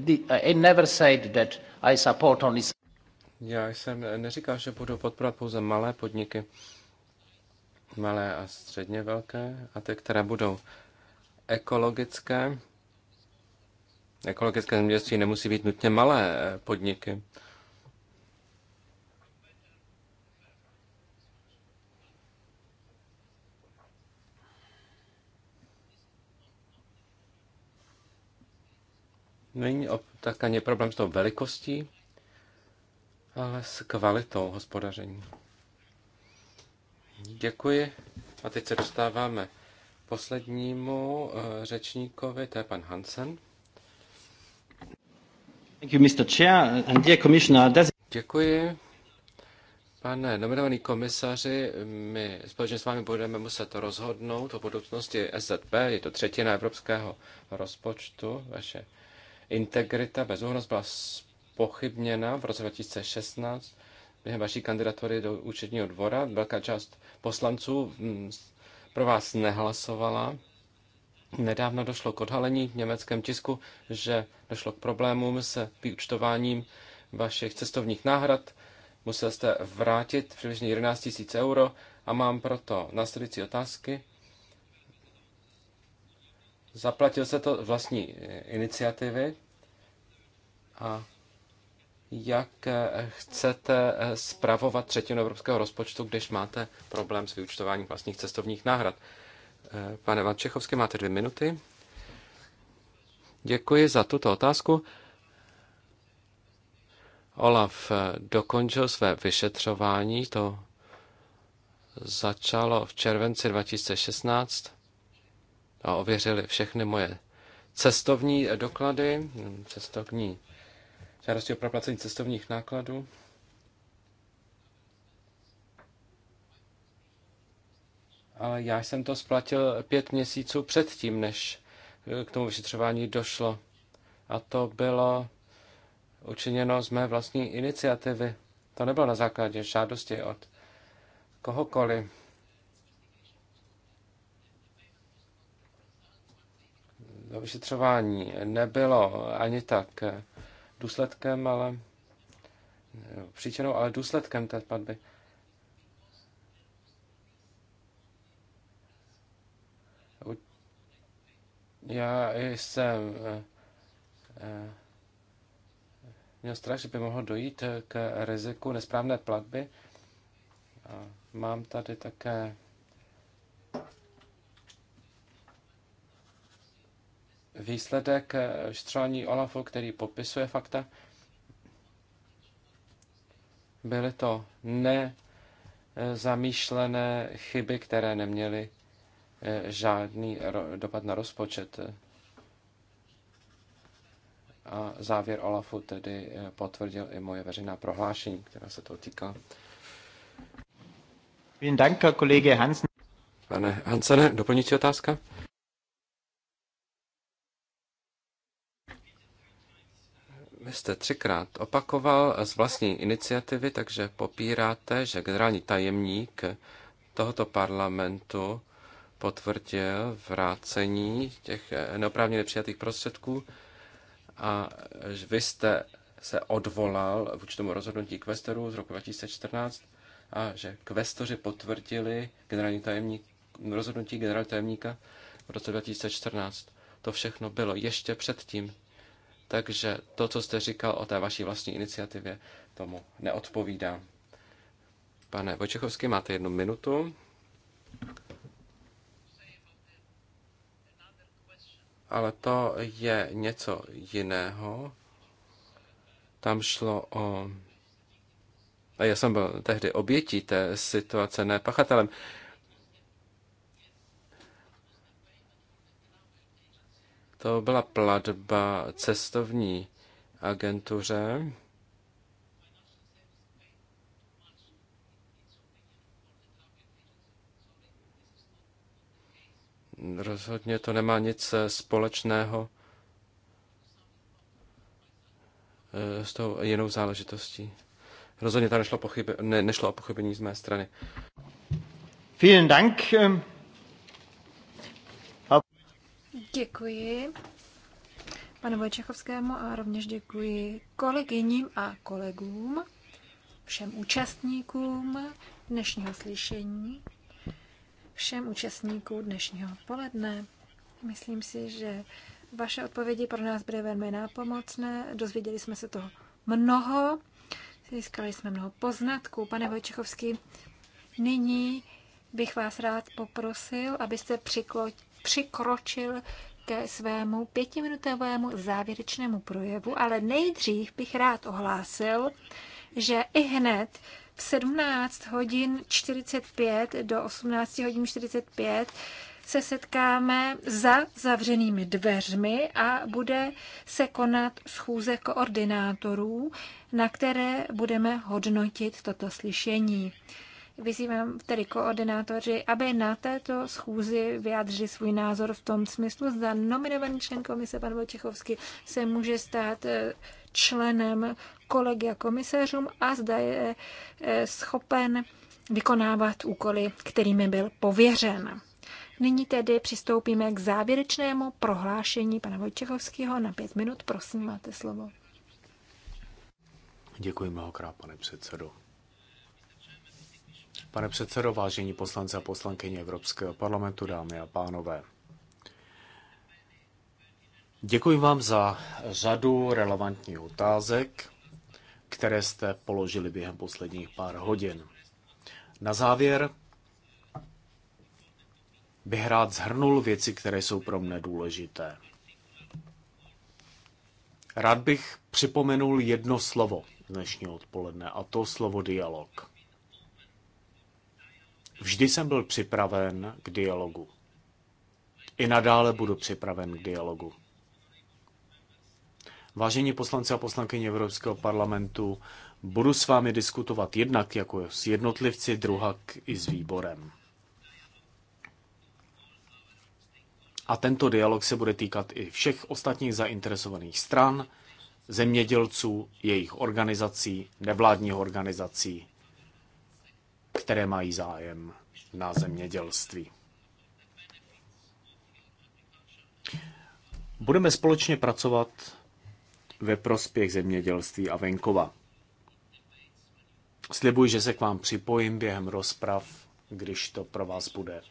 I never said that I support only... Já jsem neříkal, že budu podporovat pouze malé podniky, malé a středně velké, a ty, které budou ekologické, ekologické zemědělství nemusí být nutně malé eh, podniky. Není tak ani problém s tou velikostí, ale s kvalitou hospodaření. Děkuji. A teď se dostáváme poslednímu eh, řečníkovi, to je pan Hansen. Děkuji. Pane nominovaný komisaři, my společně s vámi budeme muset rozhodnout o budoucnosti SZP. Je to třetina evropského rozpočtu. Vaše integrita, bezúhnost byla pochybněna v roce 2016 během vaší kandidatury do účetního dvora. Velká část poslanců mm, pro vás nehlasovala. Nedávno došlo k odhalení v německém tisku, že došlo k problémům s vyučtováním vašich cestovních náhrad. Musel jste vrátit přibližně 11 000 euro a mám proto následující otázky. Zaplatil se to vlastní eh, iniciativy a jak eh, chcete eh, spravovat třetinu evropského rozpočtu, když máte problém s vyučtováním vlastních cestovních náhrad. Pane Vančechovský, máte dvě minuty. Děkuji za tuto otázku. Olaf dokončil své vyšetřování, to začalo v červenci 2016 a ověřili všechny moje cestovní doklady, cestovní žádosti o proplacení cestovních nákladů. ale já jsem to splatil pět měsíců předtím, než eh, k tomu vyšetřování došlo. A to bylo učiněno z mé vlastní iniciativy. To nebylo na základě žádosti od kohokoliv. To vyšetřování nebylo ani tak eh, důsledkem, ale eh, příčinou, ale důsledkem té platby. Já jsem eh, eh, měl strach, že by mohlo dojít eh, k riziku nesprávné platby. A mám tady také výsledek štřání Olafu, který popisuje fakta. Byly to nezamýšlené chyby, které neměly E, žádný dopad na rozpočet. A závěr Olafu tedy e, potvrdil i moje veřejná prohlášení, která se toho týká. Pane Hansene, doplňující otázka? Vy jste třikrát opakoval z vlastní iniciativy, takže popíráte, že generální tajemník tohoto parlamentu potvrdil vrácení těch eh, neoprávněně přijatých prostředků a vy jste se odvolal vůči tomu rozhodnutí kvestorů z roku 2014 a že kvestoři potvrdili generální tajemník, rozhodnutí generální tajemníka v roce 2014. To všechno bylo ještě předtím. Takže to, co jste říkal o té vaší vlastní iniciativě, tomu neodpovídá. Pane Vojčechovský, máte jednu minutu. ale to je něco jiného. Tam šlo o... A já jsem byl tehdy obětí té situace, ne pachatelem. To byla platba cestovní agentuře. Rozhodně to nemá nic eh, společného eh, s tou jinou záležitostí. Rozhodně tam nešlo, pochybe, ne, nešlo o pochybení z mé strany. Vielen Dank. Ähm. Děkuji panu Vojčechovskému a rovněž děkuji kolegyním a kolegům, všem účastníkům dnešního slyšení všem účastníkům dnešního poledne. Myslím si, že vaše odpovědi pro nás byly velmi nápomocné. Dozvěděli jsme se toho mnoho, získali jsme mnoho poznatků. Pane Vojčechovský, nyní bych vás rád poprosil, abyste přiklo, přikročil ke svému pětiminutovému závěrečnému projevu, ale nejdřív bych rád ohlásil, že i hned v 17 hodin 45 do 18 hodin 45 se setkáme za zavřenými dveřmi a bude se konat schůze koordinátorů, na které budeme hodnotit toto slyšení. Vyzývám tedy koordinátoři, aby na této schůzi vyjádřili svůj názor v tom smyslu, zda nominovaný člen komise pan Vojtěchovský se může stát eh, členem kolegy a komisařům a zda je eh, schopen vykonávat úkoly, kterými byl pověřen. Nyní tedy přistoupíme k závěrečnému prohlášení pana Vojčechovského na pět minut. Prosím, máte slovo. Děkuji mnohokrát, pane předsedo. Pane předsedo, vážení poslanci a poslankyně Evropského parlamentu, dámy a pánové. Děkuji vám za řadu relevantních otázek které jste položili během posledních pár hodin. Na závěr bych rád zhrnul věci, které jsou pro mne důležité. Rád bych připomenul jedno slovo dnešního odpoledne, a to slovo dialog. Vždy jsem byl připraven k dialogu. I nadále budu připraven k dialogu. Vážení poslanci a poslankyně Evropského parlamentu, budu s vámi diskutovat jednak jako s jednotlivci, druhak i s výborem. A tento dialog se bude týkat i všech ostatních zainteresovaných stran, zemědělců, jejich organizací, nevládních organizací, které mají zájem na zemědělství. Budeme společně pracovat ve prospěch zemědělství a venkova. Slibuji, že se k vám připojím během rozprav, když to pro vás bude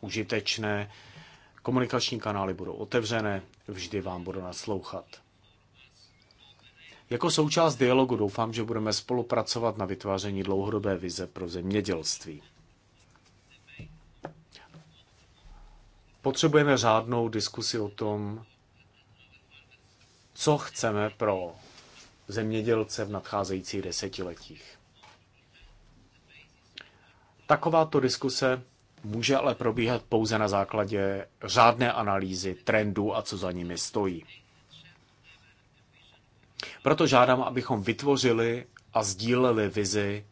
užitečné. Komunikační kanály budou otevřené, vždy vám budu naslouchat. Jako součást dialogu doufám, že budeme spolupracovat na vytváření dlouhodobé vize pro zemědělství. Potřebujeme řádnou diskusi o tom, co chceme pro zemědělce v nadcházejících desetiletích. Takováto diskuse může ale probíhat pouze na základě řádné analýzy trendů a co za nimi stojí. Proto žádám, abychom vytvořili a sdíleli vizi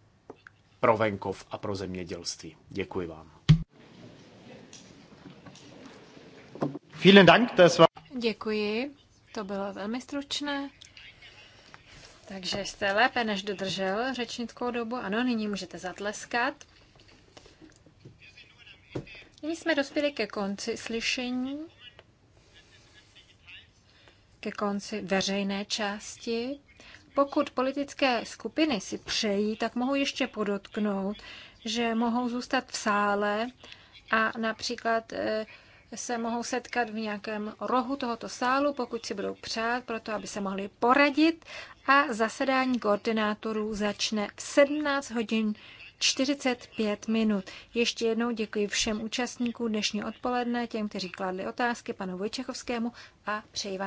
pro venkov a pro zemědělství. Děkuji vám. Vielen Dank, das war... Děkuji. To bylo velmi stručné. Takže jste lépe než dodržel řečnickou dobu. Ano, nyní můžete zatleskat. Nyní jsme dospěli ke konci slyšení, ke konci veřejné části. Pokud politické skupiny si přejí, tak mohou ještě podotknout, že mohou zůstat v sále a například eh, se mohou setkat v nějakém rohu tohoto sálu, pokud si budou přát, proto aby se mohli poradit. A zasedání koordinátorů začne v 17 hodin 45 minut. Ještě jednou děkuji všem účastníkům dnešní odpoledne, těm, kteří kladli otázky panu Vojčechovskému a přeji vám